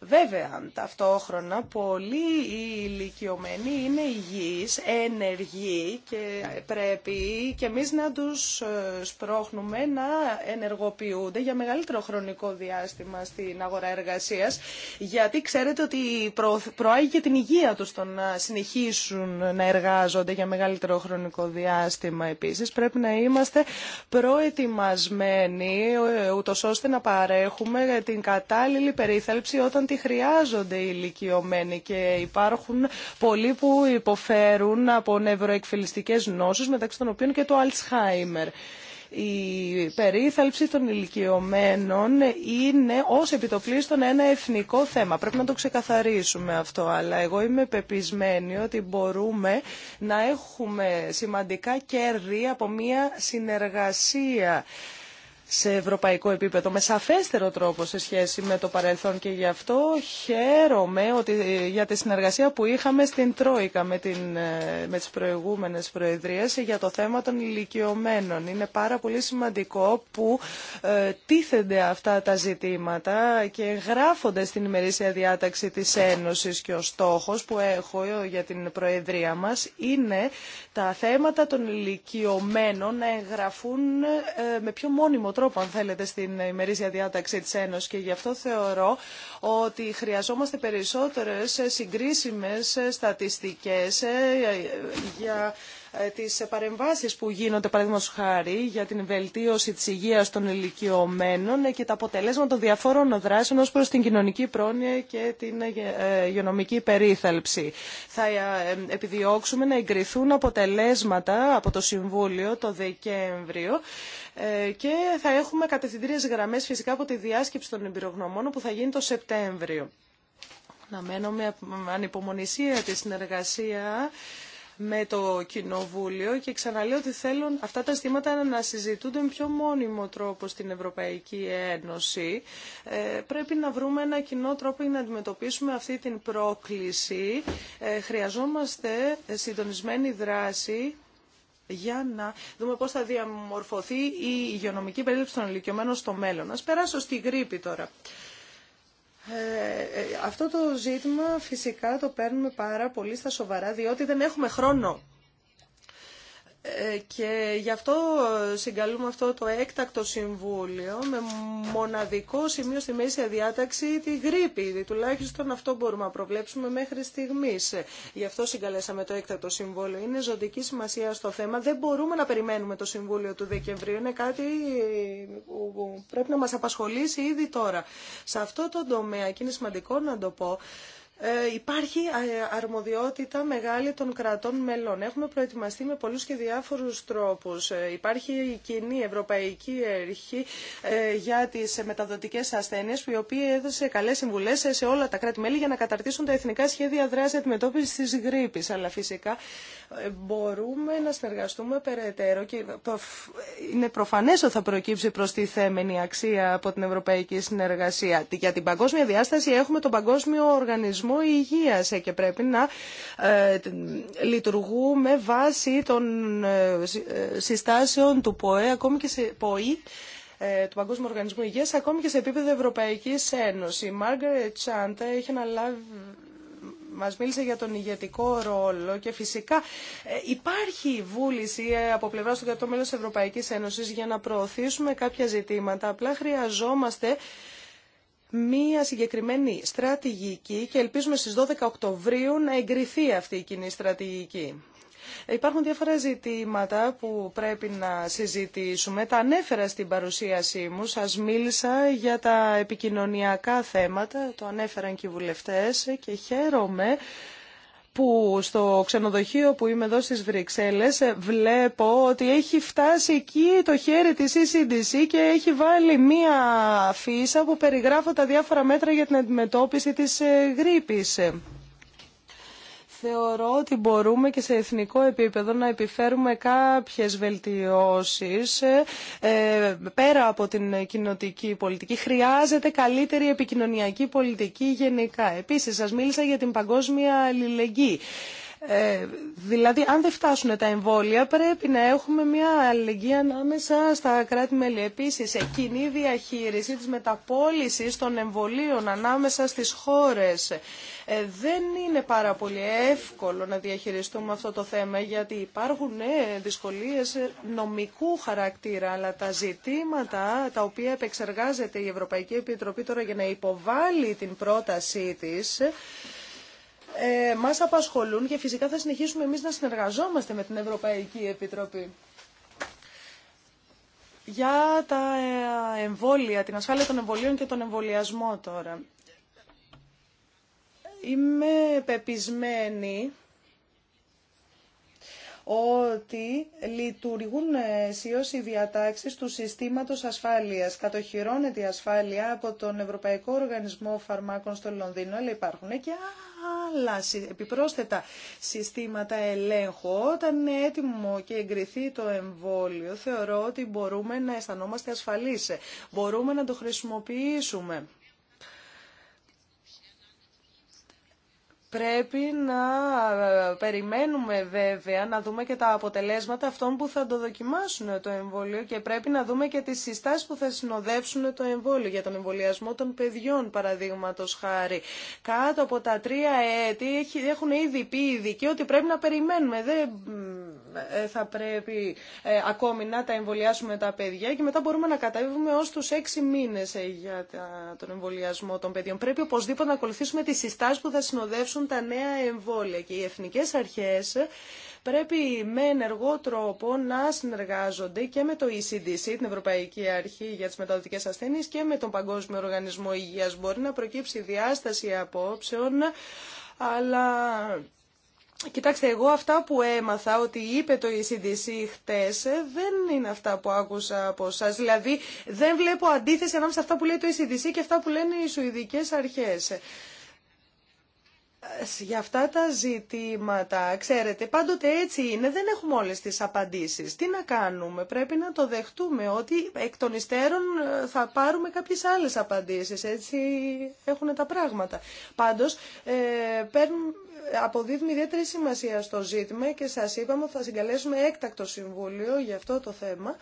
Βέβαια, ταυτόχρονα πολλοί οι ηλικιωμένοι είναι υγιείς, ενεργοί και πρέπει και εμείς να τους ε, σπρώχνουμε να ενεργοποιούνται για μεγαλύτερο χρονικό διάστημα στην αγορά εργασίας γιατί ξέρετε ότι προάγει και την υγεία τους το να συνεχίσουν να εργάζονται για μεγαλύτερο χρονικό διάστημα επίσης. Πρέπει να είμαστε προετοιμασμένοι ε, ούτως ώστε να παρέχουμε την κατάλληλη περίθαλψη χρειάζονται οι ηλικιωμένοι και υπάρχουν πολλοί που υποφέρουν από νευροεκφυλιστικές νόσους μεταξύ των οποίων και το Αλτσχάιμερ. Η περίθαλψη των ηλικιωμένων είναι ως επιτοπλίστων ένα εθνικό θέμα. Πρέπει να το ξεκαθαρίσουμε αυτό, αλλά εγώ είμαι πεπισμένη ότι μπορούμε να έχουμε σημαντικά κέρδη από μια συνεργασία σε ευρωπαϊκό επίπεδο με σαφέστερο τρόπο σε σχέση με το παρελθόν και γι' αυτό χαίρομαι ότι, ε, για τη συνεργασία που είχαμε στην Τρόικα με, την, ε, με τις προηγούμενες προεδρίες για το θέμα των ηλικιωμένων. Είναι πάρα πολύ σημαντικό που ε, τίθενται αυτά τα ζητήματα και γράφονται στην ημερήσια διάταξη της Ένωσης και ο στόχος που έχω για την Προεδρία μας είναι τα θέματα των ηλικιωμένων να εγγραφούν με πιο μόνιμο τρόπο τρόπο, αν θέλετε, στην ημερήσια διάταξη της Ένωσης και γι' αυτό θεωρώ ότι χρειαζόμαστε περισσότερες συγκρίσιμες στατιστικές ε, για ε, τις παρεμβάσεις που γίνονται, παραδείγματος χάρη, για την βελτίωση της υγείας των ηλικιωμένων ε, και τα αποτελέσματα των διαφόρων δράσεων ως προς την κοινωνική πρόνοια και την υγειονομική περίθαλψη. Θα επιδιώξουμε να εγκριθούν αποτελέσματα από το Συμβούλιο το Δεκέμβριο ε, και θα έχουμε κατευθυντήριες γραμμές φυσικά από τη διάσκεψη των εμπειρογνωμών που θα γίνει το Σεπτέμβριο. Να μένω με ανυπομονησία τη συνεργασία με το Κοινοβούλιο και ξαναλέω ότι θέλουν αυτά τα ζητήματα να συζητούνται με πιο μόνιμο τρόπο στην Ευρωπαϊκή Ένωση. Ε, πρέπει να βρούμε ένα κοινό τρόπο για να αντιμετωπίσουμε αυτή την πρόκληση. Ε, χρειαζόμαστε συντονισμένη δράση για να δούμε πώς θα διαμορφωθεί η υγειονομική περίληψη των ηλικιωμένων στο μέλλον. Ας περάσω στη γρήπη τώρα. Ε, ε αυτό το ζήτημα φυσικά το παίρνουμε πάρα πολύ στα σοβαρά διότι δεν έχουμε χρόνο ε, και γι' αυτό συγκαλούμε αυτό το έκτακτο συμβούλιο με μοναδικό σημείο στη μέση διάταξη τη γρήπη. Δηλαδή, τουλάχιστον αυτό μπορούμε να προβλέψουμε μέχρι στιγμή. Γι' αυτό συγκαλέσαμε το έκτακτο συμβούλιο. Είναι ζωτική σημασία στο θέμα. Δεν μπορούμε να περιμένουμε το συμβούλιο του Δεκεμβρίου. Είναι κάτι που πρέπει να μα απασχολήσει ήδη τώρα. Σε αυτό το τομέα, και είναι σημαντικό να το πω, ε, υπάρχει ε, αρμοδιότητα μεγάλη των κρατών μελών. Έχουμε προετοιμαστεί με πολλούς και διάφορους τρόπους. Ε, υπάρχει η κοινή Ευρωπαϊκή έρχη για τις μεταδοτικές ασθένειες, η οποία έδωσε καλές συμβουλές σε όλα τα κράτη-μέλη για να καταρτήσουν τα εθνικά σχέδια δράσης αντιμετώπισης της γρήπης. Αλλά φυσικά μπορούμε να συνεργαστούμε περαιτέρω και είναι προφανές ότι θα προκύψει τη θέμενη αξία από την Ευρωπαϊκή Συνεργασία. Για την παγκόσμια διάσταση έχουμε τον Παγκόσμιο Οργανισμό Οργανισμό Υγείας ε, και πρέπει να ε, λειτουργούμε βάσει των ε, συστάσεων του ΠΟΕ, ακόμη και σε ΠΟΗ, του Παγκόσμιου Οργανισμού Υγείας, ακόμη και σε επίπεδο Ευρωπαϊκής Ένωσης. Η Μάργαρετ Τσάντα έχει μας μίλησε για τον ηγετικό ρόλο και φυσικά υπάρχει βούληση από πλευράς του κρατών Ευρωπαϊκής Ένωσης για να προωθήσουμε κάποια ζητήματα. Απλά χρειαζόμαστε μία συγκεκριμένη στρατηγική και ελπίζουμε στις 12 Οκτωβρίου να εγκριθεί αυτή η κοινή στρατηγική. Υπάρχουν διάφορα ζητήματα που πρέπει να συζητήσουμε. Τα ανέφερα στην παρουσίασή μου. Σας μίλησα για τα επικοινωνιακά θέματα. Το ανέφεραν και οι βουλευτές και χαίρομαι που στο ξενοδοχείο που είμαι εδώ στις Βρυξέλλες ε, βλέπω ότι έχει φτάσει εκεί το χέρι της ECDC και έχει βάλει μία φύσα που περιγράφω τα διάφορα μέτρα για την αντιμετώπιση της ε, γρήπης θεωρώ ότι μπορούμε και σε εθνικό επίπεδο να επιφέρουμε κάποιες βελτιώσεις ε, πέρα από την κοινοτική πολιτική. Χρειάζεται καλύτερη επικοινωνιακή πολιτική γενικά. Επίσης, σας μίλησα για την παγκόσμια αλληλεγγύη. Ε, δηλαδή, αν δεν φτάσουν τα εμβόλια, πρέπει να έχουμε μια αλληλεγγύη ανάμεσα στα κράτη-μέλη. Επίση, κοινή διαχείριση τη μεταπόληση των εμβολίων ανάμεσα στι χώρε. Ε, δεν είναι πάρα πολύ εύκολο να διαχειριστούμε αυτό το θέμα γιατί υπάρχουν ναι, δυσκολίες ε, νομικού χαρακτήρα αλλά τα ζητήματα τα οποία επεξεργάζεται η Ευρωπαϊκή Επιτροπή τώρα για να υποβάλει την πρότασή της ε, μας απασχολούν και φυσικά θα συνεχίσουμε εμείς να συνεργαζόμαστε με την Ευρωπαϊκή Επιτροπή. Για τα εμβόλια, την ασφάλεια των εμβολίων και τον εμβολιασμό τώρα. Είμαι πεπισμένη ότι λειτουργούν αισίως οι διατάξεις του συστήματος ασφάλειας. Κατοχυρώνεται η ασφάλεια από τον Ευρωπαϊκό Οργανισμό Φαρμάκων στο Λονδίνο, αλλά υπάρχουν και άλλα επιπρόσθετα συστήματα ελέγχου. Όταν είναι έτοιμο και εγκριθεί το εμβόλιο, θεωρώ ότι μπορούμε να αισθανόμαστε ασφαλείς. Μπορούμε να το χρησιμοποιήσουμε. Πρέπει να ε, περιμένουμε βέβαια να δούμε και τα αποτελέσματα αυτών που θα το δοκιμάσουν το εμβόλιο και πρέπει να δούμε και τις συστάσεις που θα συνοδεύσουν το εμβόλιο για τον εμβολιασμό των παιδιών παραδείγματο χάρη. Κάτω από τα τρία έτη έχουν ήδη πει οι ειδικοί ότι πρέπει να περιμένουμε. Δεν ε, ε, θα πρέπει ακόμη να τα εμβολιάσουμε τα παιδιά και μετά μπορούμε να καταβούμε ως τους έξι μήνες για τον εμβολιασμό των παιδιών. Πρέπει οπωσδήποτε να ακολουθήσουμε τις συστάσεις που θα συνοδεύσουν τα νέα εμβόλια και οι εθνικές αρχές πρέπει με ενεργό τρόπο να συνεργάζονται και με το ECDC, την Ευρωπαϊκή Αρχή για τις Μεταδοτικές Ασθένειες και με τον Παγκόσμιο Οργανισμό Υγείας. Μπορεί να προκύψει διάσταση απόψεων, αλλά... Κοιτάξτε, εγώ αυτά που έμαθα ότι είπε το ECDC χτες δεν είναι αυτά που άκουσα από εσά. Δηλαδή δεν βλέπω αντίθεση ανάμεσα σε αυτά που λέει το ECDC και αυτά που λένε οι Σουηδικέ αρχέ για αυτά τα ζητήματα, ξέρετε, πάντοτε έτσι είναι, δεν έχουμε όλες τις απαντήσεις. Τι να κάνουμε, πρέπει να το δεχτούμε ότι εκ των υστέρων ε, θα πάρουμε κάποιες άλλες απαντήσεις, έτσι έχουν τα πράγματα. Πάντως, ε, αποδίδουμε ιδιαίτερη σημασία στο ζήτημα και σας είπαμε ότι θα συγκαλέσουμε έκτακτο συμβούλιο για αυτό το θέμα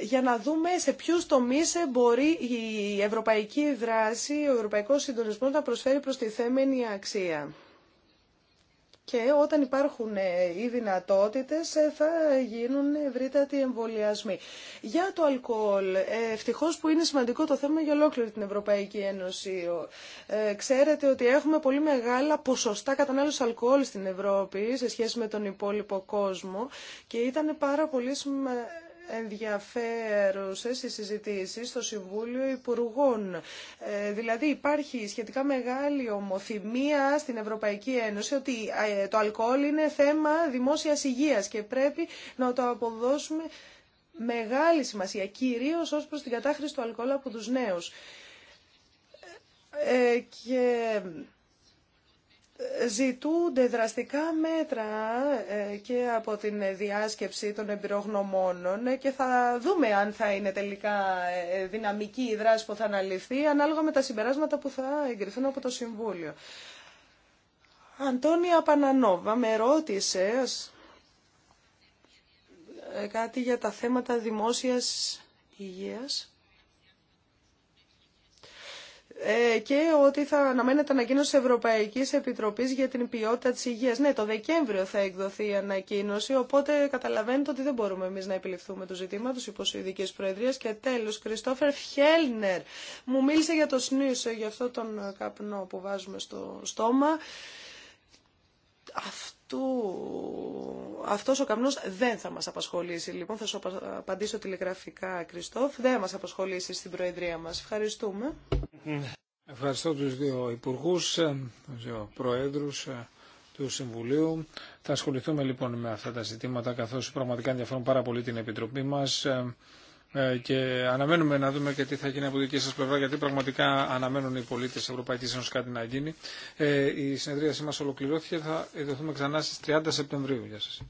για να δούμε σε ποιους τομείς μπορεί η ευρωπαϊκή δράση, ο ευρωπαϊκός συντονισμός να προσφέρει τη θέμενη αξία. Και όταν υπάρχουν ε, οι δυνατότητες ε, θα γίνουν ευρύτατοι εμβολιασμοί. Για το αλκοόλ, ε, ευτυχώ που είναι σημαντικό το θέμα για ολόκληρη την Ευρωπαϊκή Ένωση. Ξέρετε ότι έχουμε πολύ μεγάλα ποσοστά κατανάλωση αλκοόλ στην Ευρώπη σε σχέση με τον υπόλοιπο κόσμο και ήταν πάρα πολύ σημαντικό Ενδιαφέρουσε οι συζητήσεις στο Συμβούλιο Υπουργών. Ε, δηλαδή υπάρχει σχετικά μεγάλη ομοθυμία στην Ευρωπαϊκή Ένωση ότι ε, το αλκοόλ είναι θέμα δημόσιας υγείας και πρέπει να το αποδώσουμε μεγάλη σημασία, κυρίως ως προς την κατάχρηση του αλκοόλ από τους νέους. Ε, και ζητούνται δραστικά μέτρα ε, και από την διάσκεψη των εμπειρογνωμόνων ε, και θα δούμε αν θα είναι τελικά ε, δυναμική η δράση που θα αναλυθεί ανάλογα με τα συμπεράσματα που θα εγκριθούν από το Συμβούλιο. Αντώνια Πανανόβα με ρώτησε κάτι για τα θέματα δημόσιας υγείας. Ε, και ότι θα αναμένεται ανακοίνωση Ευρωπαϊκής Επιτροπής για την ποιότητα της υγείας. Ναι, το Δεκέμβριο θα εκδοθεί η ανακοίνωση, οπότε καταλαβαίνετε ότι δεν μπορούμε εμείς να επιληφθούμε του ζητήματος υποσυδικής προεδρίας. Και τέλος, Κριστόφερ Φιέλνερ μου μίλησε για το σνίσο, ε, για αυτό τον καπνό που βάζουμε στο στόμα. Αυτό του αυτός ο καμνό δεν θα μας απασχολήσει. Λοιπόν, θα σου απαντήσω τηλεγραφικά, Κριστόφ. Δεν θα μας απασχολήσει στην Προεδρία μας. Ευχαριστούμε. Ευχαριστώ του δύο υπουργού, ε, του δύο προέδρου ε, του Συμβουλίου. Θα ασχοληθούμε λοιπόν με αυτά τα ζητήματα, καθώς πραγματικά ενδιαφέρουν πάρα πολύ την Επιτροπή μα. Ε, ε, και αναμένουμε να δούμε και τι θα γίνει από δική σας πλευρά γιατί πραγματικά αναμένουν οι πολίτε της Ευρωπαϊκή Ένωση κάτι να γίνει. Ε, η συνεδρίασή μας ολοκληρώθηκε, θα ειδωθούμε ξανά στι 30 Σεπτεμβρίου. Γεια σας.